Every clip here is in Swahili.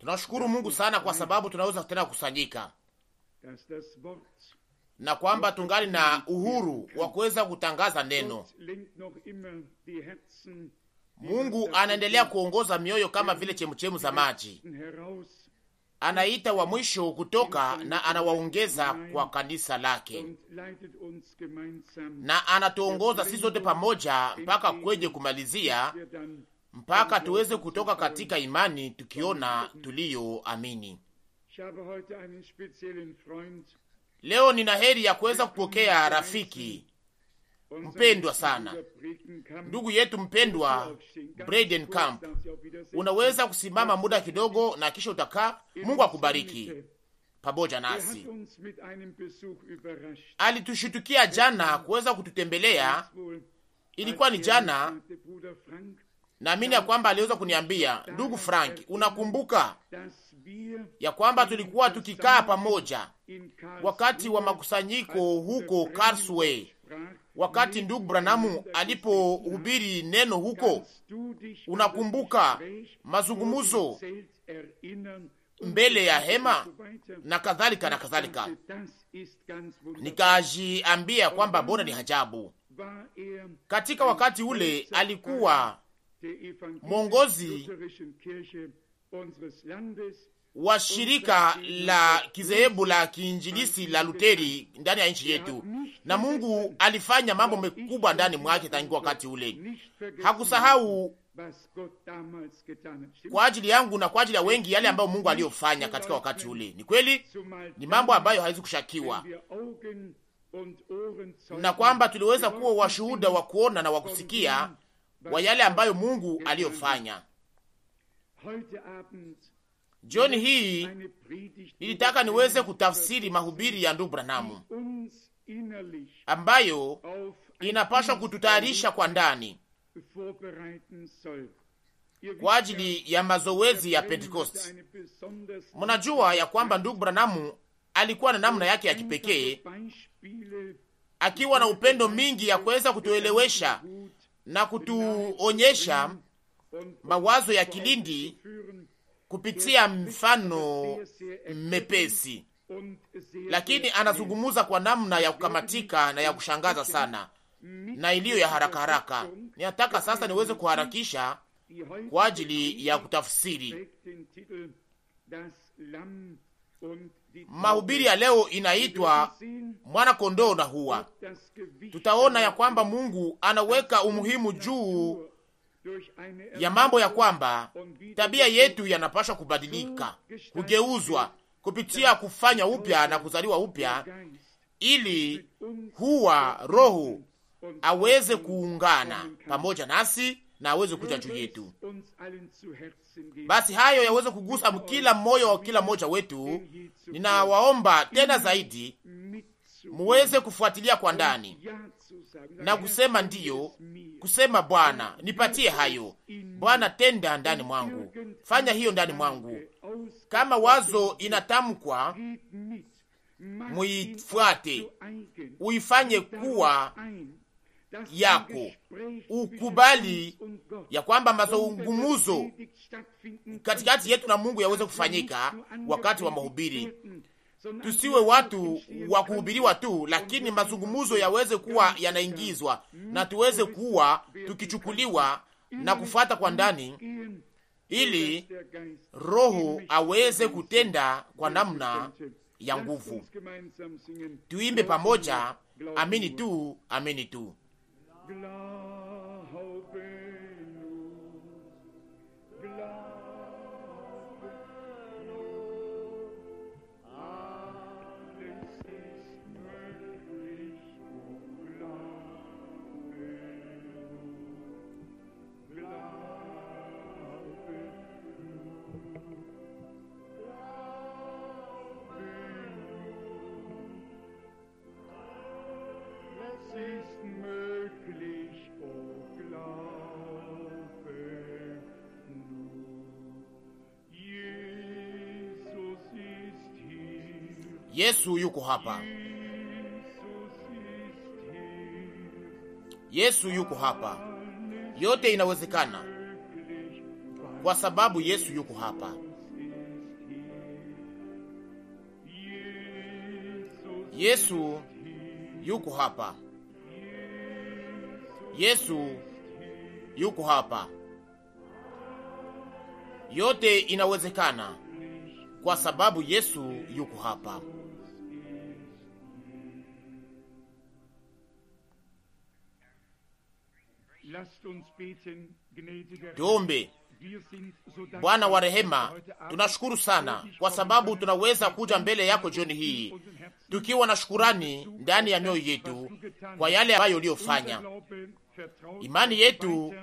Tunashukuru Mungu sana kwa sababu tunaweza tena kukusanyika na kwamba tungali na uhuru wa kuweza kutangaza neno. Mungu anaendelea kuongoza mioyo kama vile chemchemu za maji anaita wa mwisho kutoka na anawaongeza kwa kanisa lake, na anatuongoza sisi zote pamoja mpaka kwenye kumalizia, mpaka tuweze kutoka katika imani tukiona tuliyoamini. Leo nina heri ya kuweza kupokea rafiki mpendwa sana, ndugu yetu mpendwa Braden Camp, unaweza kusimama muda kidogo na kisha utakaa. Mungu akubariki pamoja nasi. Alitushutukia jana kuweza kututembelea, ilikuwa ni jana. Naamini ya kwamba aliweza kuniambia, ndugu Frank, unakumbuka ya kwamba tulikuwa tukikaa pamoja wakati wa makusanyiko huko Karlsruhe wakati ndugu Branamu alipohubiri neno huko, unakumbuka mazungumuzo mbele ya hema na kadhalika na kadhalika. Nikajiambia kwamba mbona ni hajabu, katika wakati ule alikuwa mwongozi wa shirika la kizehebu la kiinjilisi la Luteri ndani ya nchi yetu, na Mungu alifanya mambo makubwa ndani mwake tangu wakati ule. Hakusahau kwa ajili yangu na kwa ajili ya wengi yale ambayo Mungu aliyofanya katika wakati ule. Ni kweli, ni mambo ambayo hawezi kushakiwa, na kwamba tuliweza kuwa washuhuda wa kuona na wa kusikia wa yale ambayo Mungu aliyofanya. Jioni hii nilitaka niweze kutafsiri mahubiri ya ndugu Branamu ambayo inapaswa kututayarisha kwa ndani kwa ajili ya mazoezi ya Pentekoste. Mnajua ya kwamba ndugu Branamu alikuwa na namna yake ya kipekee, akiwa na upendo mingi ya kuweza kutuelewesha na kutuonyesha mawazo ya kilindi kupitia mfano mepesi, lakini anazungumuza kwa namna ya kukamatika na ya kushangaza sana na iliyo ya haraka haraka. Ninataka sasa niweze kuharakisha kwa ajili ya kutafsiri mahubiri ya leo inaitwa mwana kondoo na hua. Tutaona ya kwamba Mungu anaweka umuhimu juu ya mambo ya kwamba tabia yetu yanapaswa kubadilika, kugeuzwa kupitia kufanya upya na kuzaliwa upya, ili huwa Roho aweze kuungana pamoja nasi na aweze kuja juu yetu. Basi hayo yaweze kugusa kila moyo wa kila mmoja wetu. Ninawaomba tena zaidi muweze kufuatilia kwa ndani na kusema ndiyo kusema Bwana, nipatie hayo Bwana, tenda ndani mwangu, fanya hiyo ndani mwangu. Kama wazo inatamkwa, muifuate, uifanye kuwa yako, ukubali ya kwamba mazungumuzo katikati yetu na Mungu yaweze kufanyika wakati wa mahubiri tusiwe watu wa kuhubiriwa tu, lakini mazungumuzo yaweze kuwa yanaingizwa na tuweze kuwa tukichukuliwa na kufuata kwa ndani, ili Roho aweze kutenda kwa namna ya nguvu. Tuimbe pamoja, amini tu, amini tu. Yesu yuko hapa, Yesu yuko hapa. Yote inawezekana kwa sababu Yesu yuko hapa. Yesu yuko hapa. Yesu yuko hapa. Yote inawezekana kwa sababu Yesu yuko hapa. Tuombe. Bwana wa rehema, tunashukuru sana kwa sababu tunaweza kuja mbele yako jioni hii tukiwa na shukurani ndani ya mioyo yetu kwa yale ambayo uliyofanya. Imani yetu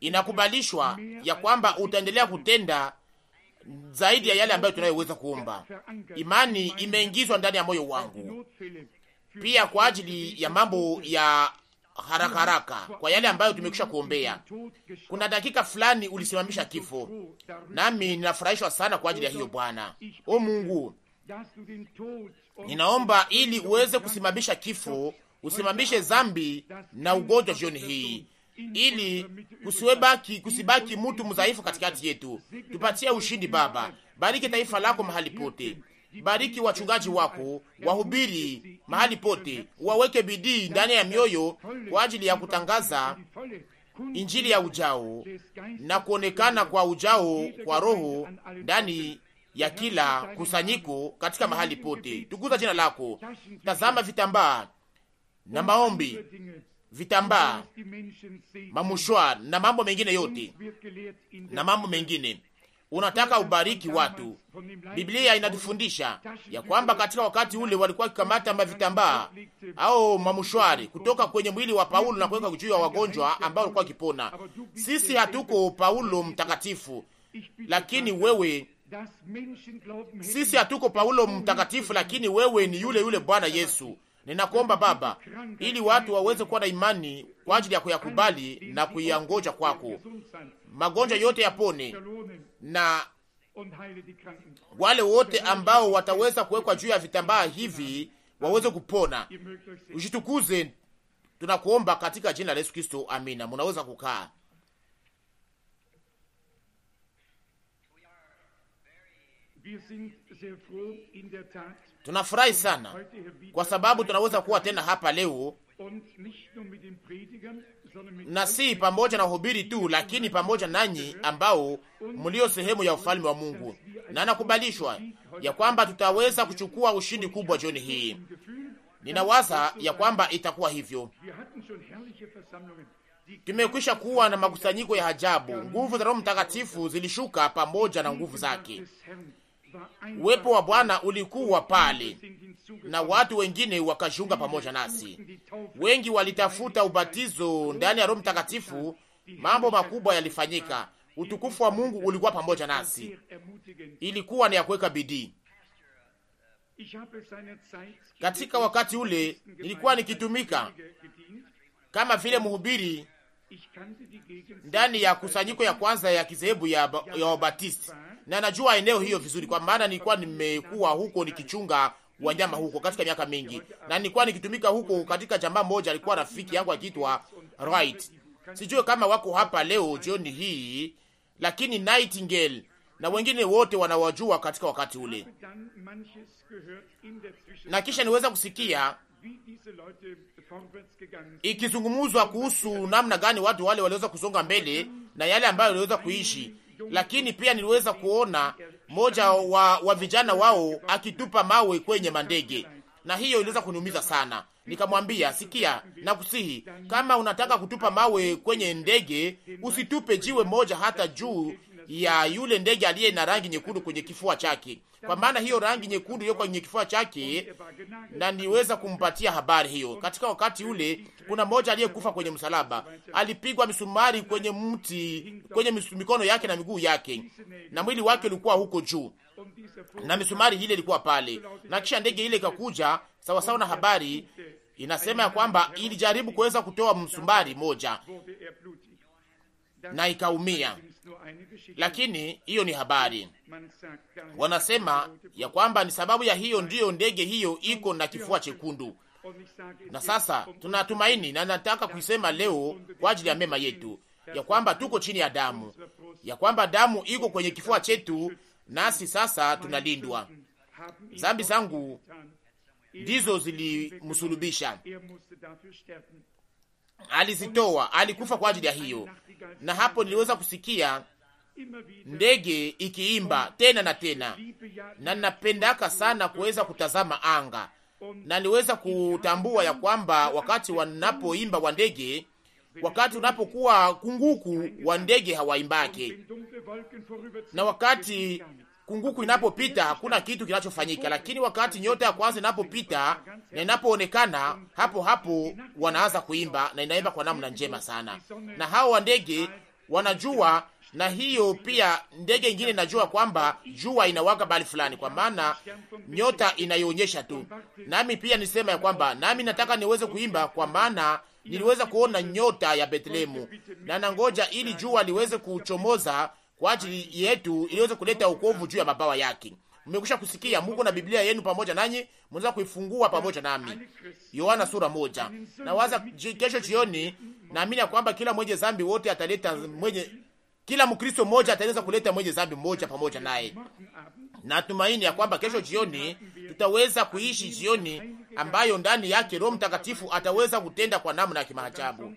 inakubalishwa ya kwamba utaendelea kutenda zaidi ya yale ambayo tunayoweza kuomba. Imani imeingizwa ndani ya moyo wangu pia kwa ajili ya mambo ya haraka haraka kwa yale ambayo tumekwisha kuombea. Kuna dakika fulani ulisimamisha kifo, nami ninafurahishwa sana kwa ajili ya hiyo Bwana. O Mungu, ninaomba ili uweze kusimamisha kifo, usimamishe zambi na ugonjwa jioni hii, ili kusiwebaki kusibaki mtu mdhaifu katikati yetu. Tupatie ushindi Baba, bariki taifa lako mahali pote bariki wachungaji wako, wahubiri mahali pote, waweke bidii ndani ya mioyo kwa ajili ya kutangaza injili ya ujao na kuonekana kwa ujao kwa Roho ndani ya kila kusanyiko katika mahali pote. Tukuza jina lako. Tazama vitambaa na maombi, vitambaa, mamushwa na mambo mengine yote na mambo mengine unataka ubariki watu. Biblia inatufundisha ya kwamba katika wakati ule walikuwa wakikamata mavitambaa au mamushwari kutoka kwenye mwili wa Paulo na kuweka juu ya wagonjwa ambao walikuwa wakipona. Sisi hatuko Paulo mtakatifu, lakini wewe sisi hatuko Paulo mtakatifu, lakini wewe ni yule yule Bwana Yesu. Ninakuomba Baba, ili watu waweze kuwa na imani kwa ajili ya kuyakubali na kuyangoja kwako. Magonjwa yote yapone, na wale wote ambao wataweza kuwekwa juu ya vitambaa hivi waweze kupona. Ujitukuze, tunakuomba katika jina la Yesu Kristo, amina. Munaweza kukaa. Tunafurahi sana kwa sababu tunaweza kuwa tena hapa leo na si pamoja na hubiri tu, lakini pamoja nanyi ambao mlio sehemu ya ufalme wa Mungu, na nakubalishwa ya kwamba tutaweza kuchukua ushindi kubwa jioni hii. Ninawaza ya kwamba itakuwa hivyo. Tumekwisha kuwa na makusanyiko ya ajabu. Nguvu za Roho Mtakatifu zilishuka pamoja na nguvu zake Uwepo wa Bwana ulikuwa pale na watu wengine wakajiunga pamoja nasi. Wengi walitafuta ubatizo ndani ya Roho Mtakatifu. Mambo makubwa yalifanyika. Utukufu wa Mungu ulikuwa pamoja nasi. Ilikuwa ni ya kuweka bidii. Katika wakati ule nilikuwa nikitumika kama vile mhubiri ndani ya kusanyiko ya kwanza ya kizehebu ya Wabatisti na najua eneo hiyo vizuri, kwa maana nilikuwa nimekuwa huko nikichunga wanyama huko katika miaka mingi, na nilikuwa nikitumika huko katika jamaa moja, alikuwa rafiki yangu akiitwa Right. Sijui kama wako hapa leo jioni hii, lakini Nightingale na wengine wote wanawajua katika wakati ule, na kisha niweza kusikia ikizungumzwa kuhusu namna gani watu wale waliweza kusonga mbele na yale ambayo waliweza kuishi lakini pia niliweza kuona moja wa, wa vijana wao akitupa mawe kwenye mandege, na hiyo iliweza kuniumiza sana. Nikamwambia, sikia, nakusihi kama unataka kutupa mawe kwenye ndege, usitupe jiwe moja hata juu ya yule ndege aliye na rangi nyekundu kwenye kifua chake kwa maana hiyo rangi nyekundu iliyokuwa kwenye kifua chake, na niweza kumpatia habari hiyo. Katika wakati ule, kuna mmoja aliyekufa kwenye msalaba, alipigwa misumari kwenye mti, kwenye mikono yake na miguu yake, na mwili wake ulikuwa huko juu, na misumari ile ilikuwa pale, na kisha ndege ile ikakuja, sawasawa na habari inasema ya kwamba ilijaribu kuweza kutoa msumbari moja na ikaumia lakini hiyo ni habari. Wanasema ya kwamba ni sababu ya hiyo ndiyo ndege hiyo iko na kifua chekundu. Na sasa tunatumaini, na nataka kuisema leo kwa ajili ya mema yetu, ya kwamba tuko chini ya damu, ya kwamba damu iko kwenye kifua chetu, nasi sasa tunalindwa. Zambi zangu ndizo zilimsulubisha, alizitoa, alikufa kwa ajili ya hiyo na hapo niliweza kusikia ndege ikiimba tena na tena, na ninapendaka sana kuweza kutazama anga, na niliweza kutambua ya kwamba wakati wanapoimba wa ndege, wakati unapokuwa kunguku wa ndege hawaimbake, na wakati kunguku inapopita hakuna kitu kinachofanyika, lakini wakati nyota ya kwanza inapopita na inapoonekana, hapo hapo wanaanza kuimba na inaimba kwa namna njema sana, na hao wa ndege wanajua, na hiyo pia ndege ingine inajua kwamba jua inawaka bali fulani, kwa maana nyota inayoonyesha tu. Nami pia nisema ya kwamba nami nataka niweze kuimba, kwa maana niliweza kuona nyota ya Betlehemu na nangoja ili jua liweze kuchomoza kwa ajili yetu iliweze kuleta ukovu juu ya mabawa yake. Mmekwisha kusikia, Mungu na Biblia yenu pamoja nanyi, mnaweza kuifungua pamoja nami, Yohana sura moja. Na waza kesho jioni, naamini ya kwamba kila mwenye zambi wote ataleta mwenye, kila Mkristo mmoja ataweza kuleta mwenye zambi mmoja pamoja naye. Natumaini ya kwamba kesho jioni tutaweza kuishi jioni ambayo ndani yake Roho Mtakatifu ataweza kutenda kwa namna ya kimaajabu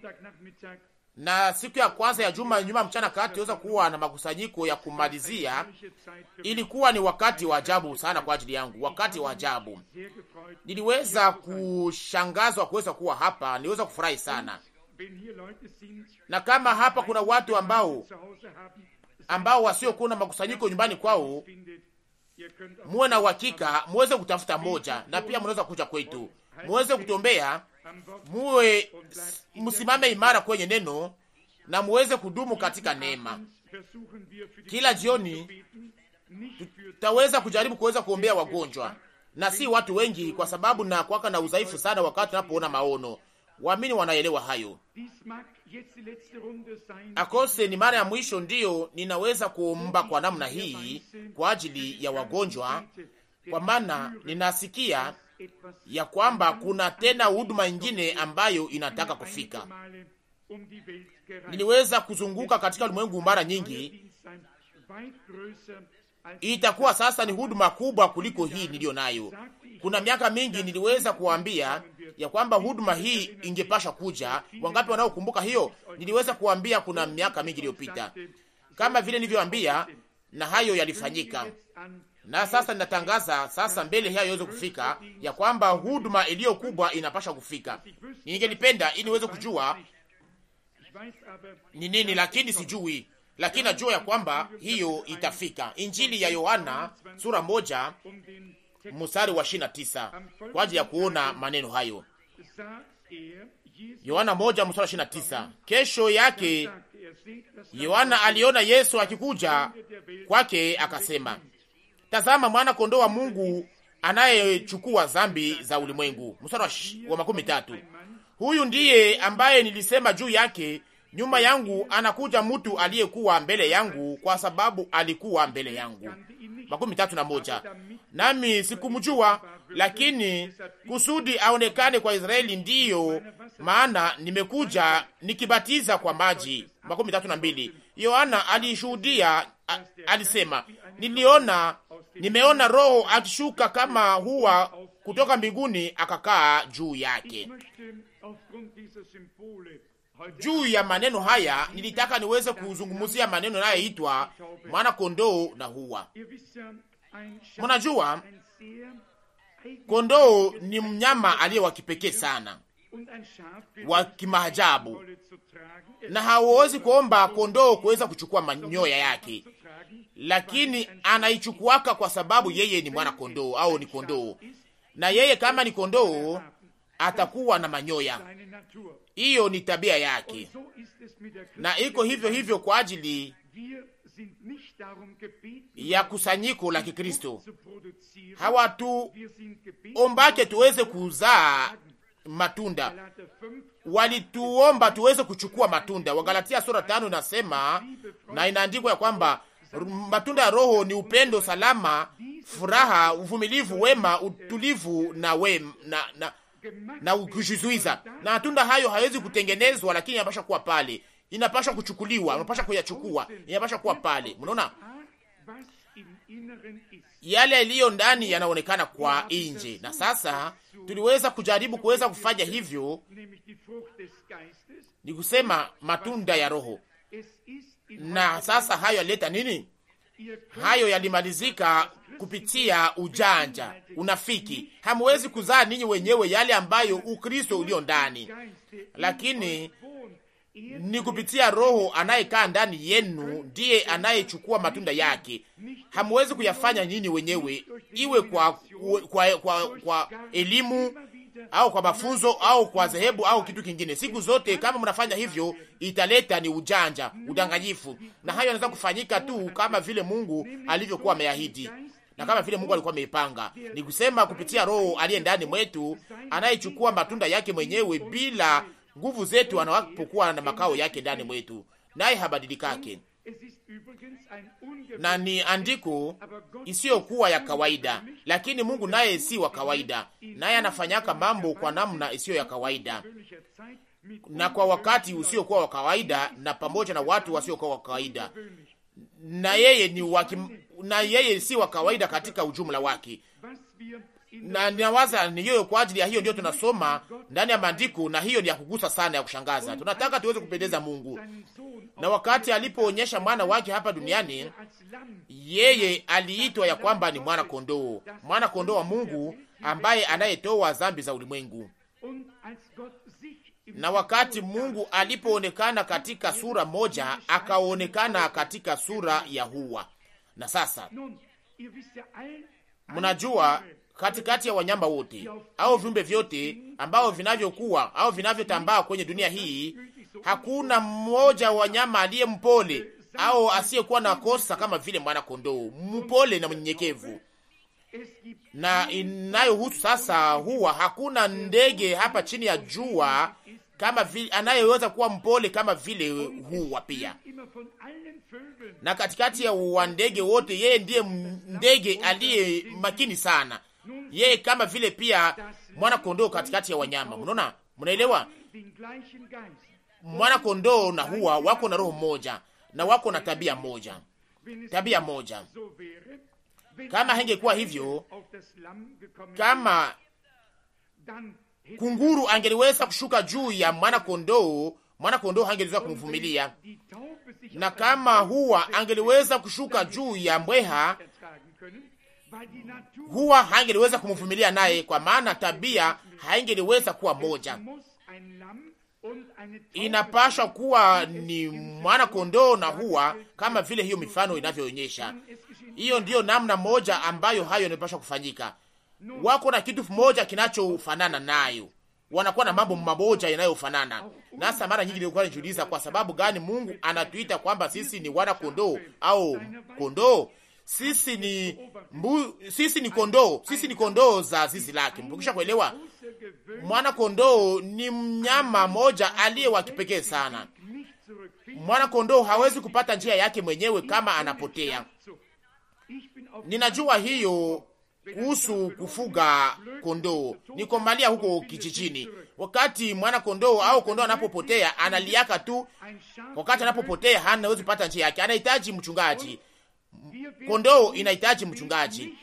na siku ya kwanza ya juma nyuma mchana kati tuweza kuwa na makusanyiko ya kumalizia. Ilikuwa ni wakati wa ajabu sana kwa ajili yangu, wakati wa ajabu. Niliweza kushangazwa kuweza kuwa hapa, niliweza kufurahi sana. Na kama hapa kuna watu ambao ambao wasiokuwa na makusanyiko nyumbani kwao, muwe na uhakika muweze kutafuta moja, na pia mnaweza kuja kwetu, muweze kutombea muwe msimame imara kwenye neno na muweze kudumu katika neema. Kila jioni tutaweza kujaribu kuweza kuombea wagonjwa, na si watu wengi, kwa sababu na kwaka na udhaifu sana wakati tunapoona maono. Waamini wanaelewa hayo. Akose ni mara ya mwisho ndiyo ninaweza kuomba kwa namna hii kwa ajili ya wagonjwa, kwa maana ninasikia ya kwamba kuna tena huduma ingine ambayo inataka kufika. Niliweza kuzunguka katika ulimwengu mara nyingi, itakuwa sasa ni huduma kubwa kuliko hii niliyo nayo. Kuna miaka mingi niliweza kuwaambia ya kwamba huduma hii ingepasha kuja. Wangapi wanaokumbuka hiyo? Niliweza kuwaambia kuna miaka mingi iliyopita, kama vile nilivyoambia, na hayo yalifanyika na sasa ninatangaza sasa mbele hiyo iweze kufika ya kwamba huduma iliyo kubwa inapasha kufika. Ningelipenda ili niweze kujua ni nini, lakini sijui, lakini najua ya kwamba hiyo itafika. Injili ya Yohana sura moja mstari wa ishirini tisa kwa ajili ya kuona maneno hayo. Yohana moja mstari wa ishirini tisa. Kesho yake Yohana aliona Yesu akikuja kwake, akasema Tazama mwana kondoo wa Mungu anayechukua zambi za ulimwengu. Mstari wa, wa makumi tatu. Huyu ndiye ambaye nilisema juu yake, nyuma yangu anakuja mtu aliyekuwa mbele yangu, kwa sababu alikuwa mbele yangu. Makumi tatu na moja. Nami sikumjua, lakini kusudi aonekane kwa Israeli, ndiyo maana nimekuja nikibatiza kwa maji. Makumi tatu na mbili. Yohana alishuhudia, alisema niliona nimeona Roho akishuka kama hua kutoka mbinguni, akakaa juu yake. Juu ya maneno haya nilitaka niweze kuzungumzia maneno yanayoitwa mwana kondoo na hua. Mnajua kondoo ni mnyama aliye wa kipekee sana wa kimaajabu, na hawezi kuomba kondoo kuweza kuchukua manyoya yake lakini anaichukuaka kwa sababu yeye ni mwana kondoo au ni kondoo, na yeye kama ni kondoo atakuwa na manyoya. Hiyo ni tabia yake, na iko hivyo hivyo kwa ajili ya kusanyiko la Kikristo. Hawatuombake tuweze kuzaa matunda, walituomba tuweze kuchukua matunda. Wagalatia sura tano inasema na inaandikwa ya kwamba Matunda ya Roho ni upendo, salama, furaha, uvumilivu, wema, utulivu na we, na, na, na kujizuiza. Na matunda hayo hawezi kutengenezwa, lakini yanapasha kuwa pale, inapasha kuchukuliwa, unapasha kuyachukua, inapasha kuwa pale. Mnaona yale yaliyo ndani yanaonekana kwa nje. Na sasa tuliweza kujaribu kuweza kufanya hivyo, ni kusema matunda ya Roho na sasa hayo yalileta nini? Hayo yalimalizika kupitia ujanja, unafiki. hamwezi kuzaa ninyi wenyewe yale ambayo Ukristo ulio ndani, lakini ni kupitia Roho anayekaa ndani yenu ndiye anayechukua matunda yake. hamwezi kuyafanya nyinyi wenyewe, iwe kwa, kwa, kwa, kwa elimu au kwa mafunzo au kwa dhehebu au kitu kingine. Siku zote kama mnafanya hivyo, italeta ni ujanja, udanganyifu, na hayo yanaweza kufanyika tu kama vile Mungu alivyokuwa ameahidi na kama vile Mungu alikuwa ameipanga, ni kusema kupitia Roho aliye ndani mwetu anayechukua matunda yake mwenyewe bila nguvu zetu, anawapokuwa na makao yake ndani mwetu, naye habadilikake na ni andiko isiyokuwa ya kawaida, lakini Mungu naye si wa kawaida, naye anafanyaka mambo kwa namna isiyo ya kawaida na kwa wakati usiokuwa wa kawaida na pamoja na watu wasiokuwa wa kawaida, na yeye ni waki, na yeye si wa kawaida katika ujumla wake na ninawaza ni hiyo. Kwa ajili ya hiyo ndio tunasoma ndani ya maandiko, na hiyo ni ya kugusa sana, ya kushangaza. Tunataka tuweze kupendeza Mungu, na wakati alipoonyesha mwana wake hapa duniani, yeye aliitwa ya kwamba ni mwana kondoo, mwana kondoo wa Mungu ambaye anayetoa dhambi za ulimwengu. Na wakati Mungu alipoonekana katika sura moja, akaonekana katika sura ya huwa Na sasa mnajua katikati ya wanyama wote au viumbe vyote ambao vinavyokuwa au vinavyotambaa kwenye dunia hii, hakuna mmoja wa wanyama aliye mpole au asiyekuwa na kosa kama vile mwana kondoo mpole na mnyenyekevu. Na inayohusu sasa, huwa hakuna ndege hapa chini ya jua kama vile anayeweza kuwa mpole kama vile huwa pia. Na katikati ya wandege wote, yeye ndiye ndege aliye makini sana, yeye kama vile pia mwana kondoo katikati ya wanyama. Mnaona, mnaelewa, mwana kondoo na huwa wako na roho moja na wako na tabia moja, tabia moja. Kama hengekuwa hivyo, kama kunguru angeliweza kushuka juu ya mwana kondoo, mwana kondoo hangeliweza kumvumilia, na kama huwa angeliweza kushuka juu ya mbweha huwa haingeliweza kumvumilia naye, kwa maana tabia haingeliweza kuwa moja. Inapashwa kuwa ni mwana kondoo na huwa kama vile hiyo mifano inavyoonyesha. Hiyo ndiyo namna moja ambayo hayo yanapashwa kufanyika. Wako na kitu moja kinachofanana nayo, wanakuwa na mambo mamoja yanayofanana nasa. Mara nyingi nilikuwa najiuliza kwa sababu gani Mungu anatuita kwamba sisi ni wana kondoo au kondoo sisi ni mbu, sisi ni kondoo, sisi ni kondoo za zizi lake. Mpokisha kuelewa, mwana kondoo ni mnyama moja aliye wa kipekee sana. Mwana kondoo hawezi kupata njia yake mwenyewe kama anapotea. Ninajua hiyo kuhusu kufuga kondoo. Niko Malia huko kijijini, wakati mwana kondoo au kondoo anapopotea, analiaka tu. Wakati anapopotea, hana hawezi njia yake, anahitaji mchungaji kondoo inahitaji mchungaji,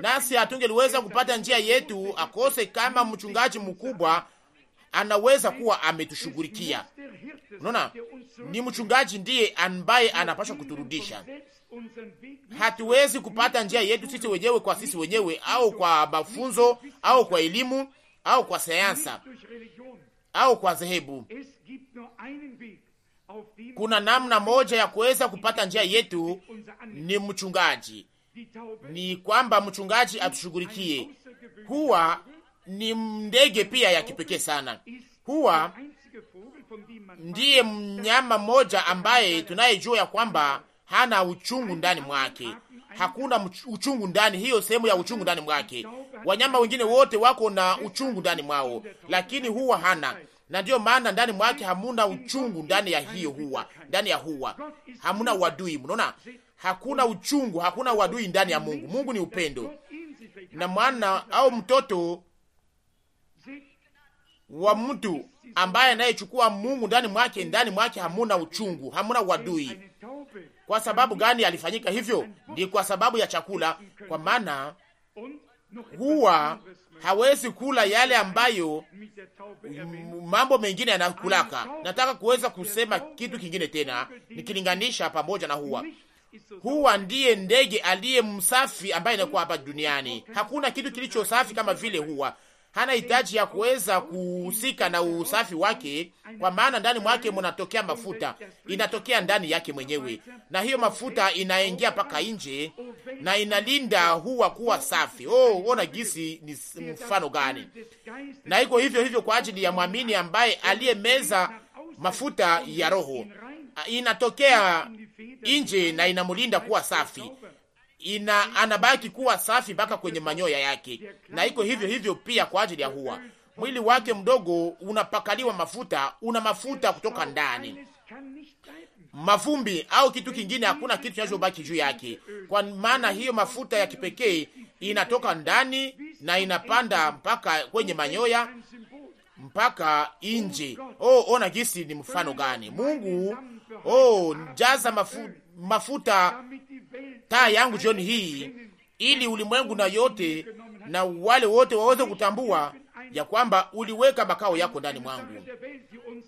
nasi hatungeliweza kupata njia yetu akose kama mchungaji mkubwa anaweza kuwa ametushughulikia. Unaona, ni mchungaji ndiye ambaye anapaswa kuturudisha. Hatuwezi kupata njia yetu sisi wenyewe kwa sisi wenyewe, au kwa mafunzo au kwa elimu au kwa sayansa au kwa dhehebu. Kuna namna moja ya kuweza kupata njia yetu ni mchungaji, ni kwamba mchungaji atushughulikie. Huwa ni ndege pia ya kipekee sana, huwa ndiye mnyama mmoja ambaye tunayejua ya kwamba hana uchungu ndani mwake, hakuna uchungu ndani hiyo sehemu ya uchungu ndani mwake. Wanyama wengine wote wako na uchungu ndani mwao, lakini huwa hana na ndiyo maana ndani mwake hamuna uchungu, ndani ya hiyo huwa, ndani ya huwa hamuna uadui. Mnaona, hakuna uchungu, hakuna uadui ndani ya Mungu. Mungu ni upendo, na mwana au mtoto wa mtu ambaye anayechukua Mungu ndani mwake, ndani mwake hamuna uchungu, hamuna uadui. Kwa sababu gani alifanyika hivyo? Ni kwa sababu ya chakula, kwa maana huwa hawezi kula yale ambayo mambo mengine yanakulaka. Nataka kuweza kusema kitu kingine tena, nikilinganisha pamoja na huwa huwa ndiye ndege aliye msafi ambaye inakuwa hapa duniani. Hakuna kitu kilicho safi kama vile huwa. Hana hitaji ya kuweza kuhusika na usafi wake, kwa maana ndani mwake munatokea mafuta, inatokea ndani yake mwenyewe, na hiyo mafuta inaingia mpaka nje na inalinda huwa kuwa safi. Oh, ona gisi ni mfano gani! Na iko hivyo hivyo kwa ajili ya mwamini ambaye aliyemeza mafuta ya Roho, inatokea nje na inamulinda kuwa safi ina anabaki kuwa safi mpaka kwenye manyoya yake, na iko hivyo hivyo pia kwa ajili ya hua mwili wake mdogo unapakaliwa mafuta, una mafuta kutoka ndani mavumbi au kitu kingine, hakuna kitu kinachobaki juu yake. Kwa maana hiyo mafuta ya kipekee inatoka ndani na inapanda mpaka kwenye manyoya mpaka nje. Oh, ona gisi ni mfano gani Mungu! Oh, jaza mafu, mafuta taa yangu jioni hii, ili ulimwengu na yote na wale wote waweze kutambua ya kwamba uliweka makao yako ndani mwangu,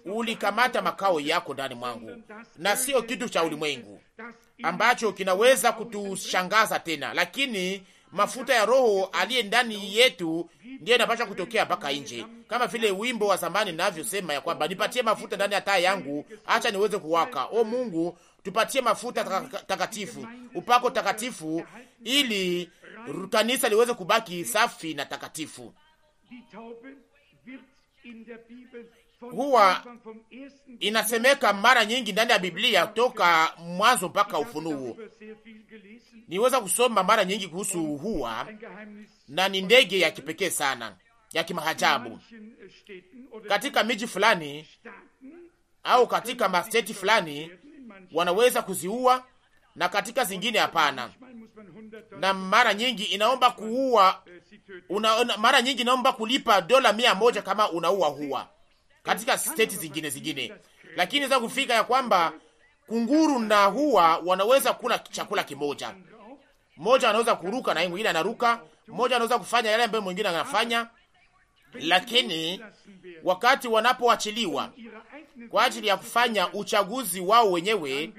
ulikamata makao yako ndani mwangu, na sio kitu cha ulimwengu ambacho kinaweza kutushangaza tena, lakini mafuta ya Roho aliye ndani yetu ndiyo inapasha kutokea mpaka nje, kama vile wimbo wa zamani navyosema ya kwamba nipatie mafuta ndani ya taa yangu, acha niweze kuwaka. O Mungu, tupatie mafuta takatifu, upako takatifu, ili kanisa liweze kubaki safi na takatifu huwa inasemeka mara nyingi ndani ya Biblia toka mwanzo mpaka Ufunuo. Niweza kusoma mara nyingi kuhusu huwa, na ni ndege ya kipekee sana ya kimahajabu. Äh, katika miji fulani au katika masteti fulani wanaweza kuziua, na katika zingine hapana, na mara nyingi inaomba kuua äh, una, una, mara nyingi naomba kulipa dola mia moja kama unaua huwa katika steti zingine zingine, lakini za kufika ya kwamba kunguru na huwa wanaweza kula chakula kimoja. Mmoja anaweza kuruka na mwingine anaruka, mmoja anaweza kufanya yale ambayo mwingine anafanya, lakini wakati wanapoachiliwa kwa ajili ya kufanya uchaguzi wao wenyewe,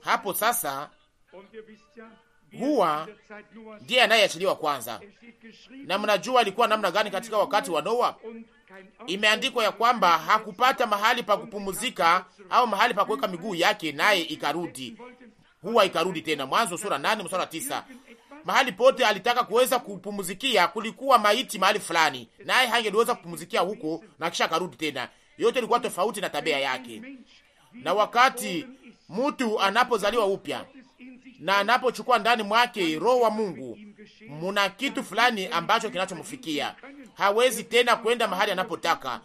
hapo sasa huwa ndiye anayeachiliwa kwanza. Na mnajua alikuwa namna gani katika wakati wa Noa? Imeandikwa ya kwamba hakupata mahali pa kupumuzika au mahali pa kuweka miguu yake, naye ikarudi, huwa ikarudi tena. Mwanzo sura nane mstari tisa. Mahali pote alitaka kuweza kupumzikia kulikuwa maiti mahali fulani, naye hangeliweza kupumzikia huko, na kisha akarudi tena. Yote ilikuwa tofauti na tabia yake. Na wakati mtu anapozaliwa upya na anapochukua ndani mwake roho wa Mungu, muna kitu fulani ambacho kinachomfikia. Hawezi tena kwenda mahali anapotaka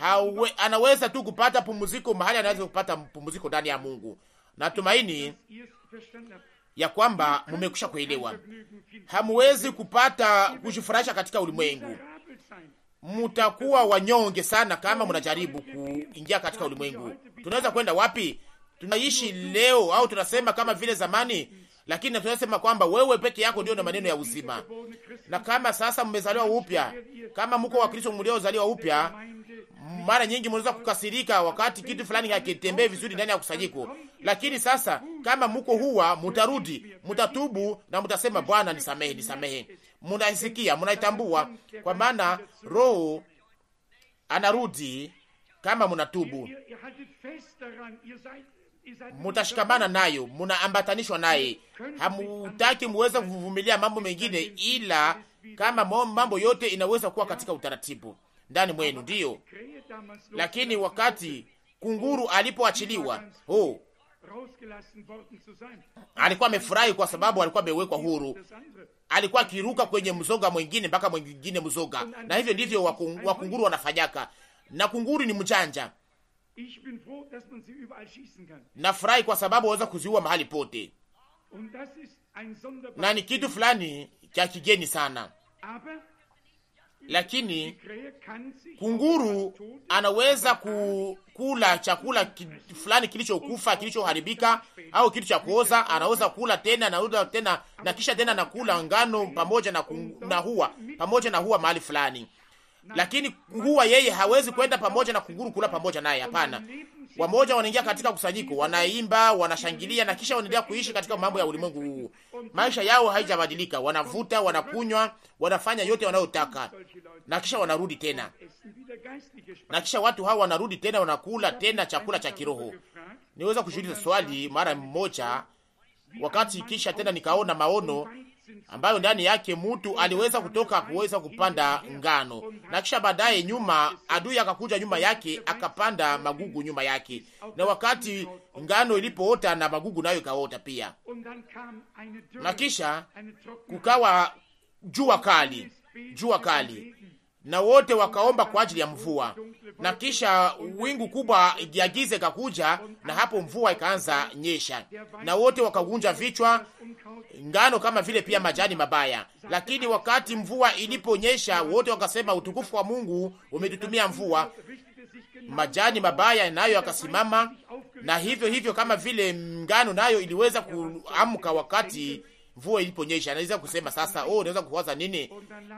Hawe, anaweza tu kupata pumziko mahali anaweza kupata pumziko ndani ya Mungu. Natumaini ya kwamba mumekwisha kuelewa. Hamuwezi kupata kujifurahisha katika ulimwengu, mutakuwa wanyonge sana kama mnajaribu kuingia katika ulimwengu. Tunaweza kwenda wapi? tunaishi leo au tunasema kama vile zamani, lakini tunasema kwamba wewe peke yako ndio na maneno ya uzima. Na kama sasa mmezaliwa upya, kama mko wa Kristo mliozaliwa upya, mara nyingi mnaweza kukasirika wakati kitu fulani hakitembei vizuri ndani ya kusanyiko, lakini sasa kama mko huwa, mtarudi, mtatubu na mtasema Bwana, nisamehe, nisamehe. Mnaisikia, mnaitambua, kwa maana Roho anarudi kama mnatubu mutashikamana nayo, munaambatanishwa naye. Hamutaki muweze kuvumilia mambo mengine, ila kama mambo yote inaweza kuwa katika utaratibu ndani mwenu, ndiyo. Lakini wakati kunguru alipoachiliwa, oh, alikuwa amefurahi kwa sababu alikuwa amewekwa huru, alikuwa akiruka kwenye mzoga mwingine mpaka mwingine mzoga, na hivyo ndivyo wakunguru wanafanyaka, na kunguru ni mjanja Nafurahi kwa sababu waweza kuziua mahali pote, na ni kitu fulani cha kigeni sana, lakini kunguru anaweza kukula chakula fulani kilichokufa kilichoharibika au kitu cha kuoza, anaweza kula tena na tena na kisha tena nakula ngano pamoja na, na hua pamoja na hua mahali fulani lakini huwa yeye hawezi kwenda pamoja na kunguru kula pamoja naye. Hapana, wamoja wanaingia katika kusanyiko, wanaimba, wanashangilia na kisha wanaendelea kuishi katika mambo ya ulimwengu huu. Maisha yao haijabadilika, wanavuta, wanakunywa, wanafanya yote wanayotaka na kisha wanarudi tena, na kisha watu hao wanarudi tena, wanakula tena chakula cha kiroho. Niweza kushuhudia swali mara mmoja wakati, kisha tena nikaona maono ambayo ndani yake mtu aliweza kutoka kuweza kupanda ngano, na kisha baadaye nyuma adui akakuja nyuma yake akapanda magugu nyuma yake, na wakati ngano ilipoota na magugu nayo ikaota pia, na kisha kukawa jua kali, jua kali na wote wakaomba kwa ajili ya mvua, na kisha wingu kubwa igiagize ikakuja, na hapo mvua ikaanza nyesha, na wote wakagunja vichwa, ngano kama vile pia majani mabaya. Lakini wakati mvua iliponyesha, wote wakasema, utukufu wa Mungu umetutumia mvua. Majani mabaya nayo akasimama, na hivyo hivyo kama vile ngano nayo iliweza kuamka wakati mvua iliponyesha, naweza kusema sasa, oh, naweza kuwaza nini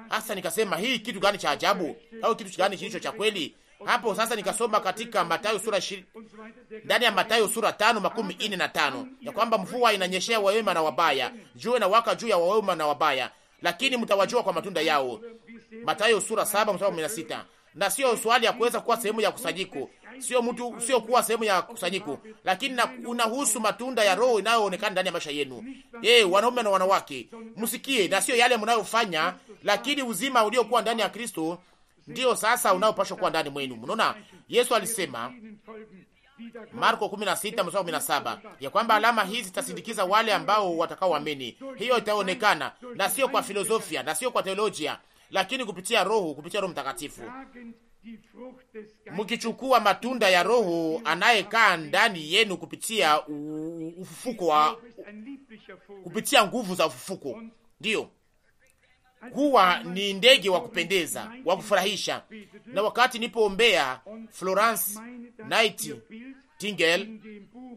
hasa. Nikasema hii kitu gani cha ajabu, au kitu gani kilicho cha kweli hapo sasa. Nikasoma katika Mathayo sura shir... ndani ya Mathayo sura tano makumi ine na tano ya kwamba mvua inanyeshea wawema na wabaya, jua na waka juu ya wawema na wabaya, lakini mtawajua kwa matunda yao. Mathayo sura saba mstari kumi na sita na sio swali ya kuweza kuwa sehemu ya kusajiku sio mtu, sio kuwa sehemu ya kusanyiko, lakini na unahusu matunda ya roho inayoonekana ndani ya maisha yenu. Eh, wanaume na wanawake, msikie na sio yale mnayofanya, lakini uzima uliokuwa ndani ya Kristo ndio sasa unaopashwa kuwa ndani mwenu. Mnaona, Yesu alisema Marko 16:17 ya kwamba alama hizi zitasindikiza wale ambao watakaoamini. Hiyo itaonekana na sio kwa filosofia na sio kwa teolojia, lakini kupitia Roho, kupitia Roho Mtakatifu mkichukua matunda ya Roho anayekaa ndani yenu kupitia ufufuko wa kupitia nguvu za ufufuko. Ndiyo, huwa ni ndege wa kupendeza wa kufurahisha. Na wakati nipoombea Florence Night Tingel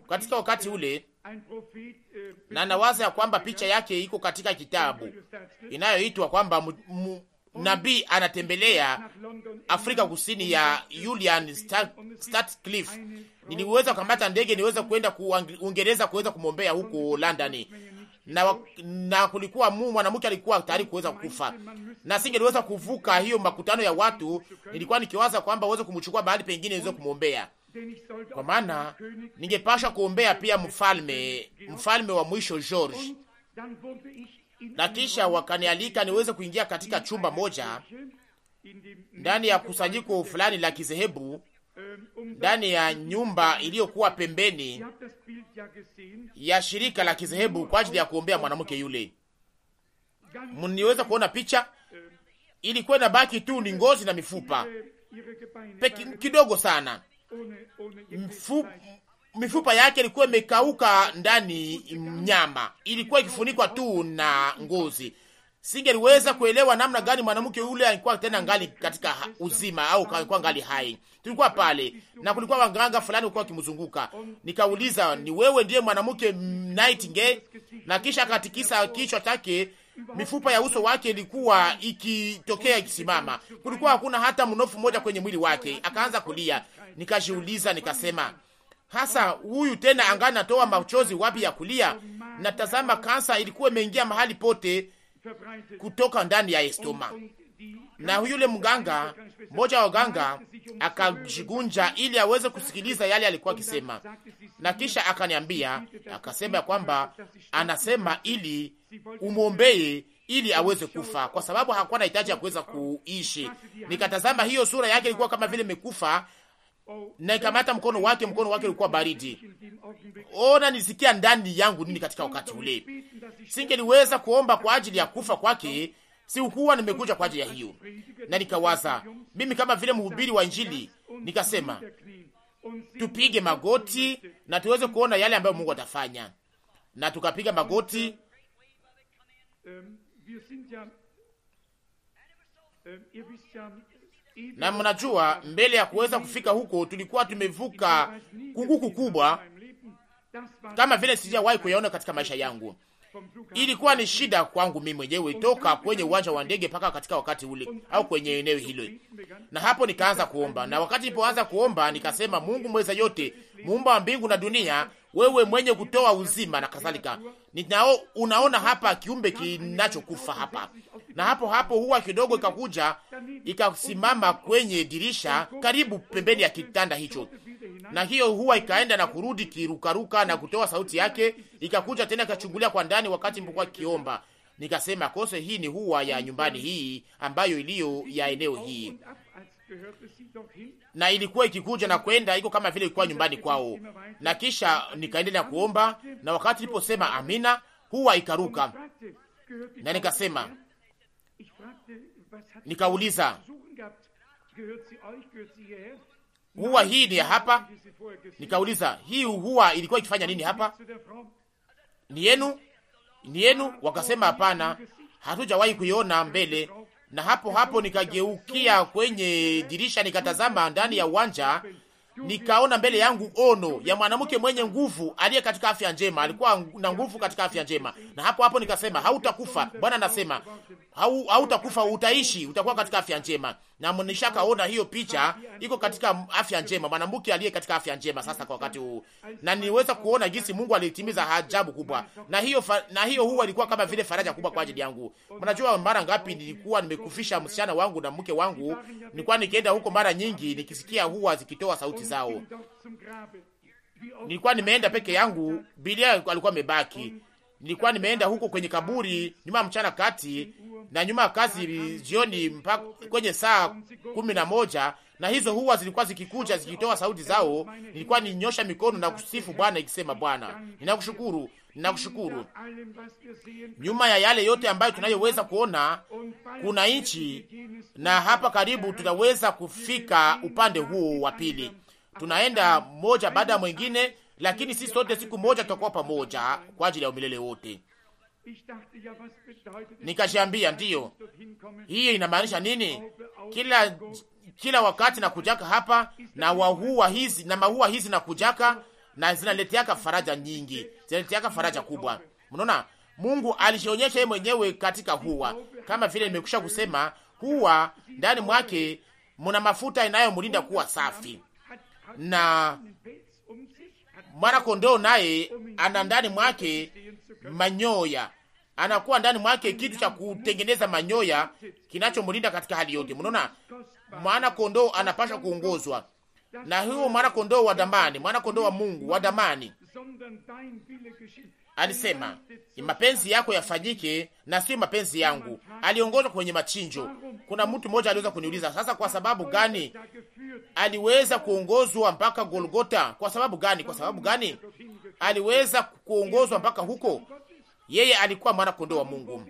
katika wakati ule, na nawaza ya kwamba picha yake iko katika kitabu inayoitwa kwamba nabii anatembelea Afrika Kusini ya Julian Statcliffe. Niliweza kukamata ndege niweza kwenda Uingereza kuweza kumwombea huko London, na, na kulikuwa mu mwanamke alikuwa tayari kuweza kufa, na singeliweza kuvuka hiyo makutano ya watu. Nilikuwa nikiwaza kwamba uweze kumchukua mahali pengine niweze kumwombea, kwa maana ningepasha kuombea pia mfalme, mfalme wa mwisho George na kisha wakanialika niweze kuingia katika chumba moja ndani ya kusanyiko fulani la kizehebu ndani ya nyumba iliyokuwa pembeni ya shirika la kizehebu kwa ajili ya kuombea mwanamke yule. Mniweza kuona picha, ilikuwa inabaki tu ni ngozi na mifupa peki kidogo sana. Mfu, mifupa yake ilikuwa imekauka ndani, mnyama ilikuwa ikifunikwa tu na ngozi singeliweza kuelewa namna gani mwanamke yule alikuwa tena ngali katika uzima au alikuwa ngali hai. Tulikuwa pale na kulikuwa waganga fulani walikuwa wakimzunguka, nikauliza, ni wewe ndiye mwanamke Nightingale? Na kisha akatikisa kichwa chake, mifupa ya uso wake ilikuwa ikitokea ikisimama, kulikuwa hakuna hata mnofu mmoja kwenye mwili wake, akaanza kulia. Nikajiuliza, nikasema hasa huyu tena angaa natoa machozi wapi ya kulia? Natazama kansa ilikuwa imeingia mahali pote kutoka ndani ya estoma. Na yule mganga mmoja wa waganga akajigunja ili aweze kusikiliza yale alikuwa akisema, na kisha akaniambia, akasema ya kwamba anasema ili umwombee ili aweze kufa kwa sababu hakuwa na hitaji ya kuweza kuishi. Nikatazama hiyo sura yake ilikuwa kama vile imekufa, na ikamata mkono wake, mkono wake ulikuwa baridi. Ona, nisikia ndani yangu nini katika wakati ule, singeliweza kuomba kwa ajili ya kufa kwake, sikuwa nimekuja kwa ajili ya hiyo. Na nikawaza mimi kama vile mhubiri wa Injili, nikasema tupige magoti na tuweze kuona yale ambayo Mungu atafanya, na tukapiga magoti ähm, na mnajua, mbele ya kuweza kufika huko tulikuwa tumevuka kunguku kubwa kama vile sijawahi kuyaona katika maisha yangu. Ilikuwa ni shida kwangu mimi mwenyewe toka kwenye uwanja wa ndege mpaka katika wakati ule au kwenye eneo hilo, na hapo nikaanza kuomba, na wakati nilipoanza kuomba nikasema, Mungu mweza yote, muumba wa mbingu na dunia, wewe mwenye kutoa uzima na kadhalika. Ninao unaona hapa kiumbe kinachokufa hapa, na hapo hapo huwa kidogo ikakuja ikasimama kwenye dirisha karibu pembeni ya kitanda hicho, na hiyo huwa ikaenda na kurudi kirukaruka na kutoa sauti yake, ikakuja tena ikachungulia kwa ndani wakati mpokuwa kiomba. Nikasema kose, hii ni huwa ya nyumbani hii ambayo iliyo ya eneo hii na ilikuwa ikikuja na kwenda iko kama vile ilikuwa nyumbani kwao. Na kisha nikaendelea kuomba, na wakati niliposema amina, huwa ikaruka, na nikasema, nikauliza huwa hii ni ya hapa? Nikauliza, hii huwa ilikuwa ikifanya nini hapa? Ni yenu? Ni yenu? Wakasema hapana, hatujawahi kuiona mbele na hapo hapo nikageukia kwenye dirisha nikatazama ndani ya uwanja nikaona mbele yangu ono ya mwanamke mwenye nguvu aliye katika afya njema. Alikuwa na nguvu katika afya njema, na hapo hapo nikasema, hautakufa. Bwana anasema hautakufa, utaishi, utakuwa katika afya njema. Na nishakaona hiyo picha iko katika afya njema, mwanamke aliye katika afya njema sasa kwa wakati huu, na niweza kuona jinsi Mungu alitimiza ajabu kubwa, na hiyo na hiyo huwa ilikuwa kama vile faraja kubwa kwa ajili yangu. Mnajua mara ngapi nilikuwa nimekufisha msichana wangu na mke wangu, nilikuwa nikienda huko mara nyingi, nikisikia huwa zikitoa sauti zao. Nilikuwa nimeenda peke yangu, Bilia alikuwa amebaki. Nilikuwa nimeenda huko kwenye kaburi nyuma ya mchana kati na nyuma ya kazi jioni mpaka kwenye saa kumi na moja na hizo huwa zilikuwa zikikuja zikitoa sauti zao. Nilikuwa ninyosha mikono na kusifu Bwana ikisema, Bwana ninakushukuru, ninakushukuru. Nyuma ya yale yote ambayo tunayoweza kuona, kuna nchi, na hapa karibu tunaweza kufika upande huo wa pili tunaenda moja baada ya mwingine, lakini sisi sote siku moja tutakuwa pamoja kwa ajili ya umilele wote. Nikashambia ndiyo, hiyo inamaanisha nini? Kila kila wakati na kujaka hapa na wahua hizi na mahua hizi na kujaka na zinaleteaka faraja nyingi, zinaleteaka faraja kubwa. Mnaona, Mungu alishionyesha yeye mwenyewe katika hua, kama vile nimekusha kusema, hua ndani mwake muna mafuta inayomlinda kuwa safi na mwanakondoo naye ana ndani mwake manyoya, anakuwa ndani mwake kitu cha kutengeneza manyoya kinachomlinda katika hali yote. Mnaona, mwana kondoo anapasha kuongozwa na huyo mwana kondoo wa damani, mwana kondoo wa Mungu wa damani, Alisema mapenzi yako yafanyike na sio mapenzi yangu. Aliongoza kwenye machinjo. Kuna mtu mmoja aliweza kuniuliza sasa, kwa sababu gani aliweza kuongozwa mpaka Golgota? Kwa sababu gani? Kwa sababu gani aliweza kuongozwa mpaka huko? Yeye alikuwa mwana kondoo wa Mungu.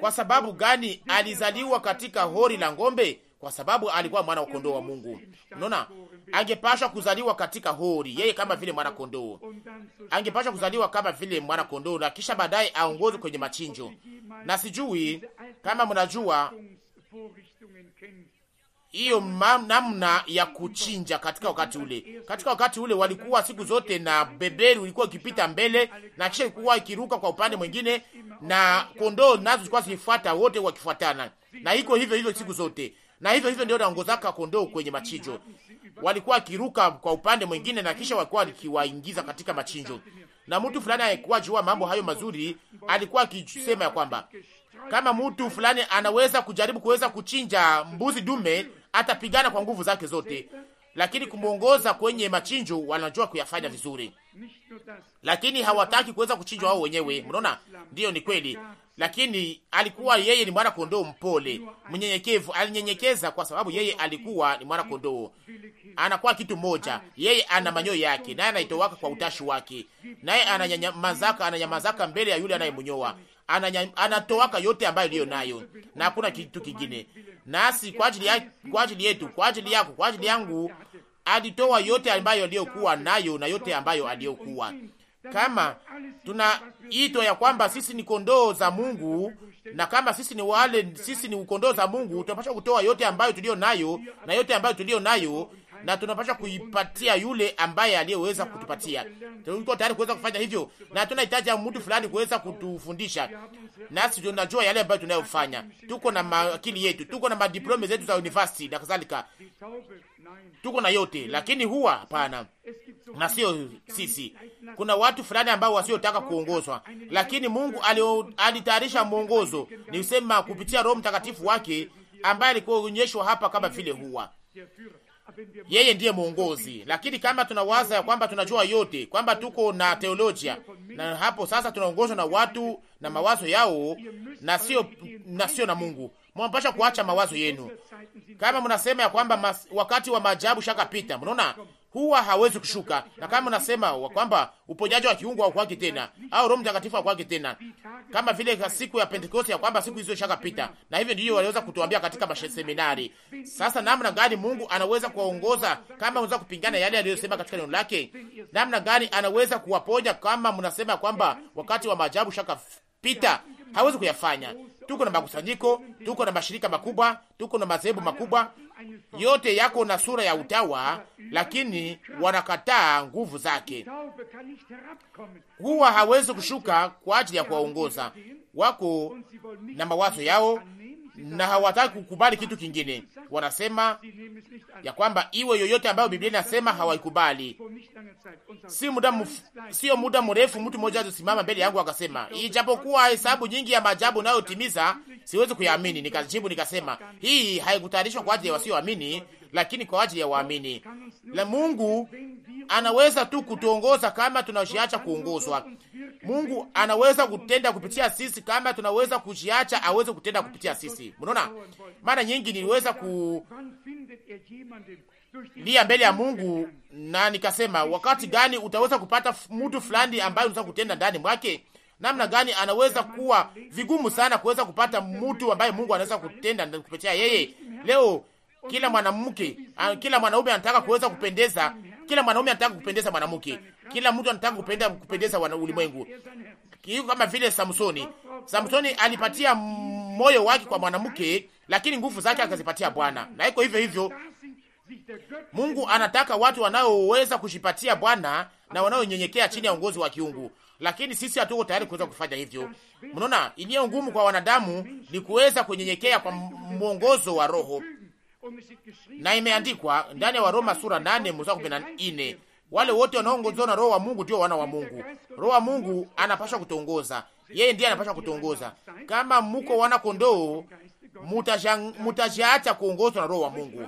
Kwa sababu gani alizaliwa katika hori la ng'ombe? Kwa sababu alikuwa mwana wa kondoo wa Mungu. Unaona, angepashwa kuzaliwa katika hori, yeye kama vile mwana kondoo angepashwa kuzaliwa kama vile mwana kondoo, na kisha baadaye aongozwe kwenye machinjo. Na sijui kama mnajua hiyo namna ya kuchinja katika wakati ule. Katika wakati ule walikuwa siku zote na beberu ilikuwa ikipita mbele na kisha ilikuwa ikiruka kwa upande mwingine, na kondoo nazo zilikuwa zifuata, wote wakifuatana, na iko hivyo hivyo siku zote, na hivyo hivyo ndio naongozaka kondoo kwenye machinjo walikuwa wakiruka kwa upande mwingine na kisha walikuwa wakiwaingiza katika machinjo. Na mtu fulani alikuwa jua mambo hayo mazuri, alikuwa akisema ya kwamba kama mtu fulani anaweza kujaribu kuweza kuchinja mbuzi dume, atapigana kwa nguvu zake zote, lakini kumwongoza kwenye machinjo wanajua kuyafanya vizuri lakini hawataki kuweza kuchinjwa wao wenyewe. Mnaona, ndiyo ni kweli, lakini alikuwa yeye ni mwana kondoo mpole, mnyenyekevu, alinyenyekeza kwa sababu yeye alikuwa ni mwana kondoo. Anakuwa kitu moja, yeye ana manyoya yake, naye anaitowaka kwa utashi wake, naye ananyamazaka, ananyamazaka mbele ya yule anayemnyoa, anatowaka yote ambayo iliyo nayo, na hakuna kitu kingine. Nasi kwa ajili ya, kwa ajili yetu, kwa ajili yako, kwa ajili yangu alitoa yote ambayo aliyokuwa nayo na yote ambayo aliyokuwa kama tunaitwa ya kwamba sisi ni kondoo za Mungu, na kama sisi ni wale, sisi ni kondoo za Mungu, tunapaswa kutoa yote ambayo tulio nayo na yote ambayo tulio nayo, na tunapaswa kuipatia yule ambaye aliyeweza kutupatia. Tuko tayari kuweza kufanya hivyo, na tunahitaji mtu fulani kuweza kutufundisha, nasi tunajua yale ambayo tunayofanya. Tuko na akili yetu, tuko na madiploma zetu za university na kadhalika, tuko na yote, lakini huwa hapana, na sio sisi. Kuna watu fulani ambao wasiotaka kuongozwa, lakini Mungu alitayarisha mwongozo, ni usema kupitia Roho Mtakatifu wake ambaye alikuwa hapa, kama vile huwa yeye ndiye mwongozi. Lakini kama tunawaza ya kwamba tunajua yote, kwamba tuko na teolojia, na hapo sasa tunaongozwa na watu na mawazo yao, na sio na, sio na Mungu mnapasha kuacha mawazo yenu. Kama mnasema ya kwamba wakati wa maajabu shakapita, mnaona huwa hawezi kushuka, na kama mnasema kwamba uponyaji wa kiungu haukwaki tena au Roho Mtakatifu haukwaki tena, kama vile siku ya Pentekoste ya kwamba siku hizo shakapita. Na hivyo ndivyo waliweza kutuambia katika maseminari. Sasa namna gani Mungu anaweza kuwaongoza kama unaweza kupingana yale aliyosema katika neno lake? Namna gani anaweza kuwaponya kama mnasema kwamba wakati wa maajabu shakapita? Hawezi kuyafanya tuko na makusanyiko, tuko na mashirika makubwa, tuko na madhehebu makubwa, yote yako na sura ya utawa, lakini wanakataa nguvu zake. Huwa hawezi kushuka kwa ajili ya kuwaongoza, wako na mawazo yao na hawataki kukubali kitu kingine. Wanasema ya kwamba iwe yoyote ambayo Biblia inasema hawaikubali. Si muda mf... sio muda mrefu mtu mmoja alisimama mbele yangu akasema, ijapokuwa hesabu nyingi ya maajabu nayotimiza siwezi kuyaamini. Nikajibu nikasema, hii haikutayarishwa kwa ajili ya wasioamini, lakini kwa ajili ya waamini. La Mungu anaweza tu kutuongoza kama tunajiacha kuongozwa. Mungu anaweza kutenda kupitia sisi kama tunaweza kujiacha aweze kutenda kupitia sisi. Mnaona, mara nyingi niliweza ku lia mbele ya Mungu na nikasema, wakati gani utaweza kupata mtu fulani ambaye unaweza kutenda ndani mwake? Namna gani anaweza kuwa vigumu sana kuweza kupata mtu ambaye Mungu anaweza kutenda kupitia yeye leo kila mwanamke, ah, kila mwanaume anataka kuweza kupendeza, kila mwanaume anataka kupendeza mwanamke, kila mtu anataka kupendeza kupendeza wana ulimwengu. Hiyo kama vile Samsoni. Samsoni alipatia moyo wake kwa mwanamke, lakini nguvu zake akazipatia Bwana. Na iko hivyo hivyo, Mungu anataka watu wanaoweza kujipatia Bwana na wanaonyenyekea chini ya uongozi wa kiungu, lakini sisi hatuko tayari kuweza kufanya hivyo. Mnaona, iliyo ngumu kwa wanadamu ni kuweza kunyenyekea kwa mwongozo wa Roho na imeandikwa ndani ya Waroma sura 8 mstari kumi wale wote wanaongozwa na roho wa Mungu ndio wana wa Mungu. Roho wa Mungu anapaswa kutongoza, yeye ndiye anapasha kutongoza. Kama muko wana kondoo, mutajiacha kuongozwa na roho wa Mungu.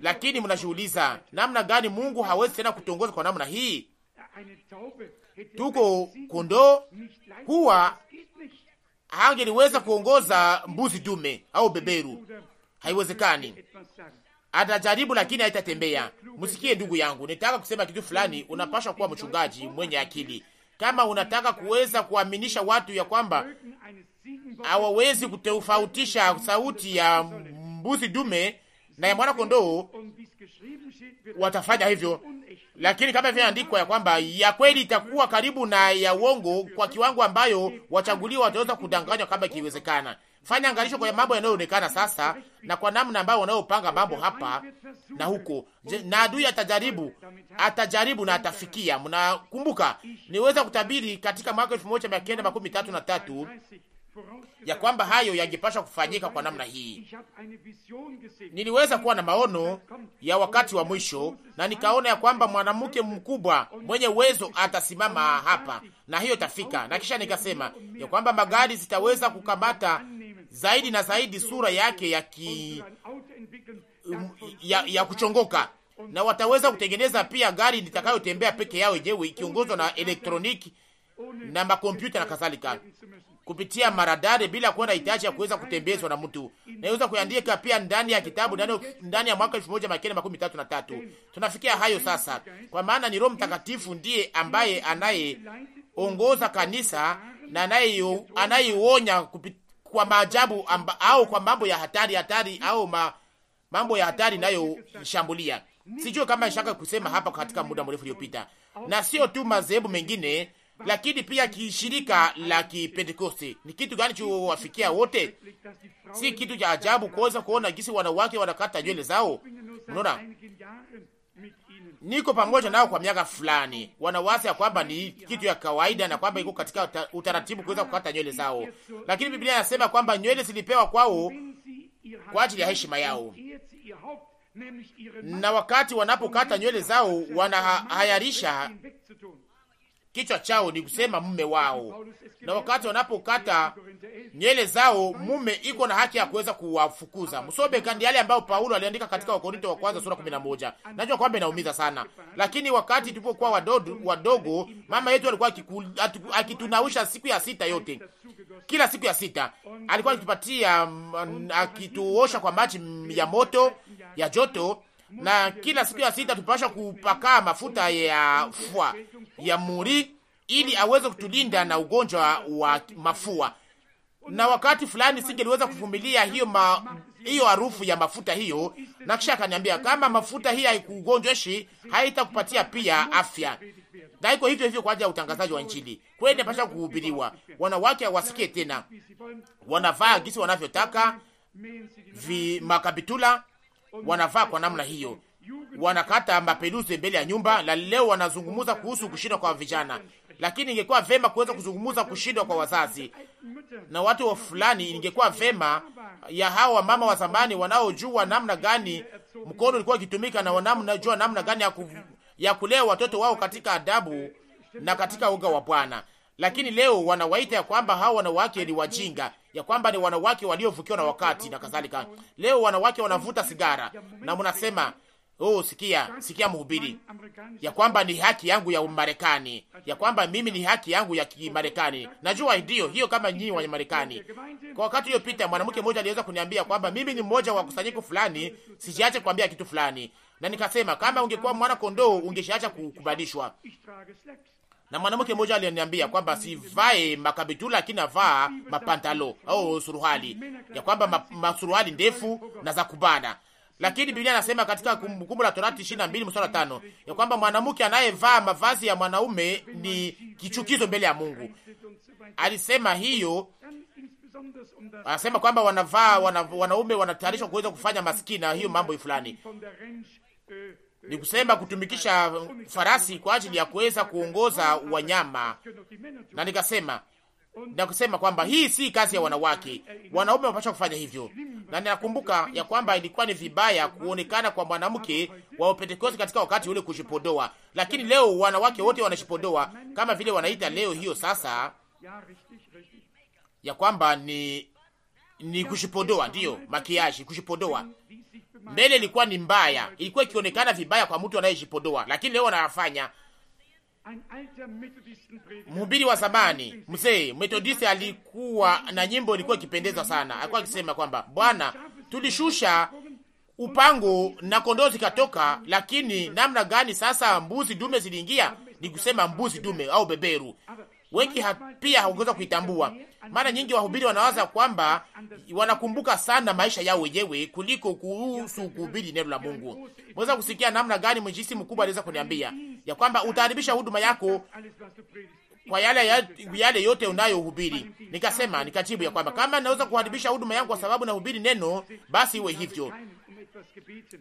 Lakini mnashuhuliza namna gani Mungu hawezi tena kutongoza kwa namna hii? Tuko kondoo huwa hangeliweza kuongoza mbuzi dume au beberu, haiwezekani. Atajaribu lakini haitatembea. Msikie ndugu yangu, nitaka kusema kitu fulani. Unapaswa kuwa mchungaji mwenye akili kama unataka kuweza kuaminisha watu ya kwamba hawawezi kutofautisha sauti ya mbuzi dume na ya mwana kondoo, watafanya hivyo. Lakini kama vinaandikwa ya kwamba ya kweli itakuwa karibu na ya uongo, kwa kiwango ambayo wachaguliwa wataweza kudanganywa kama ikiwezekana. Fanya angalisho kwa mambo yanayoonekana sasa na kwa namna ambayo wanayopanga mambo hapa na huko. Je, na adui atajaribu, atajaribu na atafikia. Mnakumbuka niweza kutabiri katika mwaka tatu ya kwamba hayo yangepasha kufanyika kwa namna hii. Niliweza kuwa na maono ya wakati wa mwisho na nikaona ya kwamba mwanamke mkubwa mwenye uwezo atasimama hapa na hiyo tafika, na kisha nikasema ya kwamba magari zitaweza kukamata zaidi na zaidi sura yake ya, ki, ya, ya kuchongoka na wataweza kutengeneza pia gari litakayotembea peke yao yenyewe ikiongozwa na elektroniki na makompyuta na kadhalika kupitia maradare bila kuwa na hitaji ya kuweza kutembezwa na mtu. Naweza kuandika pia ndani ya kitabu ndani, ndani ya mwaka tatu. Tunafikia hayo sasa, kwa maana ni Roho Mtakatifu ndiye ambaye anayeongoza kanisa na anayeionya kwa maajabu amba, au kwa mambo ya hatari hatari au ma, mambo ya hatari inayoshambulia. Sijui kama ishaka kusema hapa katika muda mrefu uliopita, na sio tu madhehebu mengine, lakini pia kishirika la Kipentekoste. Ni kitu gani chowafikia wote? Si kitu cha ajabu kuweza kuona gisi wanawake wanakata nywele zao. Unaona, niko pamoja nao kwa miaka fulani, wanawasi ya kwamba ni kitu ya kawaida na kwamba iko katika utaratibu kuweza kukata nywele zao, lakini Biblia inasema kwamba nywele zilipewa kwao kwa ajili ya heshima yao, na wakati wanapokata nywele zao wanahayarisha kichwa chao ni kusema mume wao, na wakati wanapokata nyele zao mume iko na haki ya kuweza kuwafukuza. Msome kandi yale ambayo Paulo aliandika katika Wakorinto wa kwanza sura 11. Najua kwamba inaumiza sana, lakini wakati tulipokuwa wadogo, wadogo mama yetu alikuwa akitunawisha siku ya sita yote, kila siku ya sita alikuwa akitupatia, mm, akituosha kwa maji ya moto ya joto na kila siku ya sita tupasha kupaka mafuta ya fwa ya muri, ili aweze kutulinda na ugonjwa wa mafua. Na wakati fulani singeliweza kuvumilia hiyo ma, hiyo harufu ya mafuta hiyo, na kisha akaniambia kama mafuta hii haikugonjeshi haitakupatia pia afya. Na iko hivyo hivyo kwa ajili ya utangazaji wa Injili kweli, napasha kuhubiriwa, wanawake wasikie tena, wanavaa gisi wanavyotaka vi makabitula wanavaa kwa namna hiyo, wanakata mapeluze mbele ya nyumba, La leo wanazungumza kuhusu kushindwa kwa vijana, lakini ingekuwa vema kuweza kuzungumza kushindwa kwa wazazi na watu wa fulani. Ingekuwa vema ya hawa wamama wa zamani wanaojua namna gani mkono ulikuwa ukitumika na wanaojua namna gani ya, ku, ya kulea watoto wao katika adabu na katika uga wa Bwana, lakini leo wanawaita ya kwamba hawa wanawake ni wajinga ya kwamba ni wanawake waliovukiwa na wakati na kadhalika. Leo wanawake wanavuta sigara na mnasema oh, sikia sikia mhubiri, ya kwamba ni haki yangu ya Marekani, ya kwamba mimi ni haki yangu ya Kimarekani. Najua ndio hiyo, kama nyinyi wa Marekani. Kwa wakati uliopita mwanamke mmoja aliweza kuniambia kwamba mimi ni mmoja wa kusanyiko fulani, sijiache kuambia kitu fulani, na nikasema kama ungekuwa mwana kondoo ungeshaacha kukubadilishwa na mwanamke mmoja aliniambia kwamba sivae makabitula lakini avaa mapantalo au suruhali ya kwamba masuruhali ndefu na za kubana, lakini Biblia anasema katika Kumbukumbu la Torati 22 mstari 5 ya kwamba mwanamke anayevaa mavazi ya mwanaume ni kichukizo mbele ya Mungu. Alisema hiyo, anasema kwamba wanavaa wana, wanaume wanatayarishwa kuweza kufanya maskini hiyo mambo fulani ni kusema kutumikisha farasi kwa ajili ya kuweza kuongoza wanyama, na nikasema na kusema kwamba hii si kazi ya wanawake, wanaume wanapaswa kufanya hivyo. Na ninakumbuka ya kwamba ilikuwa ni vibaya kuonekana kwa mwanamke wa Pentekoste katika wakati ule kushipodoa, lakini leo wanawake wote wanashipodoa kama vile wanaita leo hiyo sasa ya kwamba ni ni kushipodoa, ndiyo makiaji, kushipodoa. Mbele ilikuwa ni mbaya, ilikuwa ikionekana vibaya kwa mtu anayejipodoa, lakini leo anayafanya. Mhubiri wa zamani mzee Methodist alikuwa na nyimbo ilikuwa ikipendeza sana, alikuwa akisema kwamba Bwana, tulishusha upango na kondoo zikatoka, lakini namna gani sasa mbuzi dume ziliingia? Ni kusema mbuzi dume au beberu, wengi pia hawakuweza kuitambua mara nyingi wahubiri wanawaza kwamba wanakumbuka sana maisha yao wenyewe kuliko kuhusu kuhubiri neno la Mungu. Mweza kusikia namna gani mjisi mkubwa aliweza kuniambia ya kwamba utaharibisha huduma yako kwa yale, yale yote unayohubiri. Nikasema, nikajibu ya kwamba kama naweza kuharibisha huduma yangu kwa sababu nahubiri neno, basi iwe hivyo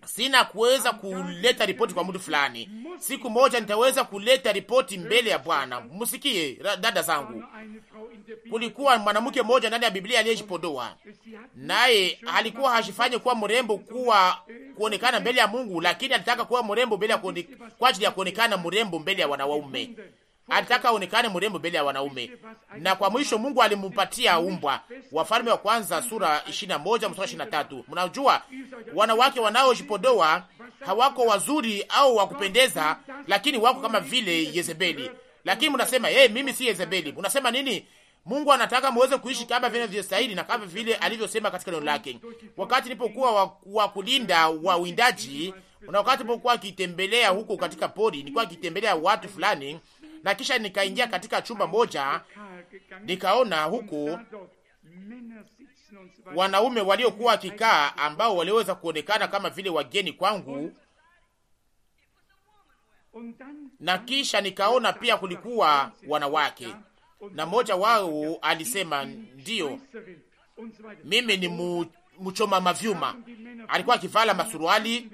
sina kuweza kuleta ripoti kwa mtu fulani. Siku moja nitaweza kuleta ripoti mbele ya Bwana. Msikie dada zangu, kulikuwa mwanamke mmoja ndani ya Biblia aliyejipodoa, naye alikuwa hajifanye kuwa mrembo kuwa kuonekana mbele ya Mungu, lakini alitaka kuwa mrembo mbele ya kwa ajili ya kuonekana mrembo mbele ya wanaume alitaka aonekane mrembo mbele ya wanaume. Na kwa mwisho Mungu alimupatia umbwa. Wafalme wa kwanza sura 21 mstari 23. Mnajua wanawake wanaojipodoa hawako wazuri au wakupendeza, lakini wako kama vile Yezebeli. Lakini mnasema hey, mimi si Yezebeli. Mnasema nini? Mungu anataka muweze kuishi kama vile vyostahili na kama vile alivyosema katika neno lake. Wakati nilipokuwa wa kulinda wa windaji, na wakati nilipokuwa kitembelea huko katika pori, nilikuwa kitembelea watu fulani na kisha nikaingia katika chumba moja, nikaona huku wanaume waliokuwa wakikaa ambao waliweza kuonekana kama vile wageni kwangu, na kisha nikaona pia kulikuwa wanawake, na mmoja wao alisema, ndiyo mimi ni mu mchoma mavyuma. Alikuwa akivala masuruali,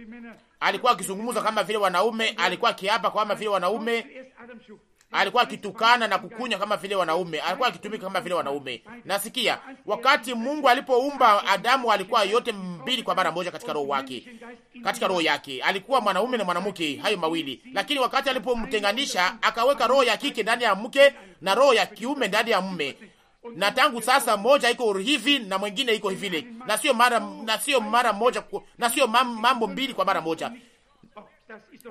alikuwa akizungumza kama vile wanaume, alikuwa akiapa kama vile wanaume, alikuwa akitukana na kukunywa kama vile wanaume, alikuwa akitumika kama vile wanaume. Nasikia wakati Mungu alipoumba Adamu alikuwa yote mbili kwa mara moja katika roho wake, katika roho yake alikuwa mwanaume na mwanamke, hayo mawili. Lakini wakati alipomtenganisha akaweka roho ya kike ndani ya mke na roho ya kiume ndani ya mume, na tangu sasa moja iko hivi na mwingine iko hivi, na sio mara na sio mara moja na sio mambo mbili kwa mara moja.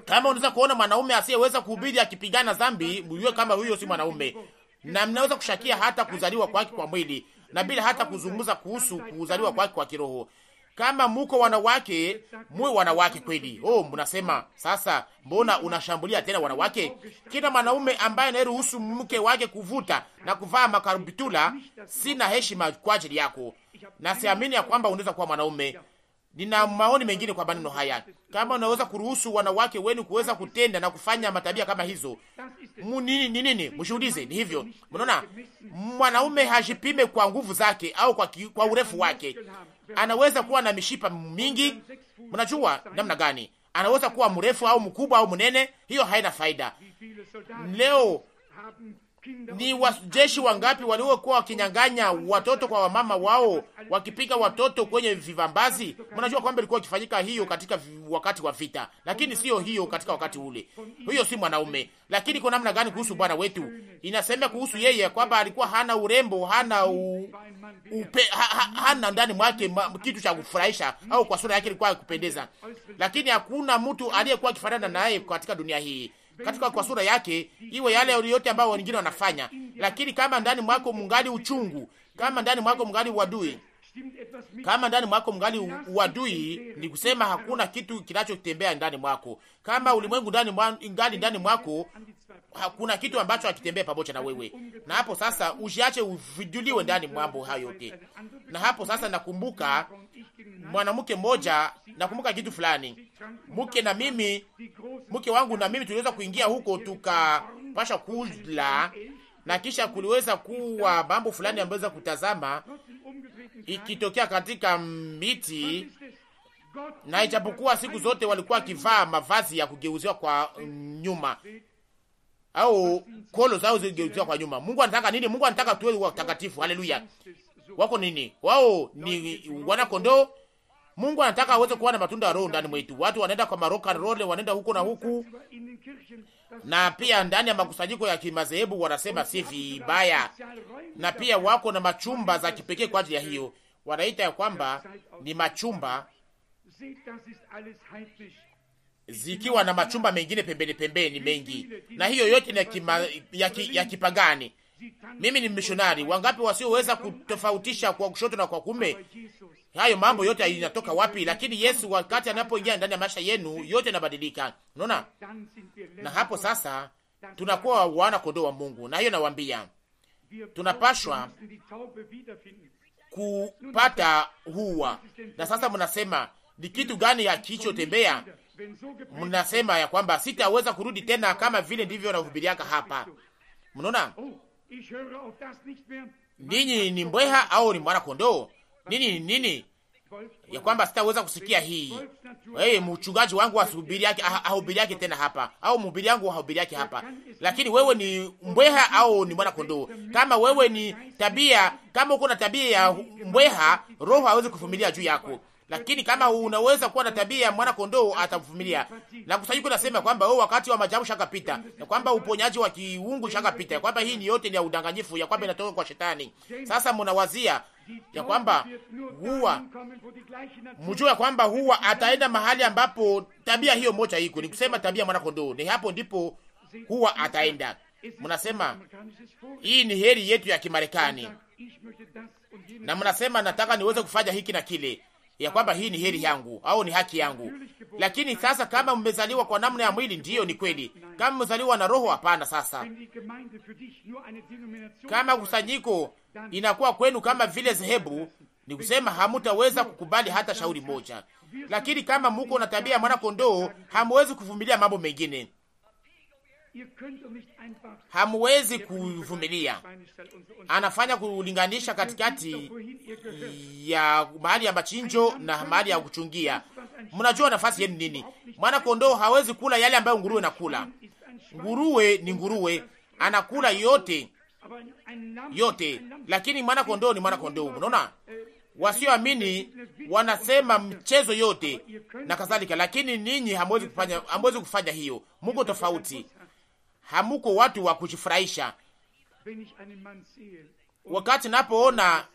Kama unaweza kuona mwanaume asiyeweza kuhubiri akipigana dhambi, mjue kama huyo si mwanaume, na mnaweza kushakia hata kuzaliwa kwake kwa mwili na bila hata kuzungumza kuhusu kuzaliwa kwake kwa kiroho. Kama muko wanawake, muwe wanawake kweli. Oh, mnasema sasa, mbona unashambulia tena wanawake? Kila mwanaume ambaye anayeruhusu mke wake kuvuta na kuvaa makarubitula, sina heshima kwa ajili yako, na siamini ya kwamba unaweza kuwa mwanaume. Nina maoni mengine kwa maneno haya. Kama unaweza kuruhusu wanawake wenu kuweza kutenda na kufanya matabia kama hizo, nini ni nini? Mshuhudize. Ni hivyo, mnaona, mwanaume hajipime kwa nguvu zake au kwa, ki, kwa urefu wake. Anaweza kuwa na mishipa mingi, mnajua namna gani, anaweza kuwa mrefu au mkubwa au mnene. Hiyo haina faida leo ni wajeshi wangapi waliokuwa wakinyang'anya watoto kwa wamama wao, wakipiga watoto kwenye vivambazi? Mnajua kwamba ilikuwa ikifanyika hiyo katika wakati wa vita, lakini sio hiyo katika wakati ule. Huyo si mwanaume. Lakini kwa namna gani kuhusu Bwana wetu? Inasema kuhusu yeye kwamba alikuwa hana urembo, hana u, upe, ha, ha, hana ndani mwake kitu cha kufurahisha au kwa sura yake ilikuwa kupendeza, lakini hakuna mtu aliyekuwa akifanana naye katika dunia hii katika kwa sura yake, iwe yale yote ambayo wengine wanafanya. Lakini kama ndani mwako mungali uchungu, kama ndani mwako mungali uadui kama ndani mwako mngali uadui, ni kusema hakuna kitu kinachotembea ndani mwako. Kama ulimwengu ndani ngali ndani mwako, hakuna kitu ambacho hakitembea pamoja na wewe. Na hapo sasa ujiache uviduliwe ndani mwambo hayo yote. Na hapo sasa nakumbuka mwanamke mmoja, nakumbuka kitu fulani. Mke na mimi, mke wangu na mimi tuliweza kuingia huko tukapasha kula na kisha kuliweza kuwa mambo fulani ambaweza kutazama ikitokea katika miti, na ijapokuwa siku zote walikuwa wakivaa mavazi ya kugeuziwa kwa nyuma au kolo zao zigeuziwa kwa nyuma. Mungu anataka nini? Mungu anataka tuwe watakatifu. Haleluya! wako nini? Wao ni wana Mungu anataka aweze kuwa na matunda ya Roho ndani mwetu. Watu wanaenda kwa maroka role, wanaenda huku na huku, na pia ndani ya makusanyiko ya kimadhehebu wanasema si vibaya, na pia wako na machumba za kipekee kwa ajili ya hiyo, wanaita ya kwamba ni machumba zikiwa na machumba mengine pembeni pembeni mengi, na hiyo yote ni ya, kima, ya, ki, ya kipagani. Mimi ni mishonari. Wangapi wasioweza kutofautisha kwa kushoto na kwa kume hayo mambo yote inatoka wapi? Lakini Yesu wakati anapoingia ndani ya maisha yenu, yote inabadilika Unaona, na hapo sasa tunakuwa wana kondoo wa Mungu, na hiyo nawaambia, tunapashwa kupata huwa. Na sasa mnasema ni kitu gani akichotembea? Mnasema ya kwamba sitaweza kurudi tena, kama vile ndivyo nahubiriaka hapa. Mnaona, oh, ninyi ni mbweha au ni mwana kondoo? nini nini ya kwamba sitaweza kusikia hii. Hey, mchungaji wangu asubiri yake ah, ahubiri yake tena hapa, au mhubiri yangu ahubiri yake hapa, lakini wewe ni mbweha au ni mwana kondoo? Kama wewe ni tabia, kama uko na tabia ya mbweha, roho hawezi kuvumilia juu yako, lakini kama unaweza kuwa na tabia ya mwana kondoo atavumilia. Na kusanyiko nasema kwamba wewe, oh, wakati wa majabu shakapita, na kwamba uponyaji wa kiungu shakapita, kwamba hii ni yote ni ya udanganyifu, ya kwamba inatoka kwa shetani. Sasa mnawazia ya kwamba huwa mjua ya kwamba huwa ataenda mahali ambapo tabia hiyo moja iko, ni kusema tabia mwana kondoo, ni hapo ndipo huwa ataenda. Mnasema hii ni heri yetu ya Kimarekani, na mnasema nataka niweze kufanya hiki na kile, ya kwamba hii ni heri yangu au ni haki yangu. Lakini sasa kama mmezaliwa kwa namna ya mwili, ndiyo ni kweli. Kama mmezaliwa na roho, hapana. Sasa kama kusanyiko inakuwa kwenu kama vile zehebu, ni kusema hamutaweza kukubali hata shauri moja. Lakini kama muko na tabia ya mwana kondoo, hamuwezi kuvumilia mambo mengine, hamuwezi kuvumilia. Anafanya kulinganisha katikati ya mahali ya machinjo na mahali ya kuchungia. Mnajua nafasi yenu nini? Mwana kondoo hawezi kula yale ambayo nguruwe nakula. Nguruwe ni nguruwe, anakula yote yote, lakini mwana kondoo ni mwana kondoo. Unaona, wasioamini wanasema mchezo yote na kadhalika, lakini ninyi hamwezi kufanya, hamwezi kufanya hiyo. Muko tofauti, hamuko watu wa kujifurahisha. Wakati napoona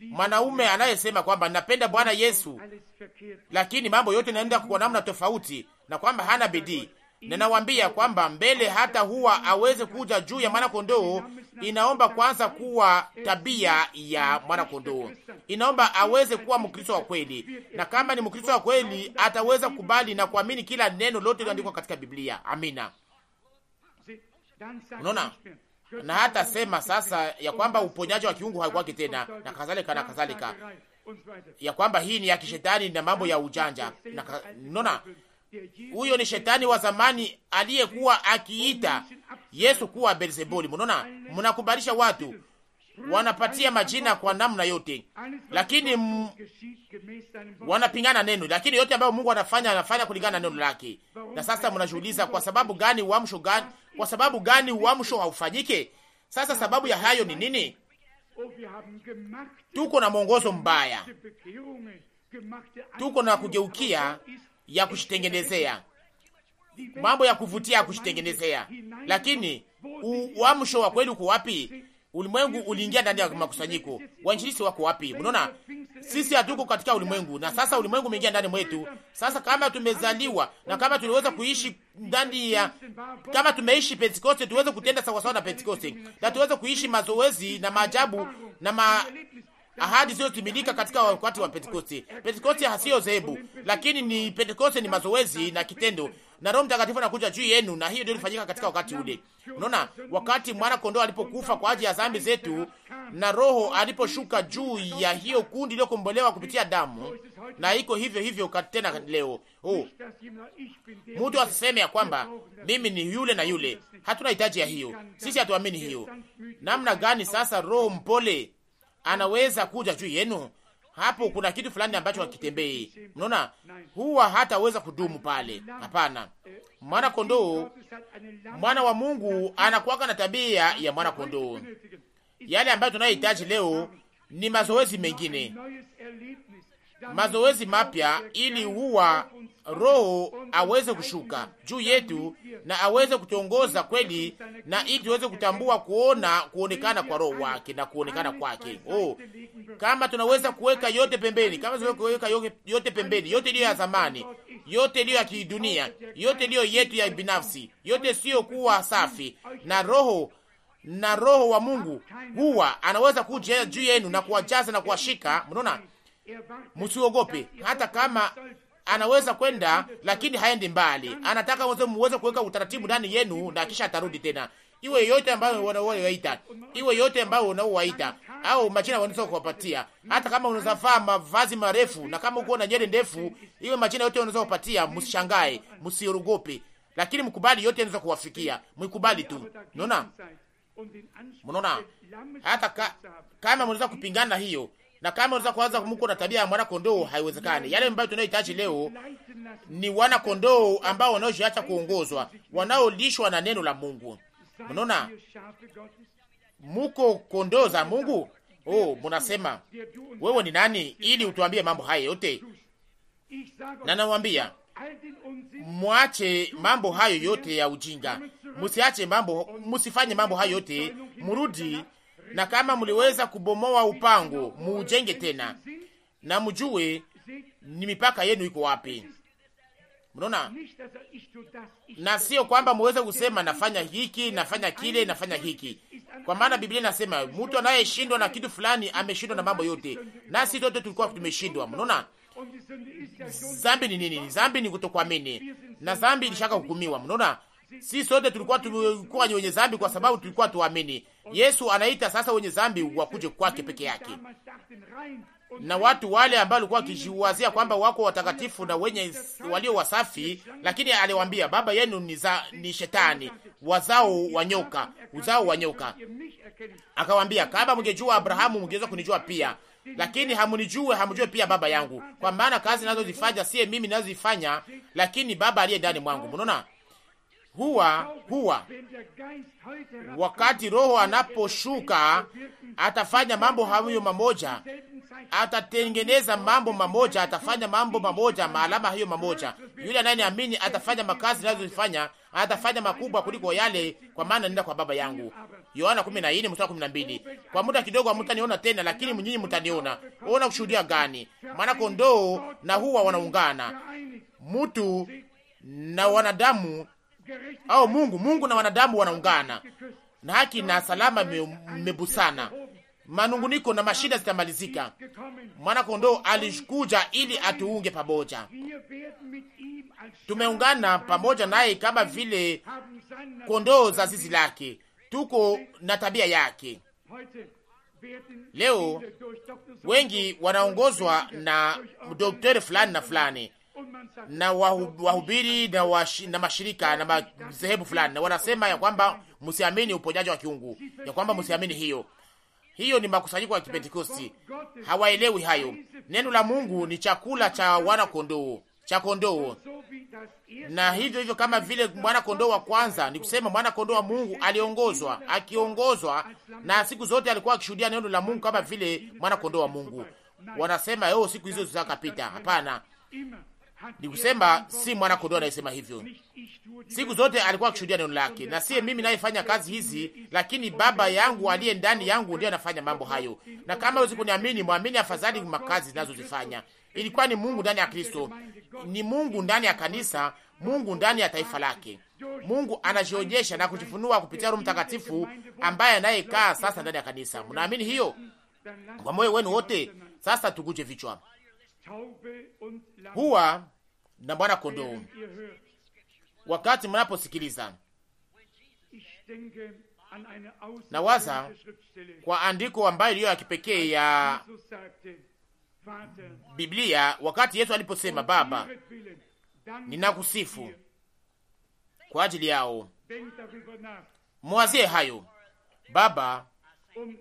mwanaume anayesema kwamba napenda Bwana Yesu, lakini mambo yote naenda kwa namna tofauti na kwamba hana bidii Ninawambia kwamba mbele hata huwa aweze kuja juu ya mwanakondoo, inaomba kwanza kuwa tabia ya mwanakondoo, inaomba aweze kuwa Mkristo wa kweli, na kama ni Mkristo wa kweli ataweza kubali na kuamini kila neno lote lililoandikwa katika Biblia. Amina. Unaona, na hata sema sasa ya kwamba uponyaji wa kiungu haukwake tena na kadhalika na kadhalika, ya kwamba hii ni ya kishetani na mambo ya ujanja na unaona huyo ni shetani wa zamani aliyekuwa akiita Yesu kuwa Beelzebuli. Mnaona, mnakubalisha watu wanapatia majina kwa namna yote, lakini m... wanapingana neno, lakini yote ambayo Mungu anafanya anafanya kulingana na neno lake. Na sasa mnajiuliza kwa sababu gani uamsho gani, kwa sababu gani uamsho haufanyike? Sasa sababu ya hayo ni nini? Tuko na mwongozo mbaya, tuko na kugeukia ya kushitengenezea, mambo ya kuvutia ya kushitengenezea. Lakini uamsho wa kweli uko wapi? Ulimwengu uliingia ndani ya makusanyiko. Wainjilisi wako wapi? Mnaona, sisi hatuko katika ulimwengu, na sasa ulimwengu umeingia ndani mwetu. Sasa kama tumezaliwa na kama tuliweza kuishi ndani ya kama tumeishi Pentekoste, tuweze kutenda sawa sawa na Pentekoste, na tuweze kuishi mazoezi na maajabu na ma, ahadi zilizotimilika katika wakati wa Pentekoste. Pentekoste hasiyo zehebu, lakini ni Pentekoste ni mazoezi na kitendo, na Roho Mtakatifu anakuja juu yenu, na hiyo ndio ilifanyika katika wakati ule. Unaona, wakati mwana kondoo alipokufa kwa ajili ya dhambi zetu, na Roho aliposhuka juu ya hiyo kundi iliyokombolewa kupitia damu, na iko hivyo hivyo tena leo. Oh, mtu asiseme ya kwamba mimi ni yule na yule. Hatuna hitaji ya hiyo, sisi hatuamini hiyo. Namna gani sasa Roho mpole anaweza kuja juu yenu. Hapo kuna kitu fulani ambacho hakitembei. Mnaona, huwa hataweza kudumu pale. Hapana, mwana kondoo, mwana wa Mungu anakuwaka na tabia ya mwana kondoo. Yale ambayo tunayohitaji leo ni mazoezi mengine, mazoezi mapya, ili huwa Roho aweze kushuka juu yetu na aweze kutongoza kweli, na ili tuweze kutambua kuona kuonekana kwa Roho wake na kuonekana kwake. Oh, kama tunaweza kuweka yote pembeni, kama tunaweza kuweka yote pembeni, yote iliyo ya zamani, yote iliyo ya kidunia, yote iliyo yetu ya binafsi, yote sio kuwa safi, na Roho na Roho wa Mungu huwa anaweza kuja juu yenu na kuwajaza na kuwashika. Mnaona, msiogope hata kama anaweza kwenda, lakini haendi mbali. Anataka muweze kuweka utaratibu ndani yenu, na kisha atarudi tena. Iwe yote ambayo wanaowaita, iwe yote ambayo wanaowaita au majina wanaweza kuwapatia, hata kama unaweza vaa mavazi marefu na kama uko na nywele ndefu, iwe majina yote wanaweza kupatia. Msishangae, msiogope, lakini mkubali yote yanaweza kuwafikia. Mkubali tu, unaona, unaona, hata ka, kama unaweza kupingana hiyo na kama unaweza kuanza Mungu na tabia ya mwana kondoo, haiwezekani. Yale ambayo tunayohitaji leo ni wana kondoo ambao wanaojiacha kuongozwa, wanaolishwa na neno la Mungu. Mnaona, muko kondoo za Mungu. Oh, mnasema wewe ni nani ili utuambie mambo haya yote? Na nawaambia mwache mambo hayo yote ya ujinga, msiache mambo, msifanye mambo hayo yote, murudi na kama mliweza kubomoa upango, muujenge tena na mjue ni mipaka yenu iko wapi. Mnaona, na sio kwamba muweze kusema nafanya hiki nafanya kile nafanya hiki, kwa maana Biblia inasema mtu anayeshindwa na kitu fulani ameshindwa na mambo yote, nasi tote tulikuwa tumeshindwa. Mnaona, zambi ni nini? Zambi ni kutokuamini, na zambi ilishaka hukumiwa. Mnaona, si sote tulikuwa tulikuwa ni wenye zambi kwa sababu tulikuwa tuamini. Yesu anaita sasa wenye zambi wakuje kwake peke yake. Na watu wale ambao walikuwa wakijiwazia kwamba wako watakatifu na wenye walio wasafi, lakini aliwaambia baba yenu ni, za, ni shetani, wazao wa nyoka, uzao wa nyoka. Akawaambia kama mngejua Abrahamu mngeweza kunijua pia. Lakini hamunijue, hamjue pia baba yangu. Kwa maana kazi ninazozifanya sie mimi ninazozifanya, lakini baba aliye ndani mwangu. Mnaona? huwa huwa wakati Roho anaposhuka atafanya mambo hayo mamoja, atatengeneza mambo mamoja, atafanya mambo mamoja, maalama hiyo mamoja. Yule anayeniamini atafanya makazi nazozifanya, atafanya makubwa kuliko yale, kwa maana nenda kwa Baba yangu. Yohana 14 mstari 12. Kwa muda kidogo hamtaniona tena, lakini mnyinyi mtaniona. Ona kushuhudia gani? Maana kondoo na huwa wanaungana, mtu na wanadamu au Mungu, Mungu na wanadamu wanaungana, na haki na salama mebusana manunguniko na mashida zitamalizika. Mwana kondoo alikuja ili atuunge pamoja, tumeungana pamoja naye kama vile kondoo za zizi lake, tuko na tabia yake. Leo wengi wanaongozwa na dokteri fulani na fulani na wahubiri na, washi, na mashirika na madhehebu fulani, na wanasema ya kwamba msiamini uponyaji wa kiungu, ya kwamba msiamini hiyo. Hiyo ni makusanyiko ya Kipentekosti, hawaelewi hayo. Neno la Mungu ni chakula cha wana kondoo cha kondoo, na hivyo hivyo kama vile mwana kondoo wa kwanza, ni kusema mwana kondoo wa Mungu aliongozwa, akiongozwa na siku zote alikuwa akishuhudia neno la Mungu kama vile mwana kondoo wa Mungu. Wanasema yo oh, siku hizo zitakapita. Hapana, ni kusema si mwana kondoo anayesema hivyo. Siku zote alikuwa akishuhudia neno lake, na siye mimi nayefanya kazi hizi, lakini baba yangu aliye ndani yangu ndiye anafanya mambo hayo. Na kama wezi kuniamini, mwamini afadhali makazi zinazozifanya. Ilikuwa ni Mungu ndani ya Kristo, ni Mungu ndani ya kanisa, Mungu ndani ya taifa lake. Mungu anajionyesha na kujifunua kupitia Roho Mtakatifu ambaye anayekaa sasa ndani ya kanisa. Mnaamini hiyo kwa moyo wenu wote? Sasa tuguje vichwa huwa na mwana kondoo. Wakati mnaposikiliza na waza kwa andiko ambayo iliyo ya kipekee ya Biblia, wakati Yesu aliposema, Baba, ninakusifu kwa ajili yao. Mwazie hayo Baba, um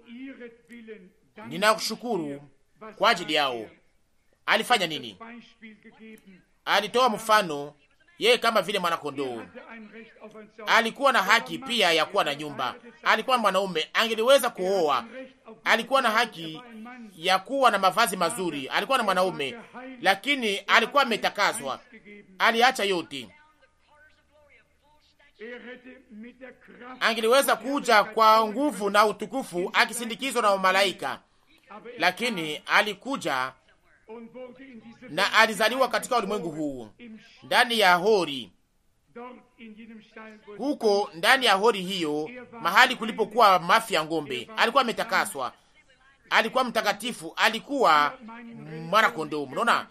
ninakushukuru kwa ajili yao alifanya nini? Alitoa mfano yeye kama vile mwanakondoo alikuwa na haki pia ya kuwa na nyumba. Alikuwa mwanaume, angeliweza kuoa. Alikuwa na haki ya kuwa na mavazi mazuri, alikuwa na mwanaume, lakini alikuwa ametakazwa aliacha yote. Angeliweza kuja kwa nguvu na utukufu, akisindikizwa na malaika, lakini alikuja na alizaliwa katika ulimwengu huu ndani ya hori huko ndani ya hori hiyo, mahali kulipokuwa mafi ya ng'ombe. Alikuwa ametakaswa, alikuwa mtakatifu, alikuwa mwana kondoo. Mnaona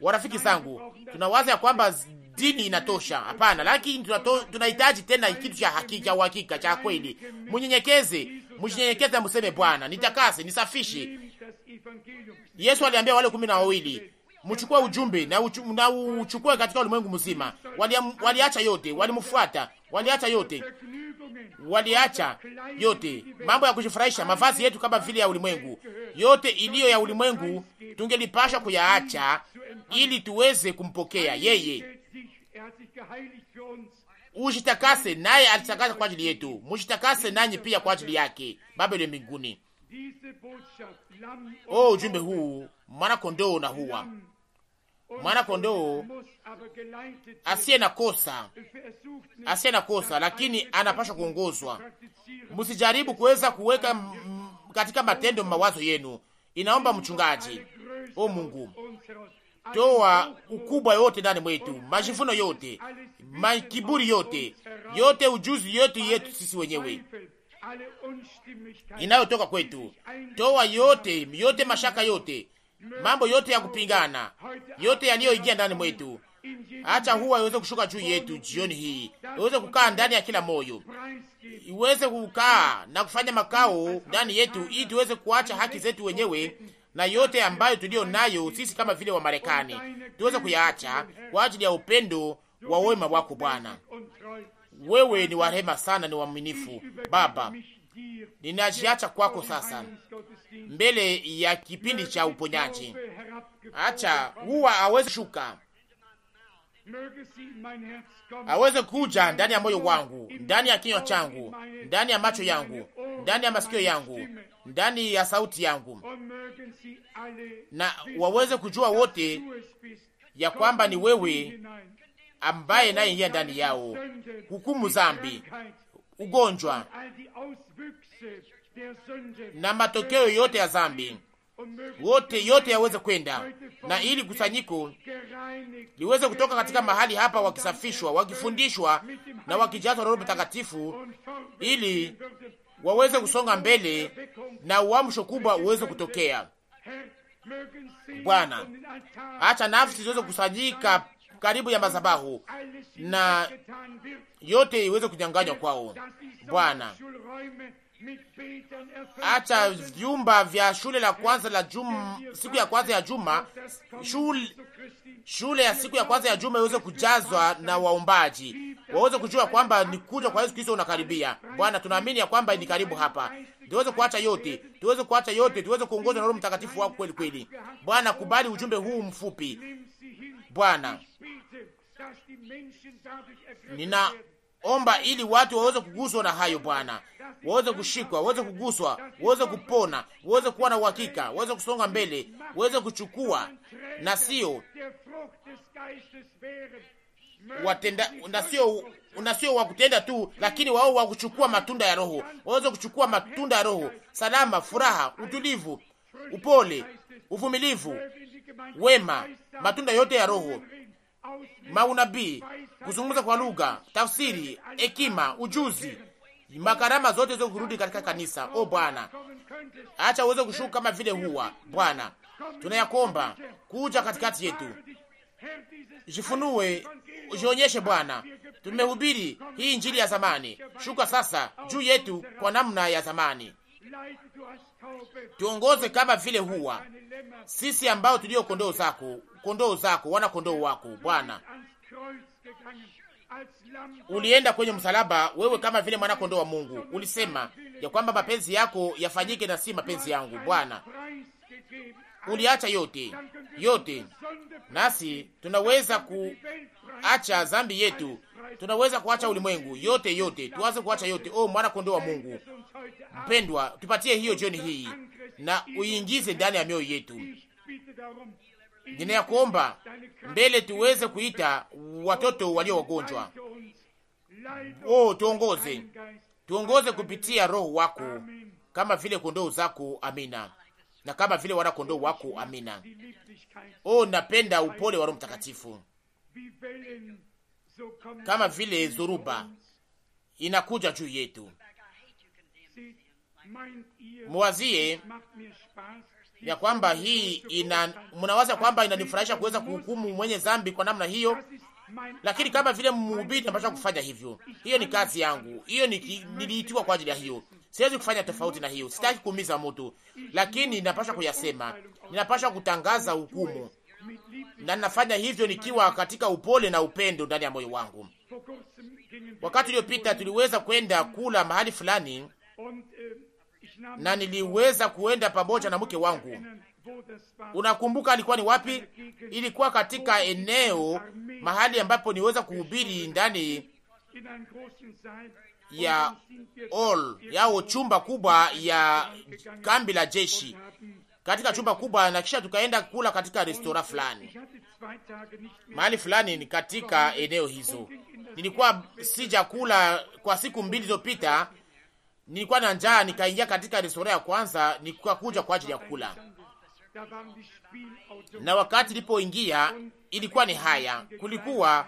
warafiki zangu, tunawaza ya kwamba dini inatosha. Hapana, lakini tunahitaji tena kitu cha hakika, cha uhakika, cha kweli. Munyenyekeze, mnyenyekeze, mseme Bwana nitakase, nisafishe Yesu aliambia wale kumi na wawili mchukue ujumbe na, uchu, uchukue katika ulimwengu mzima. Waliacha wali yote, walimfuata, waliacha yote, waliacha yote, mambo ya kujifurahisha, mavazi yetu kama vile ya ulimwengu, yote iliyo ya ulimwengu tungelipasha kuyaacha ili tuweze kumpokea yeye. Ujitakase naye alitakasa kwa ajili yetu, mujitakase nanyi pia kwa ajili yake, Baba ile mbinguni. Oh, ujumbe huu mwana kondoo na huwa mwana kondoo asiye na kosa, asiye na kosa, lakini anapaswa kuongozwa. Msijaribu kuweza kuweka katika matendo mawazo yenu. Inaomba mchungaji, o oh Mungu, toa ukubwa yote ndani mwetu, majivuno yote, makiburi yote yote, ujuzi yote yetu sisi wenyewe inayotoka kwetu. Toa yote yote, mashaka yote, mambo yote ya kupingana, yote yaliyoingia ndani mwetu. Acha huwa iweze kushuka juu yetu jioni hii, iweze kukaa ndani ya kila moyo, iweze kukaa na kufanya makao ndani yetu, ili tuweze kuacha haki zetu wenyewe na yote ambayo tuliyo nayo sisi kama vile Wamarekani, tuweze kuyaacha kwa ajili ya upendo wa wema wako Bwana. Wewe ni warehema sana, ni waaminifu Baba. Ninajiacha kwako sasa, mbele ya kipindi cha uponyaji. Acha huwa aweze shuka, aweze kuja ndani ya moyo wangu, ndani ya kinywa changu, ndani ya macho yangu, ndani ya masikio yangu, ndani ya sauti yangu, na waweze kujua wote ya kwamba ni wewe ambaye naye ingia ndani yao, hukumu zambi, ugonjwa na matokeo yote ya zambi wote yote yaweze kwenda na ili kusanyiko liweze kutoka katika mahali hapa, wakisafishwa, wakifundishwa na wakijazwa Roho Mtakatifu, ili waweze kusonga mbele na uamsho kubwa uweze kutokea. Bwana, acha nafsi ziweze kusanyika karibu ya madhabahu na yote iweze kunyanganywa kwao. Bwana, acha vyumba vya shule la kwanza la juma, siku ya kwanza ya juma shule, shule ya siku ya kwanza ya juma iweze kujazwa na waombaji waweze kujua kwamba ni kuja kwa Yesu Kristo unakaribia. Bwana, tunaamini ya kwamba ni karibu hapa, tuweze kuacha yote, tuweze kuacha yote, tuweze kuongozwa na Roho Mtakatifu wako kweli kweli. Bwana, kubali ujumbe huu mfupi Bwana, ninaomba ili watu waweze kuguswa na hayo Bwana, waweze kushikwa, waweze kuguswa, waweze kupona, waweze kuwa na uhakika, waweze kusonga mbele, waweze kuchukua na sio watenda na sio na sio wa kutenda tu, lakini wao wa kuchukua matunda ya Roho, waweze kuchukua matunda ya Roho: salama, furaha, utulivu, upole, uvumilivu, wema, matunda yote ya Roho, maunabii, kuzungumza kwa lugha, tafsiri, hekima, ujuzi, makarama zote zo kurudi katika kanisa. O Bwana, acha uweze kushuka kama vile huwa. Bwana, tunayakomba kuja katikati yetu, jifunue, jionyeshe Bwana. Tumehubiri hii injili ya zamani, shuka sasa juu yetu kwa namna ya zamani. Tuongoze kama vile huwa sisi ambao tulio kondoo zako, kondoo zako, wana kondoo wako Bwana. Ulienda kwenye msalaba wewe kama vile mwana kondoo wa Mungu. Ulisema ya kwamba mapenzi yako yafanyike na si mapenzi yangu Bwana. Uliacha yote yote, nasi tunaweza ku acha zambi yetu, tunaweza kuacha ulimwengu yote yote, tuanze kuacha yote. Oh, mwana kondoo wa Mungu mpendwa, tupatie hiyo jioni hii na uingize ndani ya mioyo yetu. Nina kuomba mbele tuweze kuita watoto walio wagonjwa. Oh, tuongoze, tuongoze kupitia Roho wako kama vile kondoo zako. Amina, na kama vile wana kondoo wako. Amina. Oh, napenda upole wa Roho Mtakatifu kama vile zoruba inakuja juu yetu. Mwazie ya kwamba hii ina, mnawaza kwamba inanifurahisha kuweza kuhukumu mwenye zambi kwa namna hiyo, lakini kama vile mhubiri napasha kufanya hivyo. Hiyo ni kazi yangu, hiyo niliitiwa kwa ajili ya hiyo. Siwezi kufanya tofauti na hiyo. Sitaki kuumiza mtu, lakini ninapasha kuyasema, ninapasha kutangaza hukumu na ninafanya hivyo nikiwa katika upole na upendo ndani ya moyo wangu. Wakati uliopita tuliweza kwenda kula mahali fulani, na niliweza kuenda pamoja na mke wangu. Unakumbuka alikuwa ni wapi? Ilikuwa katika eneo mahali ambapo niweza kuhubiri ndani ya all yao chumba kubwa ya kambi la jeshi, katika chumba kubwa, na kisha tukaenda kula katika restora fulani mahali fulani ni katika eneo hizo. Nilikuwa sijakula kwa siku mbili zilizopita, nilikuwa na njaa, nikaingia katika restora ya kwanza, nikakuja kwa ajili ya kula, na wakati nilipoingia ilikuwa ni haya, kulikuwa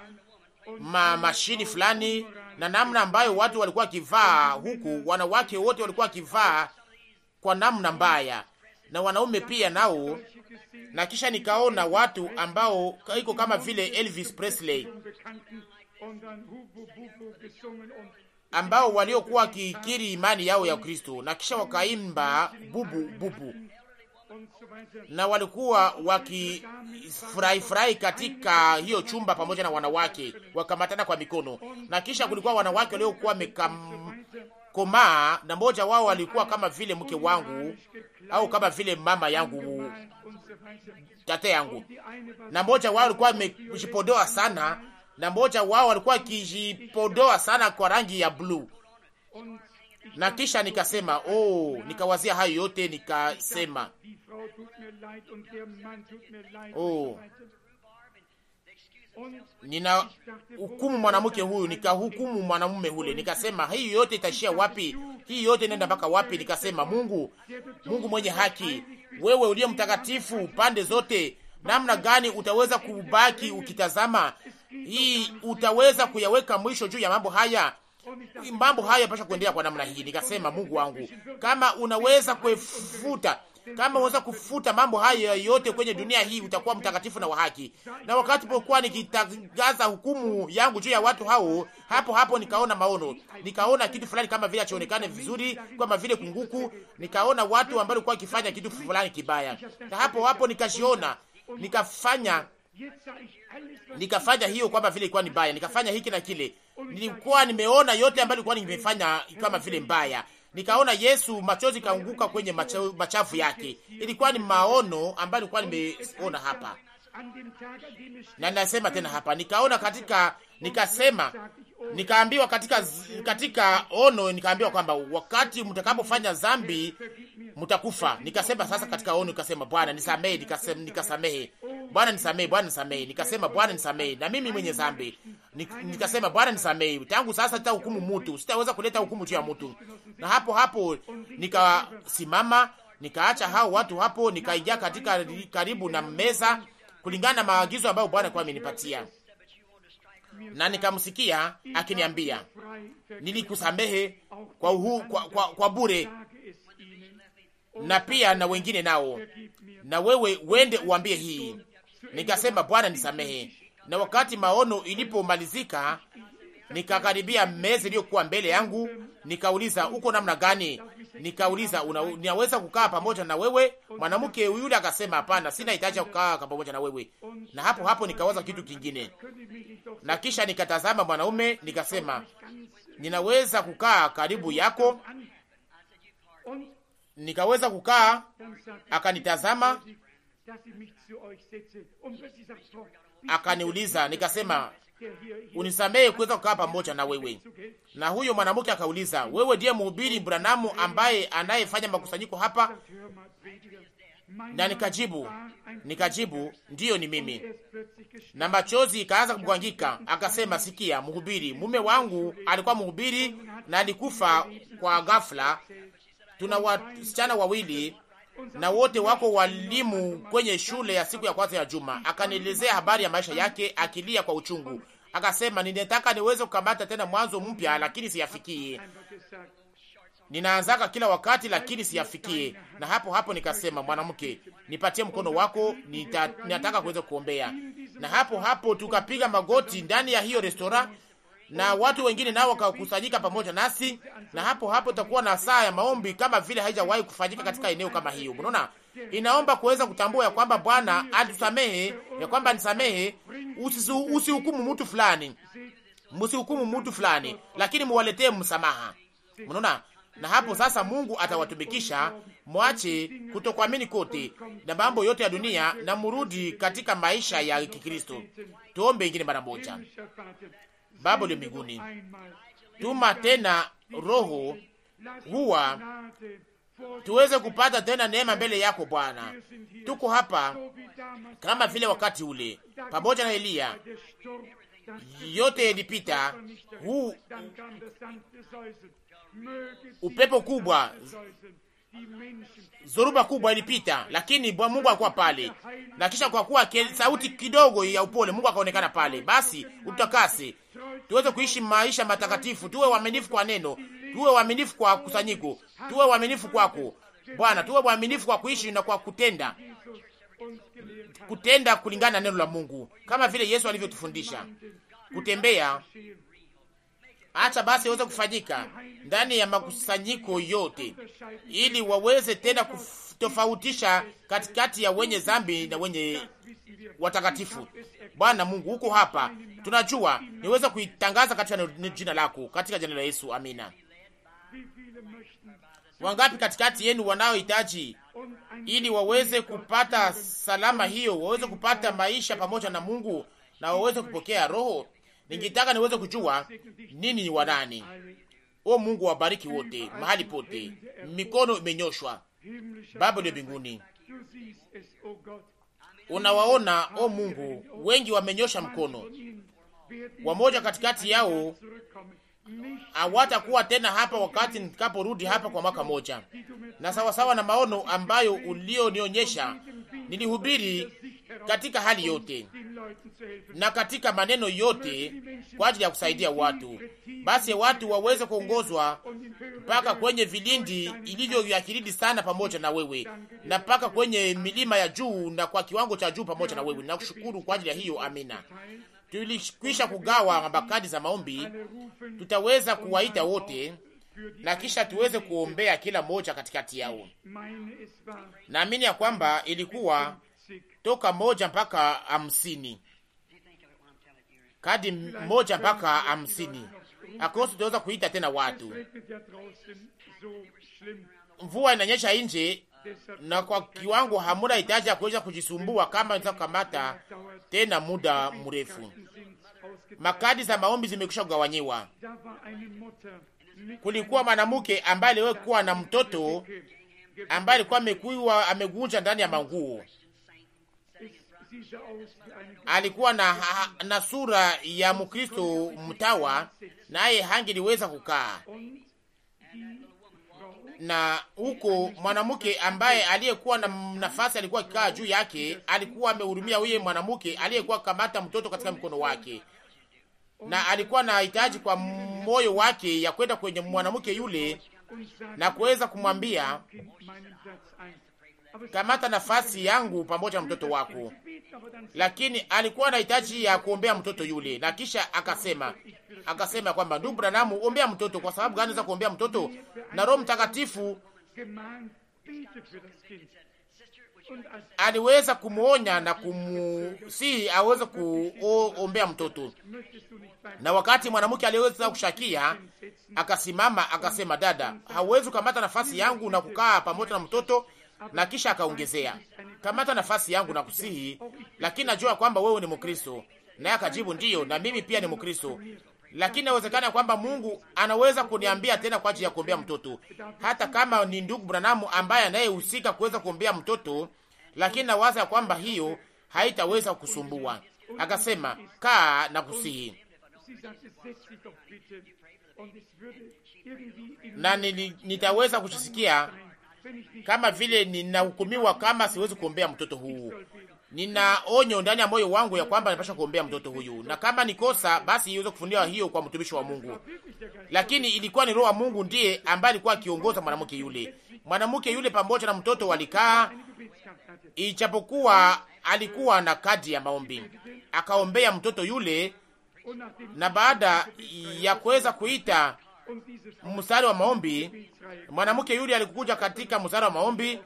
ma mashini fulani na namna ambayo watu walikuwa wakivaa huku, wanawake wote walikuwa wakivaa kwa namna mbaya na wanaume pia nao, na kisha nikaona watu ambao iko kama vile Elvis Presley ambao waliokuwa wakikiri imani yao ya Kristo na kisha wakaimba bubu bubu, na walikuwa wakifurahi furahi katika hiyo chumba pamoja na wanawake, wakamatana kwa mikono, na kisha kulikuwa wanawake waliokuwa wamekam komaa, na mmoja wao alikuwa kama vile mke wangu au kama vile mama yangu, tata yangu, na mmoja wao alikuwa amejipodoa sana, na mmoja wao alikuwa akijipodoa sana kwa rangi ya bluu. Na kisha nikasema oh, nikawazia hayo yote, nikasema oh nina hukumu mwanamke huyu, nikahukumu mwanamume ule nikasema hii yote itaishia wapi? Hii yote inaenda mpaka wapi? Nikasema Mungu, Mungu mwenye haki, wewe uliye mtakatifu pande zote, namna gani utaweza kubaki ukitazama hii? Utaweza kuyaweka mwisho juu ya mambo haya? Mambo haya yapasha kuendelea kwa namna hii. Nikasema Mungu wangu, kama unaweza kuefuta kama uweza kufuta mambo haya yote kwenye dunia hii, utakuwa mtakatifu na wa haki. Na wakati pokuwa nikitangaza hukumu yangu juu ya watu hao, hapo hapo nikaona maono, nikaona kitu fulani kama vile achionekane vizuri, kama vile kunguku, nikaona watu ambao walikuwa wakifanya kitu fulani kibaya, na hapo hapo nikashiona, nikafanya nikafanya hiyo kwamba vile ilikuwa ni mbaya, nikafanya hiki na kile. Nilikuwa nimeona yote ambayo nilikuwa nimefanya kama vile mbaya, nikaona Yesu, machozi kaanguka kwenye macho, machafu yake. Ilikuwa ni maono ambayo nilikuwa nimeona hapa, na nasema tena hapa, nikaona katika, nikasema Nikaambiwa katika, katika ono nikaambiwa kwamba wakati mtakapofanya zambi mtakufa. Nikasema sasa katika ono, nikasema Bwana nisamehe, nikasema nikasamehe, Bwana nisamehe, Bwana nisamehe, nikasema Bwana nisamehe, na mimi mwenye zambi nikasema Bwana nisamehe, tangu sasa sitahukumu mtu, sitaweza kuleta hukumu juu ya mtu. Na hapo hapo nikasimama, nikaacha hao watu hapo, nikaingia katika karibu na meza kulingana na maagizo ambayo Bwana kwa amenipatia na nikamsikia akiniambia, nilikusamehe kwa, uhu, kwa, kwa, kwa bure na pia na wengine nao, na wewe wende uambie hii. Nikasema, Bwana nisamehe. Na wakati maono ilipomalizika, Nikakaribia meza iliyokuwa mbele yangu, nikauliza uko namna gani? Nikauliza ninaweza kukaa pamoja na wewe mwanamke? Yule akasema hapana, sina hitaji ya kukaa pamoja na wewe. Na hapo hapo nikawaza kitu kingine, na kisha nikatazama mwanaume nikasema, ninaweza kukaa karibu yako. Nikaweza kukaa, akanitazama, akaniuliza, nikasema unisamehe kuweza kukaa pamoja na wewe. Na huyo mwanamke akauliza, wewe ndiye mhubiri Branamu ambaye anayefanya makusanyiko hapa? Na nikajibu nikajibu, ndiyo, ni mimi. Na machozi ikaanza kumwangika. Akasema, sikia mhubiri, mume wangu alikuwa mhubiri na alikufa kwa ghafla. Tuna wasichana wawili na wote wako walimu kwenye shule ya siku ya kwanza ya juma. Akanielezea habari ya maisha yake akilia kwa uchungu, akasema, ninataka niweze kukamata tena mwanzo mpya, lakini siyafikie. Ninaanzaka kila wakati, lakini siyafikie. Na hapo hapo nikasema, mwanamke, nipatie mkono wako, ninataka kuweza kuombea. Na hapo hapo tukapiga magoti ndani ya hiyo restora na watu wengine nao wakakusanyika pamoja nasi, na hapo hapo takuwa na saa ya maombi kama vile haijawahi kufanyika katika eneo kama hiyo. Unaona, inaomba kuweza kutambua ya kwamba Bwana atusamehe, ya kwamba nisamehe. Usihukumu mtu fulani, msihukumu mtu fulani, lakini muwaletee msamaha. Unaona, na hapo sasa Mungu atawatumikisha. Mwache kutokuamini kote na mambo yote ya dunia na murudi katika maisha ya Kikristo. Tuombe ingine mara moja. Baba ulio mbinguni, tuma tena Roho huwa tuweze kupata tena neema mbele yako Bwana. Tuko hapa kama vile wakati ule pamoja na Eliya, yote yalipita, huu upepo kubwa Zoruba kubwa ilipita, lakini Mungu alikuwa pale, na kisha kwa kuwa sauti kidogo ya upole, Mungu akaonekana pale. Basi utakase, tuweze kuishi maisha matakatifu, tuwe waaminifu kwa neno, tuwe waaminifu kwa kusanyiko, tuwe waaminifu kwako Bwana, tuwe waaminifu kwa kuishi na kwa kutenda, kutenda kulingana na neno la Mungu kama vile Yesu alivyotufundisha kutembea acha basi iweze kufanyika ndani ya makusanyiko yote, ili waweze tena kutofautisha katikati ya wenye zambi na wenye watakatifu. Bwana Mungu, huko hapa tunajua niweze kuitangaza katika jina lako, katika jina la Yesu, amina. Wangapi katikati yenu wanaohitaji ili waweze kupata salama hiyo, waweze kupata maisha pamoja na Mungu na waweze kupokea roho Ningitaka niweze kujua nini ni wanani. O Mungu, wabariki wote mahali pote, mikono imenyoshwa. Baba uliye mbinguni, unawaona o Mungu, wengi wamenyosha mkono wamoja katikati yao hawatakuwa tena hapa wakati nitakaporudi hapa kwa mwaka moja, na sawasawa na maono ambayo ulionionyesha, nilihubiri katika hali yote na katika maneno yote kwa ajili ya kusaidia watu, basi watu waweze kuongozwa mpaka kwenye vilindi ilivyo vya kilindi sana pamoja na wewe, na mpaka kwenye milima ya juu na kwa kiwango cha juu pamoja na wewe. Nakushukuru kwa ajili ya hiyo, amina. Tulikwisha kugawa mabakadi za maombi, tutaweza kuwaita wote na kisha tuweze kuombea kila mmoja katikati yao. Naamini ya kwamba ilikuwa toka moja mpaka hamsini kadi moja mpaka hamsini akosi tutaweza kuita tena watu. Mvua inanyesha nje, na kwa kiwango hamuna hitaji ya kuweza kujisumbua kama za kukamata tena muda mrefu. Makadi za maombi zimekwisha kugawanyiwa. Kulikuwa mwanamke ambaye aliwekuwa na mtoto ambaye alikuwa amekuwa amegunja ndani ya manguo alikuwa na, na sura ya Mkristo mtawa, naye hangeliweza kukaa na huko mwanamke ambaye aliyekuwa na nafasi alikuwa akikaa juu yake, alikuwa amehurumia huye mwanamke aliyekuwa kamata mtoto katika mkono wake, na alikuwa na hitaji kwa moyo wake ya kwenda kwenye mwanamke yule na kuweza kumwambia, kamata nafasi yangu pamoja na mtoto wako lakini alikuwa na hitaji ya kuombea mtoto yule, na kisha akasema akasema kwamba ndugu Branamu, ombea mtoto. Kwa sababu gani? Za kuombea mtoto na Roho Mtakatifu aliweza kumwonya na kumsihi aweze kuombea mtoto. Na wakati mwanamke aliweza kushakia, akasimama akasema, dada, hauwezi kukamata nafasi yangu na kukaa pamoja na mtoto na kisha akaongezea, kamata nafasi yangu na kusihi, lakini najua kwamba wewe ni Mkristo. Naye akajibu ndiyo, na mimi pia ni Mkristo, lakini inawezekana kwamba Mungu anaweza kuniambia tena kwa ajili ya kuombea mtoto, hata kama ni ndugu Branamu ambaye anayehusika kuweza kuombea mtoto, lakini nawaza ya kwamba hiyo haitaweza kusumbua. Akasema, kaa na kusihi na nitaweza kuchisikia kama vile ninahukumiwa kama siwezi kuombea mtoto huu. Nina onyo ndani ya moyo wangu ya kwamba napasha kuombea mtoto huyu, na kama nikosa, basi iweze kufundiwa hiyo kwa mtumishi wa Mungu. Lakini ilikuwa ni roho wa Mungu ndiye ambaye alikuwa akiongoza mwanamke yule. Mwanamke yule pamoja na mtoto walikaa, ichapokuwa alikuwa na kadi ya maombi, akaombea mtoto yule, na baada ya kuweza kuita mstari wa maombi. Mwanamke yule alikuja katika mstari wa maombi.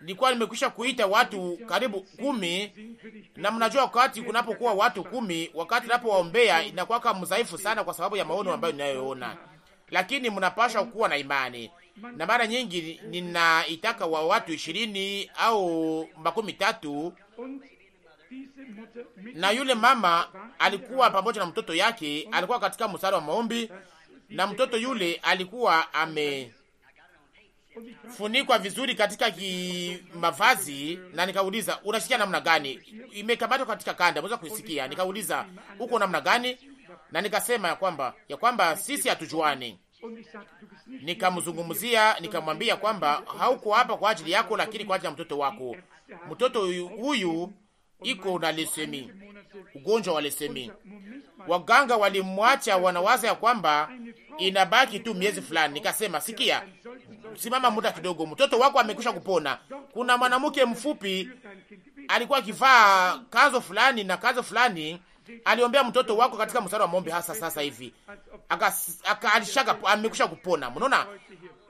Nilikuwa nimekwisha kuita watu karibu kumi, na mnajua wakati kunapokuwa watu kumi, wakati napowaombea inakuwa mdhaifu sana kwa sababu ya maono ambayo ninayoona, lakini mnapashwa kuwa na imani na mara nyingi ninaitaka wa watu ishirini au makumi tatu. Na yule mama alikuwa pamoja na mtoto yake, alikuwa katika mstari wa maombi na mtoto yule alikuwa amefunikwa vizuri katika mavazi, na nikauliza unashikia namna gani? Imekamatwa katika kanda, mweza kuisikia. Nikauliza uko namna gani? na nikasema ya kwamba ya kwamba sisi hatujuani. Nikamzungumzia, nikamwambia kwamba hauko hapa kwa ajili yako, lakini kwa ajili ya mtoto wako. Mtoto huyu iko na lesemi, ugonjwa wa lesemi, waganga walimwacha, wanawaza ya kwamba inabaki tu miezi fulani. Nikasema, sikia, simama muda kidogo, mtoto wako amekwisha kupona. Kuna mwanamke mfupi alikuwa akivaa kazo fulani na kazo fulani, aliombea mtoto wako katika mstari wa mombe hasa sasa hivi, alishaka amekwisha kupona. Mnaona,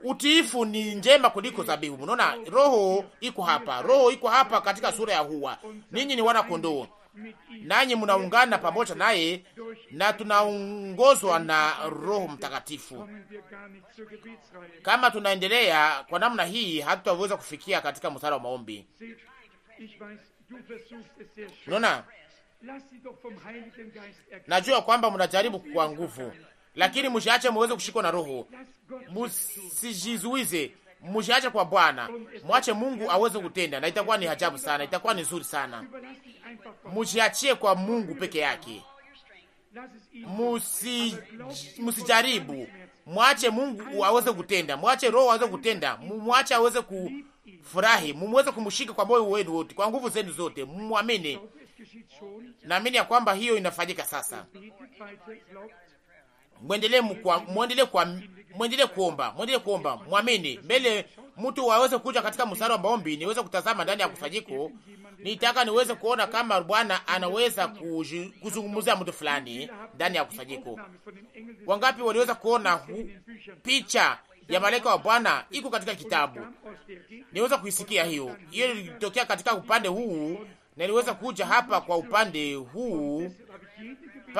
utiifu ni njema kuliko dhabihu. Mnaona, roho iko hapa, roho iko hapa katika sura ya hua. Ninyi ni wana kondoo nanyi munaungana pamoja naye na tunaongozwa na Roho Mtakatifu. Kama tunaendelea kwa namna hii, hatutaweza kufikia katika mstara wa maombi. Unaona, najua kwamba mnajaribu kwa nguvu, lakini mshiache muweze kushikwa na Roho, msijizuize mshiache kwa Bwana, mwache Mungu aweze kutenda, na itakuwa ni ajabu sana, itakuwa ni nzuri sana. Mshiachie kwa Mungu peke yake, musijaribu, mwache Mungu aweze kutenda, mwache Roho aweze kutenda, mwache aweze kufurahi, mumweze kumshika kwa moyo wenu wote, kwa nguvu zenu zote, mumwamini. Naamini ya kwamba hiyo inafanyika sasa mwendelee kwa mwendelee kwa mwendelee kuomba, mwendelee kuomba, mwamini mbele mtu waweze kuja katika msara wa maombi. Niweze kutazama ndani ya kusajiko nitaka niweze kuona kama Bwana anaweza kuzungumzia mtu fulani ndani ya kusanyiko. Wangapi waliweza kuona hu, picha ya malaika wa Bwana iko katika kitabu? Niweza kuisikia hiyo hiyo, ilitokea katika upande huu na niweza kuja hapa kwa upande huu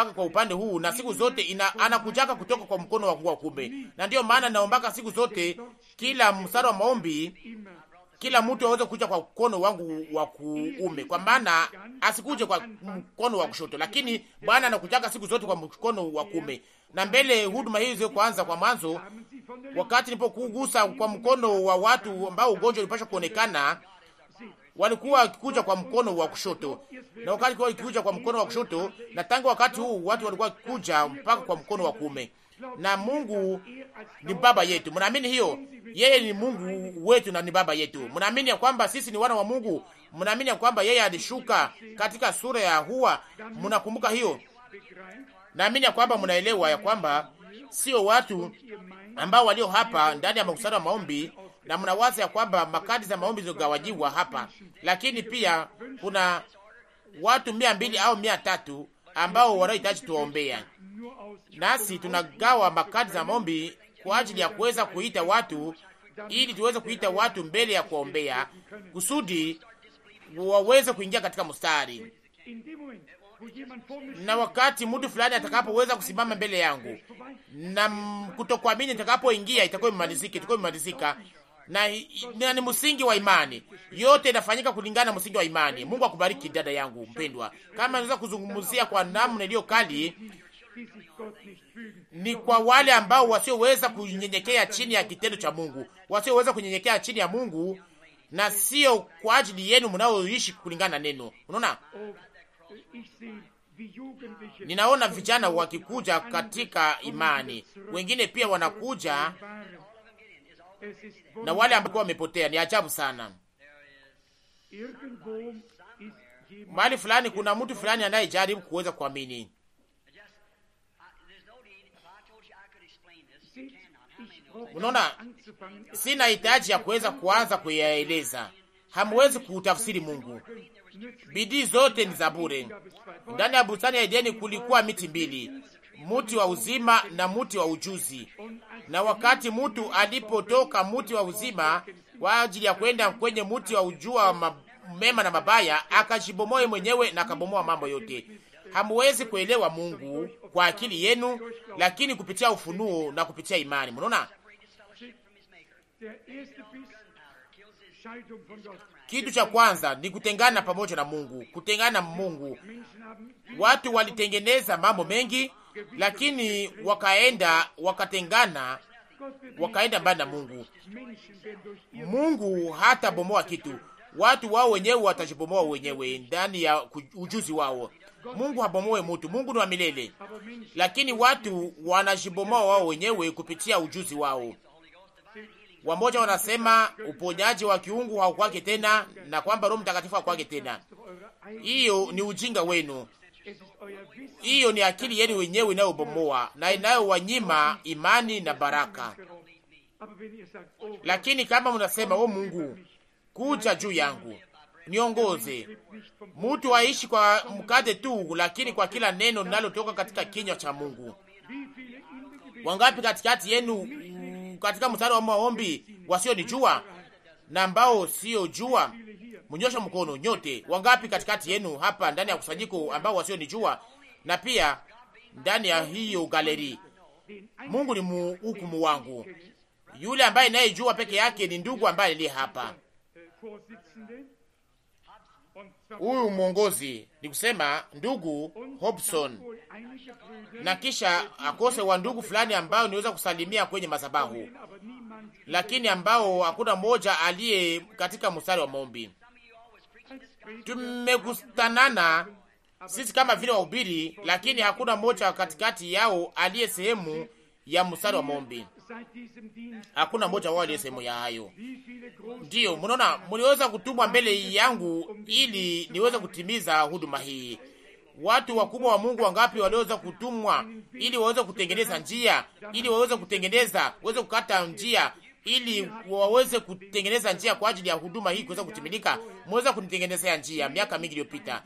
mpaka kwa upande huu, na siku zote ina, anakujaka kutoka kwa mkono wa wa kumbe. Na ndiyo maana naombaka siku zote, kila msara wa maombi, kila mtu aweze kuja kwa mkono wangu wa kuume, kwa maana asikuje kwa mkono wa kushoto, lakini Bwana anakujaka siku zote kwa mkono wa kumbe. Na mbele huduma hiyo zio kuanza kwa mwanzo, wakati nilipokugusa kwa mkono wa watu ambao ugonjwa ulipaswa kuonekana walikuwa wakikuja kwa mkono wa kushoto, na wakati kwa wakikuja kwa mkono wa kushoto, na tangu wakati huu watu walikuwa wakikuja mpaka kwa mkono wa kuume. Na Mungu ni baba yetu, mnaamini hiyo? Yeye ni Mungu wetu na ni baba yetu. Mnaamini ya kwamba sisi ni wana wa Mungu? Mnaamini ya kwamba yeye alishuka katika sura ya hua? Mnakumbuka hiyo? Naamini ya kwamba mnaelewa ya kwamba sio watu ambao walio hapa ndani ya makusanyo ya maombi na mnawaza ya kwamba makadi za maombi zizogawanyiwa hapa, lakini pia kuna watu mia mbili au mia tatu ambao wanaohitaji tuwaombea, nasi tunagawa makadi za maombi kwa ajili ya kuweza kuita watu ili tuweze kuita watu mbele ya kuwaombea kusudi waweze kuingia katika mstari, na wakati mtu fulani atakapoweza kusimama mbele yangu na kutokuamini, itakapoingia itakuwa imemalizika, itakuwa imemalizika na, na ni msingi wa imani. Yote inafanyika kulingana na msingi wa imani. Mungu akubariki dada yangu mpendwa. Kama naweza kuzungumzia kwa namna iliyo kali, ni kwa wale ambao wasioweza kunyenyekea chini ya kitendo cha Mungu, wasioweza kunyenyekea chini ya Mungu, na sio kwa ajili yenu mnaoishi kulingana na neno. Unaona, ninaona vijana wakikuja katika imani, wengine pia wanakuja na wale ambao wamepotea. Ni ajabu sana. Mahali fulani kuna mtu fulani anayejaribu kuweza kuamini. Unaona, sina hitaji ya kuweza kuanza kuyaeleza. Hamwezi kuutafsiri Mungu. Bidii zote ni za bure. Ndani ya bustani ya Edeni kulikuwa miti mbili, muti wa uzima na muti wa ujuzi. Na wakati mtu alipotoka muti wa uzima kwa ajili ya kwenda kwenye muti wa ujua mema na mabaya, akajibomoe mwenyewe na akabomoa mambo yote. Hamuwezi kuelewa Mungu kwa akili yenu, lakini kupitia ufunuo na kupitia imani mnaona kitu cha kwanza ni kutengana pamoja na Mungu, kutengana na Mungu. Watu walitengeneza mambo mengi lakini wakaenda wakatengana, wakaenda mbali na Mungu. Mungu hatabomoa kitu, watu wao wenyewe watajibomoa wenyewe ndani ya ujuzi wao. Mungu habomoe mutu, Mungu ni wa milele, lakini watu wanajibomoa wao wenyewe kupitia ujuzi wao. Wamoja wanasema uponyaji wa kiungu haukwake tena na kwamba Roho Mtakatifu hakwake tena. Hiyo ni ujinga wenu. Hiyo ni akili yenu wenyewe inayobomoa na inayowanyima imani na baraka. Lakini kama mnasema o Mungu, kuja juu yangu, niongoze. Mtu aishi kwa mkate tu, lakini kwa kila neno linalotoka katika kinywa cha Mungu. Wangapi katikati yenu mm, katika mstari wa maombi jua na ambao siojua mnyosha mkono nyote. Wangapi katikati yenu hapa ndani ya kusanyiko ambao wasionijua na pia ndani ya hiyo galeri? Mungu ni muhukumu wangu. Yule ambaye nayejua peke yake ni ndugu ambaye aliye hapa, huyu mwongozi ni kusema ndugu Hobson, na kisha akose wa ndugu fulani ambao niweza kusalimia kwenye masabahu, lakini ambao hakuna mmoja aliye katika mstari wa maombi. Tumekustanana sisi kama vile wahubiri, lakini hakuna mmoja katikati yao aliye sehemu ya mstari wa maombi. Hakuna mmoja wao aliye sehemu ya hayo. Ndiyo mnaona, mliweza kutumwa mbele yangu ili niweze kutimiza huduma hii. Watu wakubwa wa Mungu wangapi waliweza kutumwa ili waweze kutengeneza njia, ili waweze kutengeneza, waweze kukata njia, ili waweze kutengeneza njia kwa ajili ya huduma hii kuweza kutimilika. Mweza kunitengenezea njia miaka mingi iliyopita,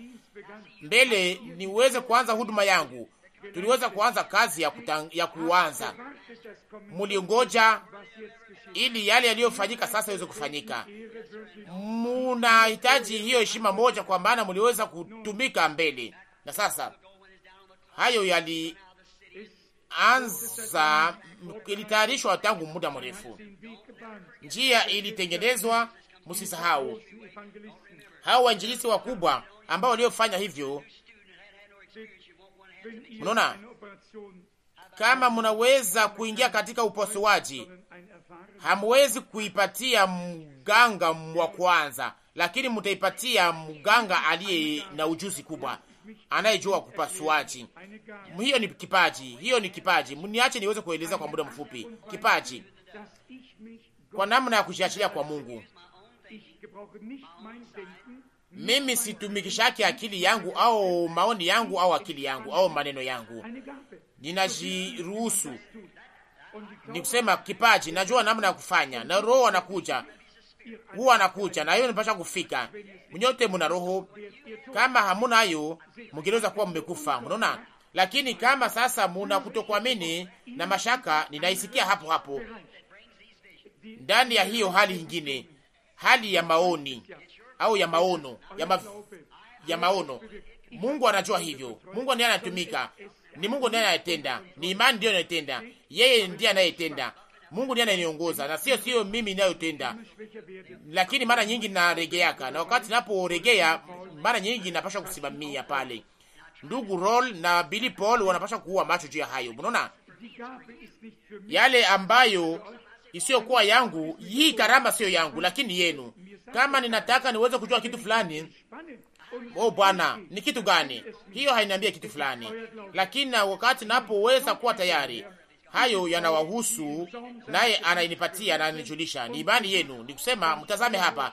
mbele niweze kuanza huduma yangu. Tuliweza kuanza kazi ya, kutang, ya kuanza, mulingoja ili yale yaliyofanyika sasa iweze kufanyika. Munahitaji hiyo heshima moja, kwa maana mliweza kutumika mbele na sasa hayo yali ilianza ilitayarishwa tangu muda mrefu, njia ilitengenezwa. Msisahau hao wainjilisi wakubwa ambao waliofanya hivyo. Mnaona, kama mnaweza kuingia katika upasuaji, hamwezi kuipatia mganga wa kwanza, lakini mtaipatia mganga aliye na ujuzi kubwa anayejua kupasuaji. Hiyo ni kipaji, hiyo ni kipaji. Mniache niweze kueleza kwa muda mfupi kipaji, kwa namna ya kujiachilia kwa Mungu. Mimi situmikishake akili yangu au maoni yangu au akili yangu au maneno yangu, ninajiruhusu ni kusema kipaji. Najua namna ya kufanya na Roho anakuja huwa anakuja na hiyo inapasha kufika. Mnyote mna roho, kama hamuna hiyo mngeweza kuwa mmekufa. Unaona, lakini kama sasa muna kutokuamini na mashaka, ninaisikia hapo hapo ndani ya hiyo hali ingine hali ya maoni au ya maono ya, ma, ya maono. Mungu anajua hivyo. Mungu ndiye anatumika, ni Mungu ndiye anayetenda, ni imani ndiyo anayetenda, yeye ndiye anayetenda Mungu ndiye anayeniongoza na sio sio mimi ninayotenda, lakini mara nyingi naregeaka, na wakati naporegea, mara nyingi napasha kusimamia pale. Ndugu Roll na Billy Paul wanapasha kuwa macho juu ya hayo. Unaona yale ambayo isiyokuwa yangu, hii karama sio yangu, lakini yenu. Kama ninataka niweze kujua kitu fulani, oh Bwana, ni kitu gani hiyo? Hainiambia kitu fulani, lakini na wakati napoweza kuwa tayari hayo yanawahusu, naye anainipatia na ananijulisha. Ni imani yenu, ni kusema mtazame hapa,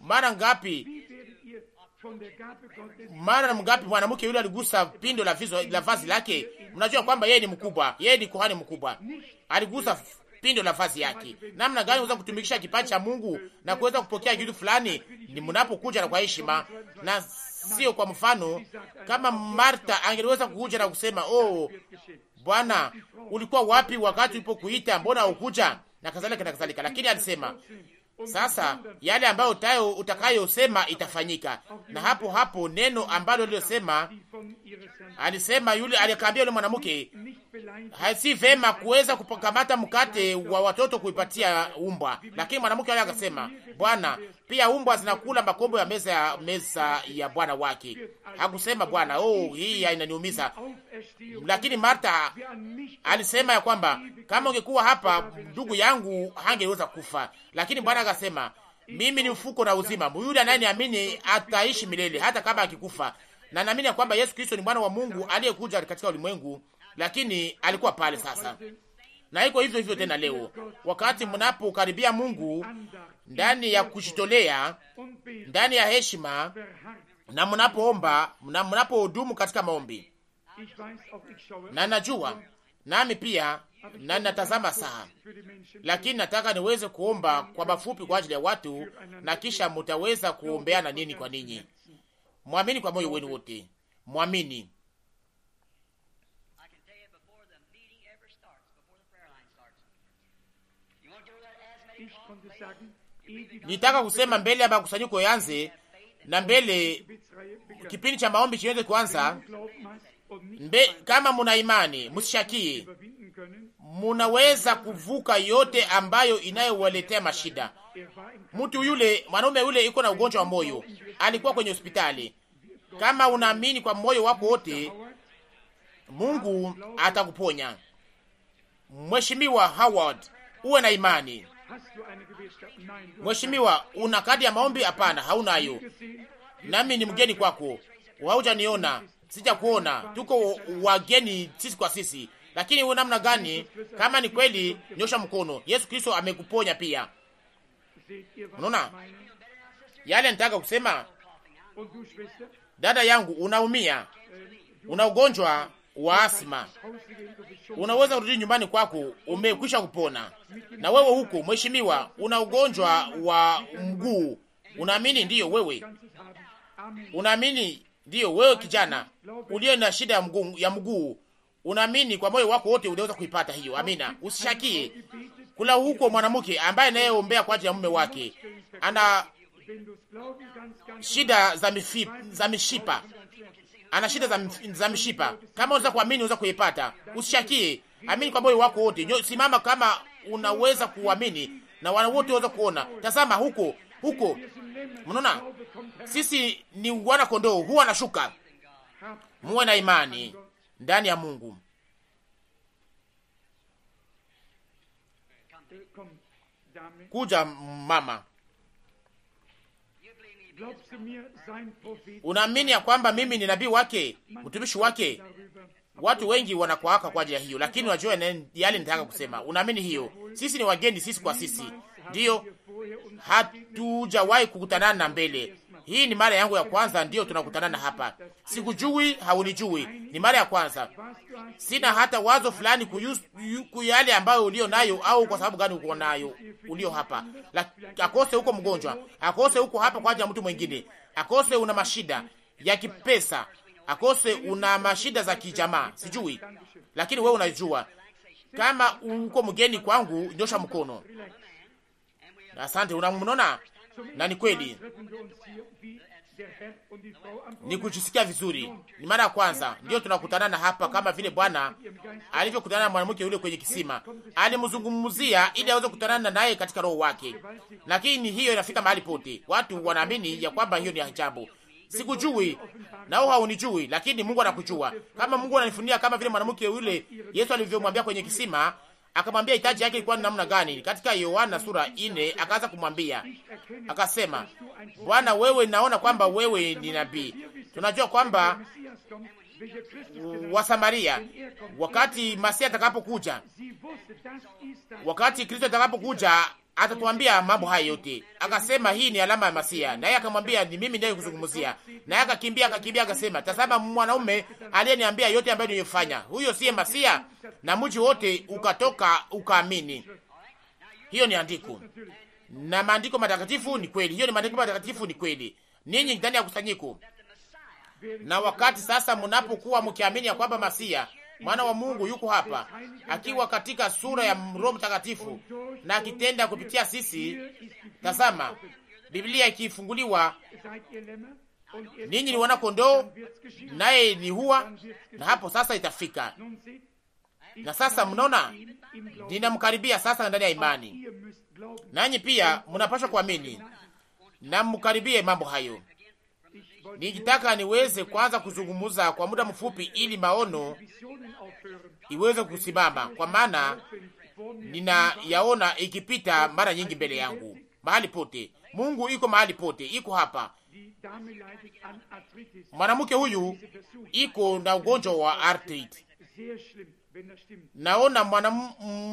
mara ngapi mara mgapi mwanamke yule aligusa pindo la vizo la vazi lake. Mnajua kwamba yeye ni mkubwa, yeye ni kuhani mkubwa, aligusa pindo la vazi yake. Namna gani unaweza kutumikisha kipaji cha Mungu na kuweza kupokea kitu fulani? Ni mnapokuja na kwa heshima na sio kwa mfano. Kama Marta angeliweza kukuja na kusema oh, Bwana, ulikuwa wapi wakati ulipokuita? Mbona ukuja? na kadhalika na kadhalika. Lakini alisema sasa yale ambayo utayo utakayosema itafanyika, na hapo hapo neno ambalo alilosema, alisema yule alikaambia yule mwanamke, si vema kuweza kukamata mkate wa watoto kuipatia umbwa. Lakini mwanamke yule akasema, Bwana, pia umbwa zinakula makombo ya meza ya meza ya bwana wake. Hakusema Bwana, oh, hii inaniumiza. Lakini marta alisema ya kwamba kama ungekuwa hapa ndugu yangu hangeweza kufa. Lakini Bwana akasema, mimi ni ufuko na uzima, yule anayeniamini ataishi milele hata kama akikufa. Na naamini kwamba Yesu Kristo ni mwana wa Mungu aliyekuja katika ulimwengu, lakini alikuwa pale sasa. Na iko hivyo hivyo tena leo, wakati mnapokaribia Mungu ndani ya kujitolea, ndani ya heshima na mnapoomba na mnapohudumu katika maombi, na najua nami pia na ninatazama saa, lakini nataka niweze kuomba kwa mafupi kwa ajili ya watu, na kisha mutaweza kuombeana nini kwa ninyi. Mwamini kwa moyo wenu wote, mwamini Nitaka kusema mbele ya makusanyiko yanze na mbele kipindi cha maombi chiweze kuanza kama muna imani msishakie, munaweza kuvuka yote ambayo inayowaletea mashida. Mtu yule mwanaume yule iko na ugonjwa wa moyo, alikuwa kwenye hospitali. Kama unaamini kwa moyo wako wote, Mungu atakuponya. Mheshimiwa Howard, uwe na imani. Mheshimiwa, una kadi ya maombi? Hapana, haunayo. Nami ni mgeni kwako, haujaniona, sijakuona, tuko wageni sisi kwa sisi. Lakini wewe namna gani? Kama ni kweli, nyosha mkono. Yesu Kristo amekuponya pia. Unaona yale nitaka kusema, dada yangu, unaumia, una ugonjwa wa asma, unaweza kurudi nyumbani kwako, umekwisha kupona. Na wewe huko, mheshimiwa, una ugonjwa wa mguu, unaamini? Ndiyo wewe unaamini? Ndiyo wewe kijana uliye na shida ya mguu, ya mguu unaamini kwa moyo wako wote, unaweza kuipata hiyo. Amina, usishakie. kula huko mwanamke ambaye anayeombea kwa ajili ya mume wake, ana shida za mifi, za mishipa, ana shida za, za mishipa. Kama unaweza kuamini, unaweza kuipata. Usishakie, amini kwa moyo wako wote. Simama kama unaweza kuamini, na wana wote waweza kuona. Tazama huko huko, mnaona sisi ni wana kondoo, huwa anashuka. Muwe na imani ndani ya Mungu. Kuja mama, unaamini ya kwamba mimi ni nabii wake, mtumishi wake? Watu wengi wanakwaka kwa ajili ya hiyo, lakini wajua yale nitaka kusema. Unaamini hiyo? Sisi ni wageni, sisi kwa sisi, ndiyo hatujawahi kukutanana na mbele hii ni mara yangu ya kwanza, ndiyo tunakutanana hapa. Sikujui, haunijui, ni mara ya kwanza. Sina hata wazo fulani ku yale ambayo ulio nayo, au kwa sababu gani uko nayo ulio hapa. La, akose huko mgonjwa, akose huko hapa kwa ajili ya mtu mwingine, akose una mashida ya kipesa, akose una mashida za kijamaa, sijui, lakini wewe unajua kama uko mgeni kwangu, nyosha mkono. Asante, unamnona na ni kweli, ni kujisikia vizuri. Ni mara ya kwanza ndiyo tunakutanana hapa, kama vile Bwana alivyokutana na mwanamke yule kwenye kisima, alimzungumzia ili aweze kukutanana naye katika roho wake. Lakini hiyo inafika mahali pote, watu wanaamini ya kwamba hiyo ni ajabu. sikujui nao haunijui, lakini Mungu anakujua. Kama Mungu ananifunia kama vile mwanamke yule Yesu alivyomwambia kwenye kisima akamwambia hitaji yake ilikuwa ni namna gani. Katika Yohana sura ine akaanza kumwambia akasema, Bwana wewe, naona kwamba wewe ni nabii. Tunajua kwamba wa samaria wakati Masia atakapokuja, wakati Kristo atakapokuja atatuambia mambo haya yote. Akasema hii ni alama ya Masia, naye akamwambia ni mimi ndiye kuzungumzia, naye akakimbia, akakimbia, akasema tazama, mwanaume aliyeniambia yote ambayo niliyofanya, huyo siye Masia? Na mji wote ukatoka ukaamini. Hiyo ni andiko na maandiko matakatifu ni kweli, hiyo ni maandiko matakatifu ni kweli. Ninyi ndani ya kusanyiko, na wakati sasa mnapokuwa mkiamini ya kwamba Masia mwana wa Mungu yuko hapa akiwa katika sura ya Roho Mtakatifu na akitenda kupitia sisi. Tazama, Biblia ikifunguliwa, ninyi ni wana kondoo, naye ni huwa, na hapo sasa itafika. Na sasa mnaona, ninamkaribia sasa ndani ya imani, nanyi pia mnapaswa kuamini na mkaribie mambo hayo nikitaka niweze kwanza kuzungumza kwa muda mfupi, ili maono iweze kusimama, kwa maana ninayaona ikipita mara nyingi mbele yangu mahali pote. Mungu iko mahali pote, iko hapa. Mwanamke huyu iko na ugonjwa wa arthritis. Naona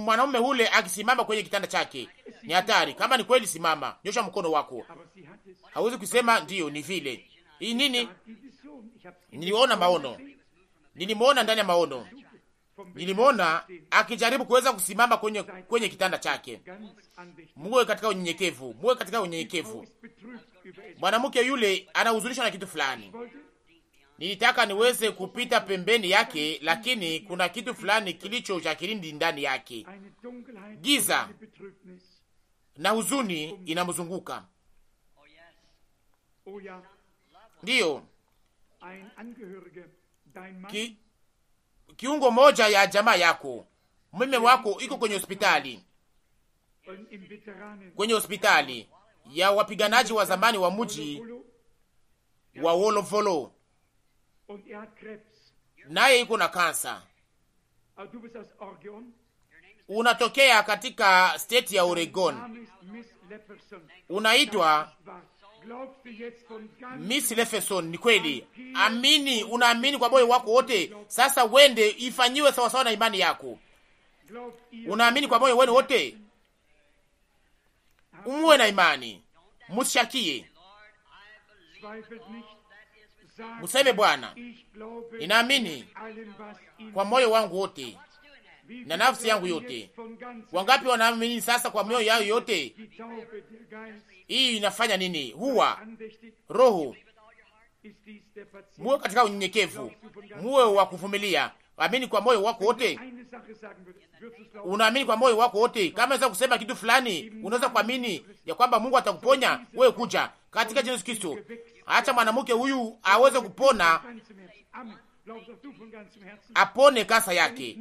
mwanamume ule akisimama kwenye kitanda chake. Ni hatari. Kama ni kweli, simama, nyosha mkono wako. Hawezi kusema ndiyo, ni vile hii nini? Niliona maono, nilimwona ndani ya maono, nilimwona akijaribu kuweza kusimama kwenye, kwenye kitanda chake. Muwe katika unyenyekevu, muwe katika unyenyekevu. Mwanamke yule anahuzunishwa na kitu fulani. Nilitaka niweze kupita pembeni yake, lakini kuna kitu fulani kilicho cha kilindi ndani yake. Giza na huzuni inamzunguka. Oh, ndiyo ki, kiungo moja ya jamaa yako, mume wako iko kwenye hospitali, kwenye hospitali ya wapiganaji wa zamani wa mji wa Wolovolo, er naye iko na kansa. Ah, Unatokea katika state ya Oregon, unaitwa Misi Lefeson, ni kweli, amini, unaamini kwa moyo wako wote, sasa wende ifanyiwe sawasawa na imani yako. Unaamini kwa moyo wenu wote, umuwe na imani, mushakie, museme Bwana, ninaamini kwa moyo wangu wote na nafsi yangu yote. Wangapi wanaamini sasa kwa moyo yao yote hii inafanya nini? Huwa roho muwe katika unyenyekevu, muwe wa kuvumilia, amini kwa moyo wako wote. Unaamini kwa moyo wako wote, kama unaweza kusema kitu fulani, unaweza kuamini ya kwamba Mungu atakuponya wewe, kuja katika jina Yesu Kristo. Acha mwanamke huyu aweze kupona, apone kasa yake.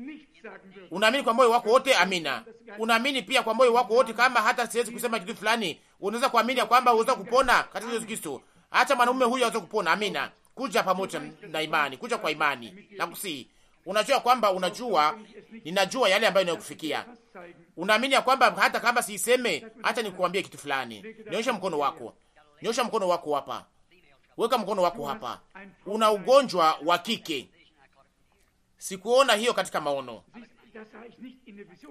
Unaamini kwa moyo wako wote, amina. Unaamini pia kwa moyo wako wote, kama hata siwezi kusema kitu fulani, Unaweza kuamini ya kwamba uweza kupona katika Yesu Kristo, hata mwanaume huyu aweze kupona. Amina, kuja pamoja na imani, kuja kwa imani na kusii. Unajua kwamba unajua, ninajua yale ambayo inayokufikia. Unaamini ya kwamba hata kama siiseme, hata nikuambie kitu fulani. Nyosha mkono wako, nyosha mkono wako hapa, weka mkono wako hapa. Una ugonjwa wa kike, sikuona hiyo katika maono,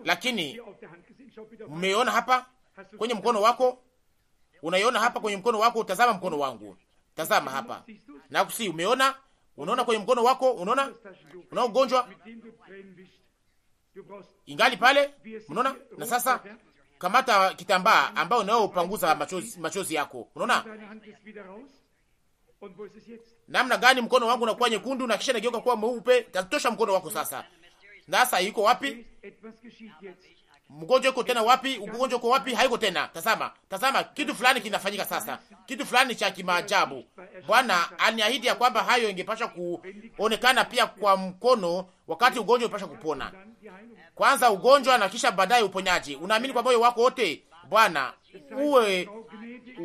lakini mmeona hapa kwenye mkono wako Unaiona hapa kwenye mkono wako, utazama mkono wangu, tazama hapa na kusi. Umeona, unaona kwenye mkono wako, unaona, unaona ugonjwa ingali pale, unaona. Na sasa kamata kitambaa ambao upanguza machozi, machozi yako, unaona namna gani mkono wangu unakuwa nyekundu na kisha nageuka kuwa mweupe. Tatosha mkono wako sasa. nasa iko wapi? mgonjwa yuko tena wapi? Mgonjwa uko wapi? Haiko tena. Tazama, tazama, kitu fulani kinafanyika sasa, kitu fulani cha kimaajabu. Bwana aniahidi ya kwamba hayo ingepasha kuonekana pia kwa mkono, wakati ugonjwa upasha kupona kwanza, ugonjwa na kisha baadaye uponyaji. Unaamini kwa moyo wako wote? Bwana uwe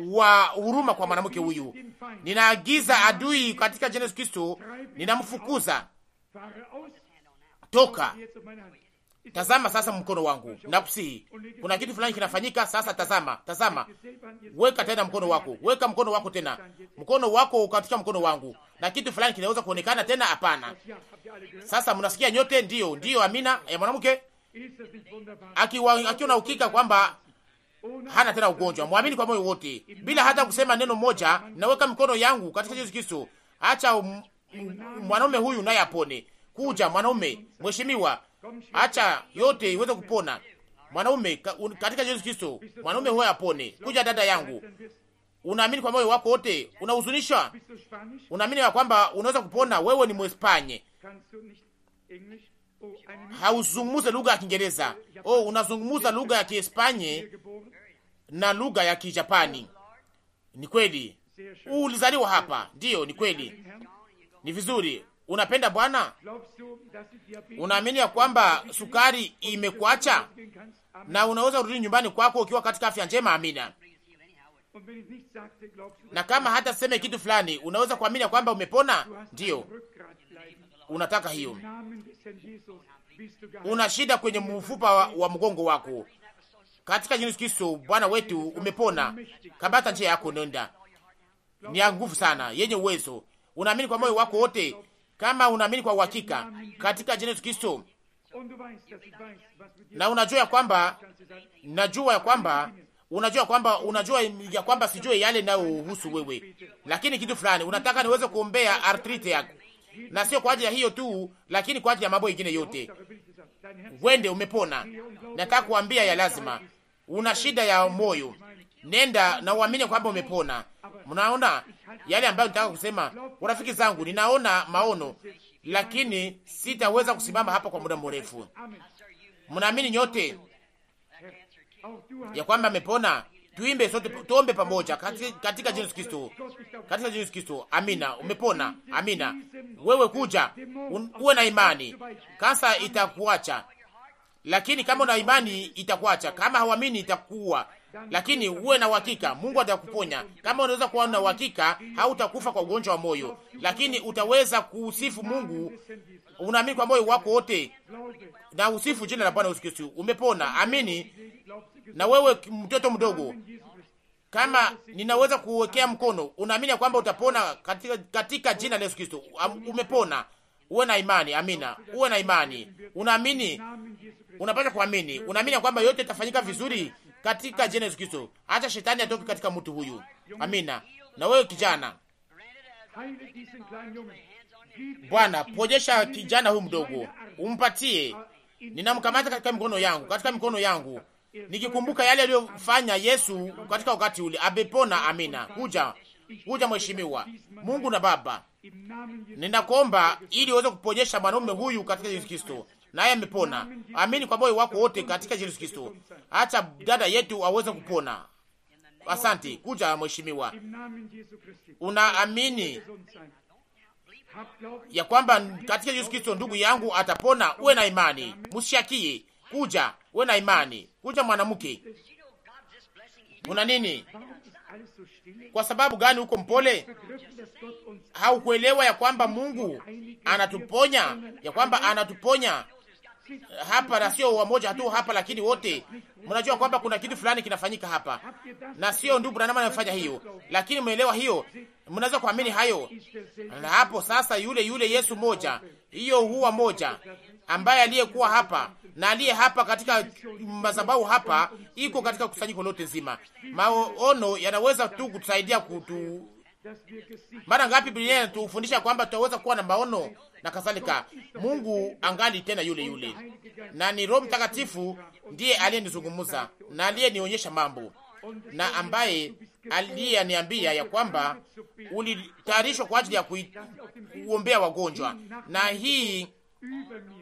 wa huruma kwa mwanamke huyu. Ninaagiza adui katika jina Yesu Kristo, ninamfukuza toka Tazama sasa mkono wangu, nakusihi, kuna kitu fulani kinafanyika sasa. Tazama, tazama, weka tena mkono wako, weka mkono wako tena, mkono wako katika mkono wangu, na kitu fulani kinaweza kuonekana tena. Hapana, sasa mnasikia nyote? Ndio, ndio, amina ya eh, mwanamke akiwa akiona ukika kwamba hana tena ugonjwa. Mwamini kwa moyo wote, bila hata kusema neno moja. Naweka mikono yangu katika Yesu Kristo, acha um, mwanaume huyu naye apone. Kuja mwanaume, mheshimiwa acha yote iweze kupona mwanaume katika Yesu Kristo, mwanaume huyo apone. Kuja dada yangu, unaamini kwa moyo wako wote, unahuzunishwa, unaamini ya kwamba unaweza kupona. Wewe ni Mwespanye, hauzungumuze lugha ya Kiingereza. Oh, unazungumuza lugha ya Kiespanye na lugha ya Kijapani. Ni kweli ulizaliwa hapa, ndiyo, ni kweli, ni vizuri. Unapenda Bwana? Unaamini ya kwamba sukari imekuacha na unaweza kurudi nyumbani kwako ukiwa katika afya njema? Amina. Na kama hata seme kitu fulani, unaweza kuamini ya kwamba umepona? Ndiyo, unataka hiyo. Una shida kwenye mfupa wa, wa mgongo wako, katika Yesu Kristo Bwana wetu umepona. Kabata njia yako, nenda ni ya nguvu sana yenye uwezo. Unaamini kwa moyo wako wote kama unaamini kwa uhakika katika jina Yesu Kristo, na unajua ya kwamba najua ya kwamba unajua kwamba unajua ya kwamba sijue yale inayohusu wewe, lakini kitu fulani unataka niweze kuombea artrite yako, na sio kwa ajili ya hiyo tu, lakini kwa ajili ya mambo ingine yote. Wende umepona, nataka kuambia ya lazima una shida ya moyo nenda na uamini kwamba umepona. Mnaona yale ambayo nitaka kusema, urafiki zangu, ninaona maono, lakini sitaweza kusimama hapa kwa muda mrefu. Mnaamini nyote ya kwamba amepona? Tuimbe sote, tuombe pamoja katika Yesu Kristo, katika Yesu Kristo. Amina, umepona. Amina, wewe kuja uwe na imani, kansa itakuacha, lakini kama una imani itakuacha, kama hauamini itakuwa lakini uwe na uhakika Mungu atakuponya. Kama unaweza kuwa na uhakika, hautakufa kwa ugonjwa wa moyo, lakini utaweza kusifu Mungu, unaamini kwa moyo wako wote, na usifu jina la Bwana Yesu Kristo. Umepona, amini. Na wewe mtoto mdogo, kama ninaweza kuwekea mkono, unaamini kwamba utapona katika, katika jina la Yesu Kristo, umepona. Uwe na imani, amina. Uwe na imani, unaamini, unapaswa kuamini, unaamini kwamba yote itafanyika vizuri katika jina Yesu Kristo. Acha shetani atoke katika mtu huyu, amina. Na wewe kijana, Bwana pojesha kijana huyu mdogo, umpatie. Ninamkamata katika mikono yangu, katika mikono yangu, nikikumbuka yale aliyofanya Yesu katika wakati ule. Amepona, amina. Huja huja, mheshimiwa Mungu na Baba, ninakuomba ili uweze kuponyesha mwanaume huyu katika Yesu Kristo naye amepona. Amini kwa moyo wako wote katika Yesu Kristo. Acha dada yetu aweze kupona. Asante. Kuja mheshimiwa, unaamini ya kwamba katika Yesu Kristo ndugu yangu atapona? Uwe na imani, msishakie. Kuja uwe na imani. Kuja mwanamke, una nini? Kwa sababu gani uko mpole? Haukuelewa ya kwamba Mungu anatuponya, ya kwamba anatuponya hapa na sio wamoja tu hapa, lakini wote mnajua kwamba kuna kitu fulani kinafanyika hapa, na sio ndugu Branham anayofanya hiyo, lakini mmeelewa hiyo, mnaweza kuamini hayo. Na hapo sasa, yule yule Yesu moja, hiyo huwa moja, ambaye aliyekuwa hapa na aliye hapa katika madhabahu hapa, iko katika kusanyiko lote zima. Maono yanaweza tu kutusaidia kutu mara ngapi Biblia inatufundisha kwamba tutaweza kuwa na maono na kadhalika. Mungu angali tena yule yule, na ni Roho Mtakatifu ndiye aliyenizungumza na aliyenionyesha mambo na ambaye aliyeniambia ya kwamba ulitayarishwa kwa ajili ya kuiombea wagonjwa, na hii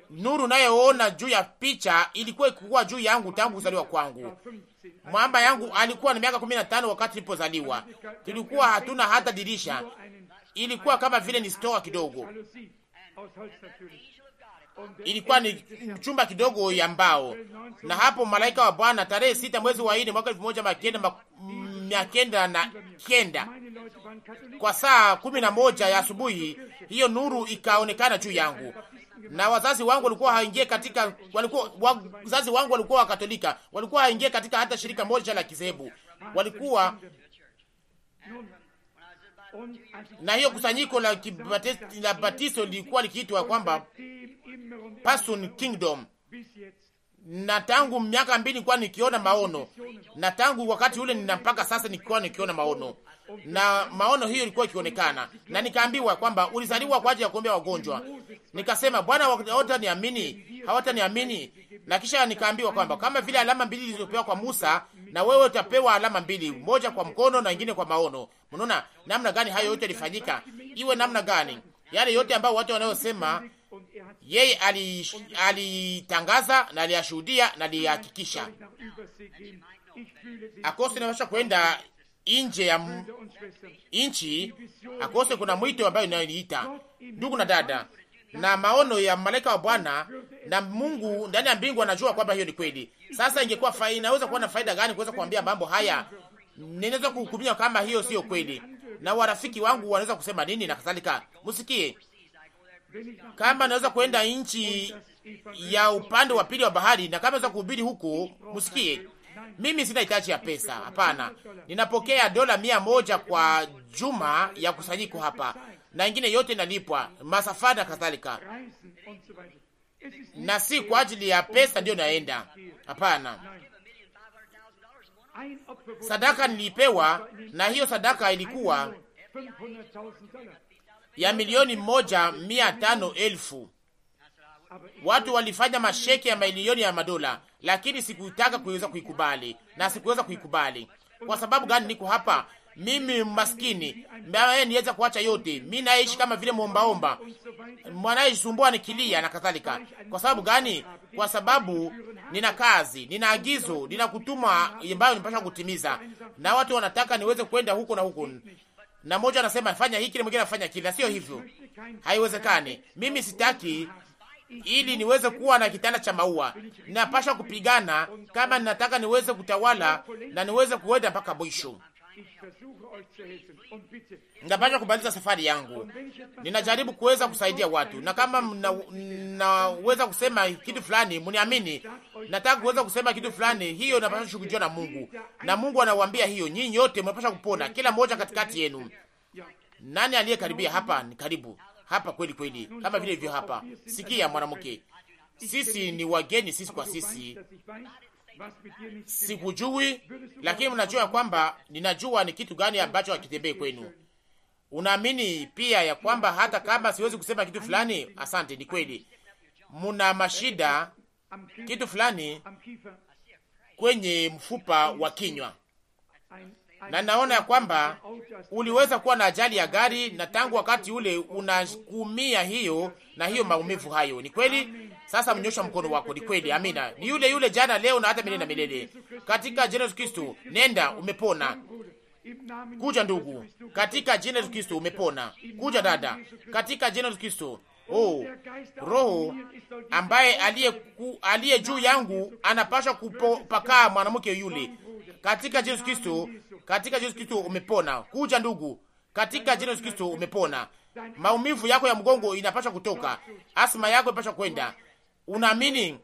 nuru nayoona juu ya picha ilikuwa ikikuwa juu yangu tangu kuzaliwa kwangu. Mwamba yangu alikuwa na miaka kumi na tano wakati nilipozaliwa, tulikuwa hatuna hata dirisha, ilikuwa kama vile ni stoa kidogo, ilikuwa ni chumba kidogo ya mbao. Na hapo malaika wa Bwana tarehe sita mwezi wa nne mwaka elfu moja mia kenda mm, na kenda kwa saa kumi na moja ya asubuhi, hiyo nuru ikaonekana juu yangu na wazazi wangu walikuwa haingie katika walikuwa wazazi wangu walikuwa Wakatolika, walikuwa haingie katika hata shirika moja la kizehebu, walikuwa na hiyo kusanyiko la kibatisto lilikuwa likiitwa kwamba Person Kingdom na tangu miaka mbili nilikuwa nikiona maono, na tangu wakati ule nina mpaka sasa nilikuwa nikiona maono, na maono hiyo ilikuwa ikionekana, na nikaambiwa kwamba ulizaliwa kwa ajili ya kuombea wagonjwa. Nikasema, Bwana, hawataniamini, hawataniamini. Na kisha nikaambiwa kwamba kama vile alama mbili zilizopewa kwa Musa, na wewe utapewa alama mbili, moja kwa mkono na nyingine kwa maono. Mnaona namna gani hayo yote yalifanyika, Iwe namna gani yale yote ambayo watu wanayosema yeye alitangaza na aliyashuhudia na aliyahakikisha. Akose inaosha kwenda nje ya nchi, akose kuna mwito ambayo inayoniita ndugu na dada, na maono ya malaika wa Bwana na Mungu ndani ya mbingu anajua kwamba hiyo ni kweli. Sasa ingekuwa fa inaweza kuwa na faida gani kuweza kuambia mambo haya? Ninaweza kuhukumia kama hiyo sio kweli, na warafiki wangu wanaweza kusema nini na kadhalika. Msikie kama naweza kuenda nchi ya upande wa pili wa bahari, na kama naweza kuhubiri huko, msikie mimi sina hitaji ya pesa, hapana. Ninapokea dola mia moja kwa juma ya kusanyiko hapa, na ingine yote inalipwa masafari na kadhalika, na si kwa ajili ya pesa ndiyo naenda, hapana. Sadaka nilipewa, na hiyo sadaka ilikuwa ya milioni moja mia tano elfu watu walifanya masheki ya milioni ya madola, lakini sikutaka kuweza kuikubali na sikuweza kuikubali. Kwa sababu gani? Niko hapa mimi maskini, mbaye niweza kuacha yote, mimi naishi kama vile muombaomba, mwanayisumbua nikilia na kadhalika. Kwa sababu gani? Kwa sababu nina kazi, nina agizo, nina kutuma ambayo nipasha kutimiza, na watu wanataka niweze kwenda huko na huko, na mmoja anasema fanya hiki, mwingine anafanya kile. Sio hivyo, haiwezekani. Mimi sitaki ili niweze kuwa na kitanda cha maua. napasha kupigana kama ninataka niweze kutawala na niweze kuenda mpaka mwisho. Ninapaswa kumaliza safari yangu, ninajaribu kuweza kusaidia watu, na kama mnaweza mna kusema kitu fulani, mniamini. Nataka kuweza kusema kitu fulani, hiyo inapaswa kushughulikiwa na Mungu, na Mungu anawaambia hiyo, nyinyi yote mnapaswa kupona, kila mmoja katikati yenu. Nani aliyekaribia hapa? Ni karibu hapa kweli kweli, kama vile hivyo hapa. Sikia mwanamke, sisi ni wageni, sisi kwa sisi sikujui, lakini mnajua kwamba ninajua ni kitu gani ambacho hakitembei kwenu. Unaamini pia ya kwamba hata kama siwezi kusema kitu fulani, asante, ni kweli muna mashida kitu fulani kwenye mfupa wa kinywa, na naona ya kwamba uliweza kuwa na ajali ya gari, na tangu wakati ule unakumia hiyo na hiyo maumivu hayo. Ni kweli sasa mnyosha mkono wako. Ni kweli, amina. Ni yule yule jana, leo na hata milele na milele, katika jina Yesu Kristo. Nenda umepona. Kuja ndugu, katika jina Yesu Kristo umepona. Kuja dada, katika jina Yesu Kristo. Oh, roho ambaye aliye aliye juu yangu anapasha kupakaa mwanamke yule, katika Yesu Kristo, katika Yesu Kristo umepona. Kuja ndugu, katika jina Yesu Kristo umepona. Maumivu yako ya mgongo inapasha kutoka, asma yako inapasha kwenda unaamini,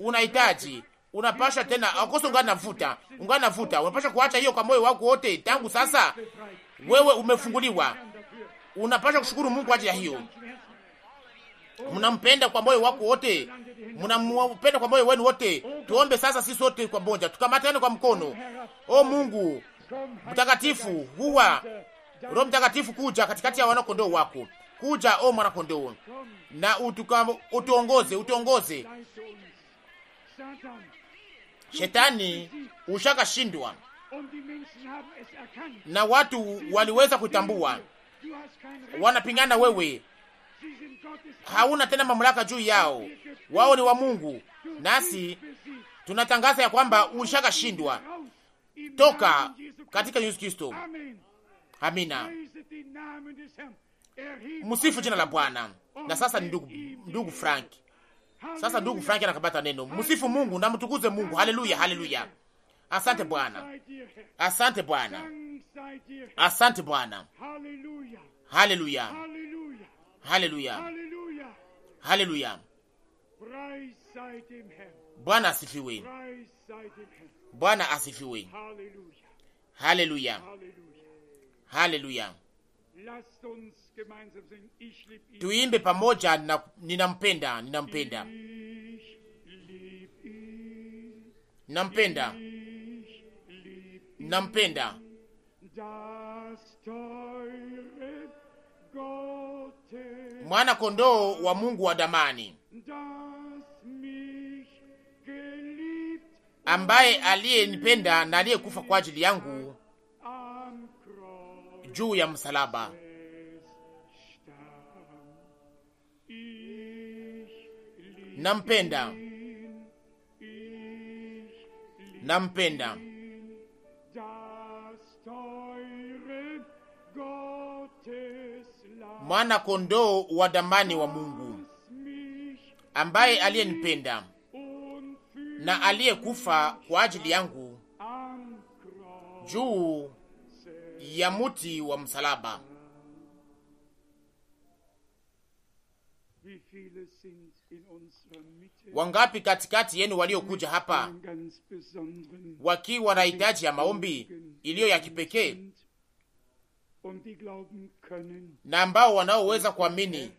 unahitaji, unapasha tena akose, ungana navuta, ungana navuta, unapasha kuacha hiyo kwa moyo wako wote. Tangu sasa wewe umefunguliwa, unapasha kushukuru Mungu kwa ajili ya hiyo. Mnampenda kwa moyo wako wote, mnampenda kwa moyo wenu wote. Tuombe sasa sisi sote kwa moja, tukamatane kwa mkono. O Mungu mtakatifu, huwa Roho Mtakatifu kuja katikati ya wanakondoo wako kuja, o oh, mwana kondoo, na utukamo, utuongoze, utuongoze. Shetani ushakashindwa na watu waliweza kutambua, wanapingana wewe, hauna tena mamlaka juu yao, wao ni wa Mungu. Nasi tunatangaza ya kwamba ushakashindwa Toka katika Yesu Kristo. Amina. Msifu jina la Bwana. Na sasa ni ndugu, ndugu Frank. Sasa ndugu Frank anakabata neno. Msifu Mungu na mtukuze Mungu. Haleluya, haleluya. Asante Bwana. Asante Bwana. Asante Bwana. Haleluya. Haleluya. Haleluya. Haleluya. Bwana asifiwe. Bwana asifiwe. Haleluya. Haleluya tuimbe pamoja, na ninampenda, ninampenda, nampenda, nampenda mwana kondoo wa Mungu wa damani ambaye aliyenipenda na aliyekufa kwa ajili yangu juu ya msalaba. Nampenda, nampenda mwana kondoo wa damani wa Mungu ambaye aliyenipenda na aliyekufa kwa ajili yangu juu ya muti wa msalaba. Wangapi katikati yenu waliokuja hapa wakiwa na hitaji ya maombi iliyo ya kipekee na ambao wanaoweza kuamini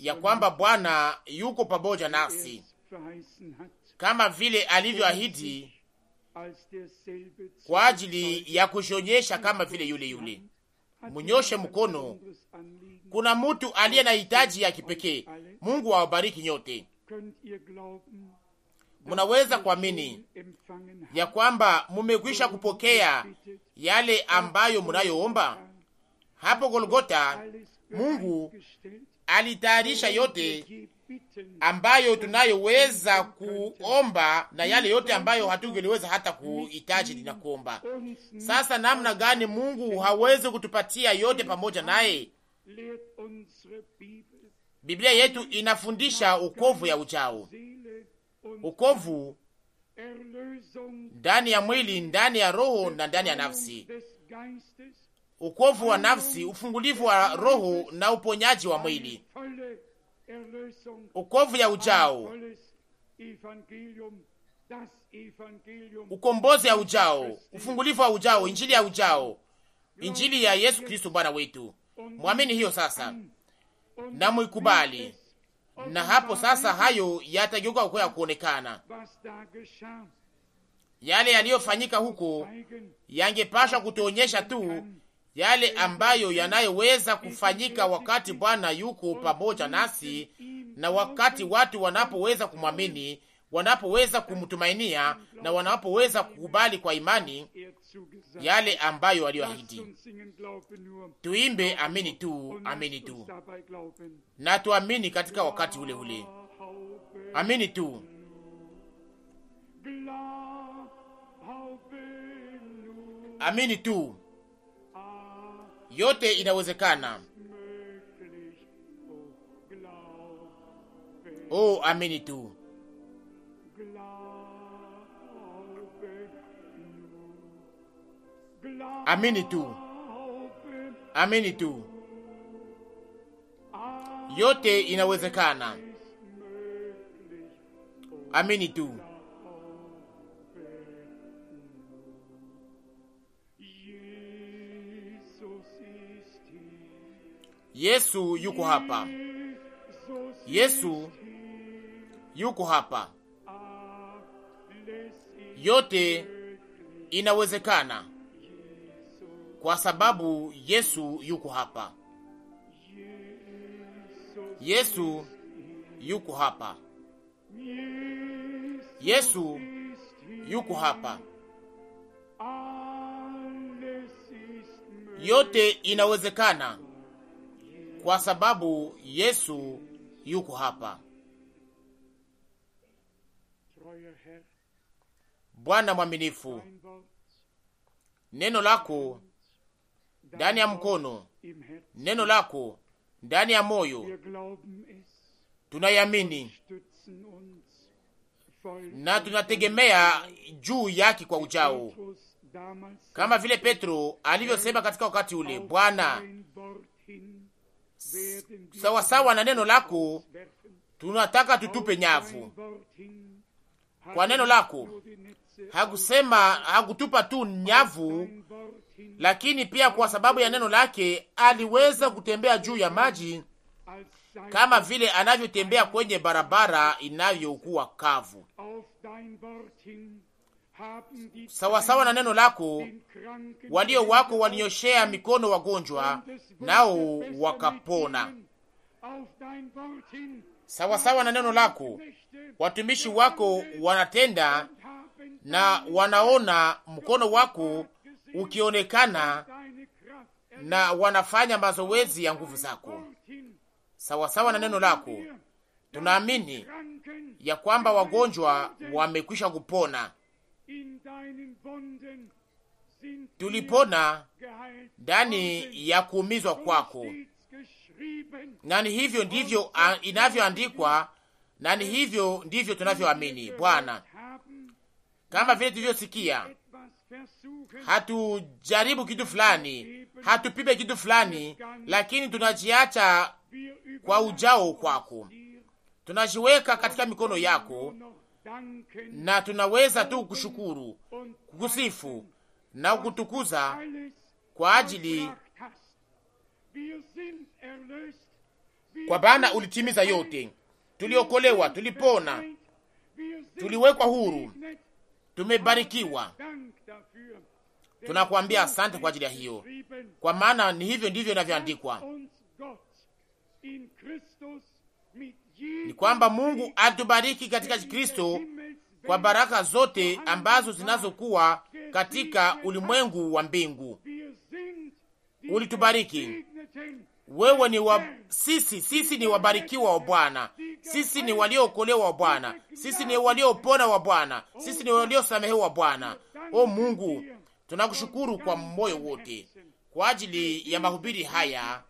ya kwamba Bwana yuko pamoja nasi kama vile alivyoahidi kwa ajili ya kujionyesha kama vile yule yule. Munyoshe mkono. Kuna mtu aliye na hitaji ya kipekee. Mungu awabariki nyote. Munaweza kuamini ya kwamba mumekwisha kupokea yale ambayo munayoomba? Hapo Golgota Mungu alitayarisha yote ambayo tunayoweza kuomba na yale yote ambayo hatungeliweza hata kuhitaji na kuomba. Sasa namna gani Mungu hawezi kutupatia yote pamoja naye? Biblia yetu inafundisha ukovu ya uchao, ukovu ndani ya mwili, ndani ya roho na ndani ya nafsi, ukovu wa nafsi, ufungulivu wa roho na uponyaji wa mwili, ukovu ya ujao, ukombozi ya ujao, ufungulivu wa ujao, injili ya ujao, injili ya Yesu kristu Bwana wetu. Mwamini hiyo sasa na mwikubali, na hapo sasa hayo yatageuka kuwa ya kuonekana. Yale yaliyofanyika huko yangepashwa kutuonyesha tu yale ambayo yanayoweza kufanyika wakati Bwana yuko pamoja nasi na wakati watu wanapoweza kumwamini, wanapoweza kumtumainia na wanapoweza kukubali kwa imani yale ambayo aliyoahidi. Tuimbe amini tu, amini tu, na tuamini katika wakati ule ule, amini tu amini tu, yote inawezekana. Oh, amini tu, Amini tu, amini tu, yote inawezekana. Amini tu. Yesu yuko hapa. Yesu yuko hapa. Yote inawezekana kwa sababu Yesu yuko hapa. Yesu yuko hapa. Yesu yuko hapa. Yote inawezekana kwa sababu Yesu yuko hapa. Bwana mwaminifu, neno lako ndani ya mkono, neno lako ndani ya moyo. tunayamini na tunategemea juu yake kwa ujao, kama vile Petro alivyosema katika wakati ule, Bwana, sawasawa na neno lako tunataka tutupe nyavu kwa neno lako. Hakusema hakutupa tu nyavu, lakini pia kwa sababu ya neno lake aliweza kutembea juu ya maji kama vile anavyotembea kwenye barabara inavyokuwa kavu. Sawasawa na neno lako, walio wako walinyoshea mikono wagonjwa, nao wakapona. Sawasawa na neno lako, watumishi wako wanatenda na wanaona mkono wako ukionekana na wanafanya mazoezi ya nguvu zako sawasawa na neno lako. Tunaamini ya kwamba wagonjwa wamekwisha kupona, tulipona ndani ya kuumizwa kwako, na ni hivyo ndivyo inavyoandikwa, na ni hivyo ndivyo tunavyoamini Bwana, kama vile tulivyosikia hatujaribu kitu fulani, hatupime kitu fulani, lakini tunajiacha kwa ujao kwako, tunajiweka katika mikono yako, na tunaweza tu kushukuru kusifu na kutukuza kwa ajili kwa bana, ulitimiza yote, tuliokolewa, tulipona, tuliwekwa huru, Tumebarikiwa, tunakuambia asante kwa ajili ya hiyo, kwa maana ni hivyo ndivyo inavyoandikwa ni kwamba Mungu atubariki katika Kristo kwa baraka zote ambazo zinazokuwa katika ulimwengu wa mbingu. Ulitubariki wewe ni wa... sisi sisi ni wabarikiwa wa Bwana, sisi ni waliookolewa wa Bwana, sisi ni waliopona wa Bwana, sisi ni waliosamehewa wa Bwana. O Mungu, tunakushukuru kwa moyo wote kwa ajili ya mahubiri haya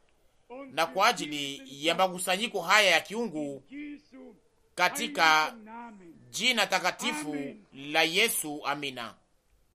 na kwa ajili ya makusanyiko haya ya kiungu katika jina takatifu la Yesu, amina.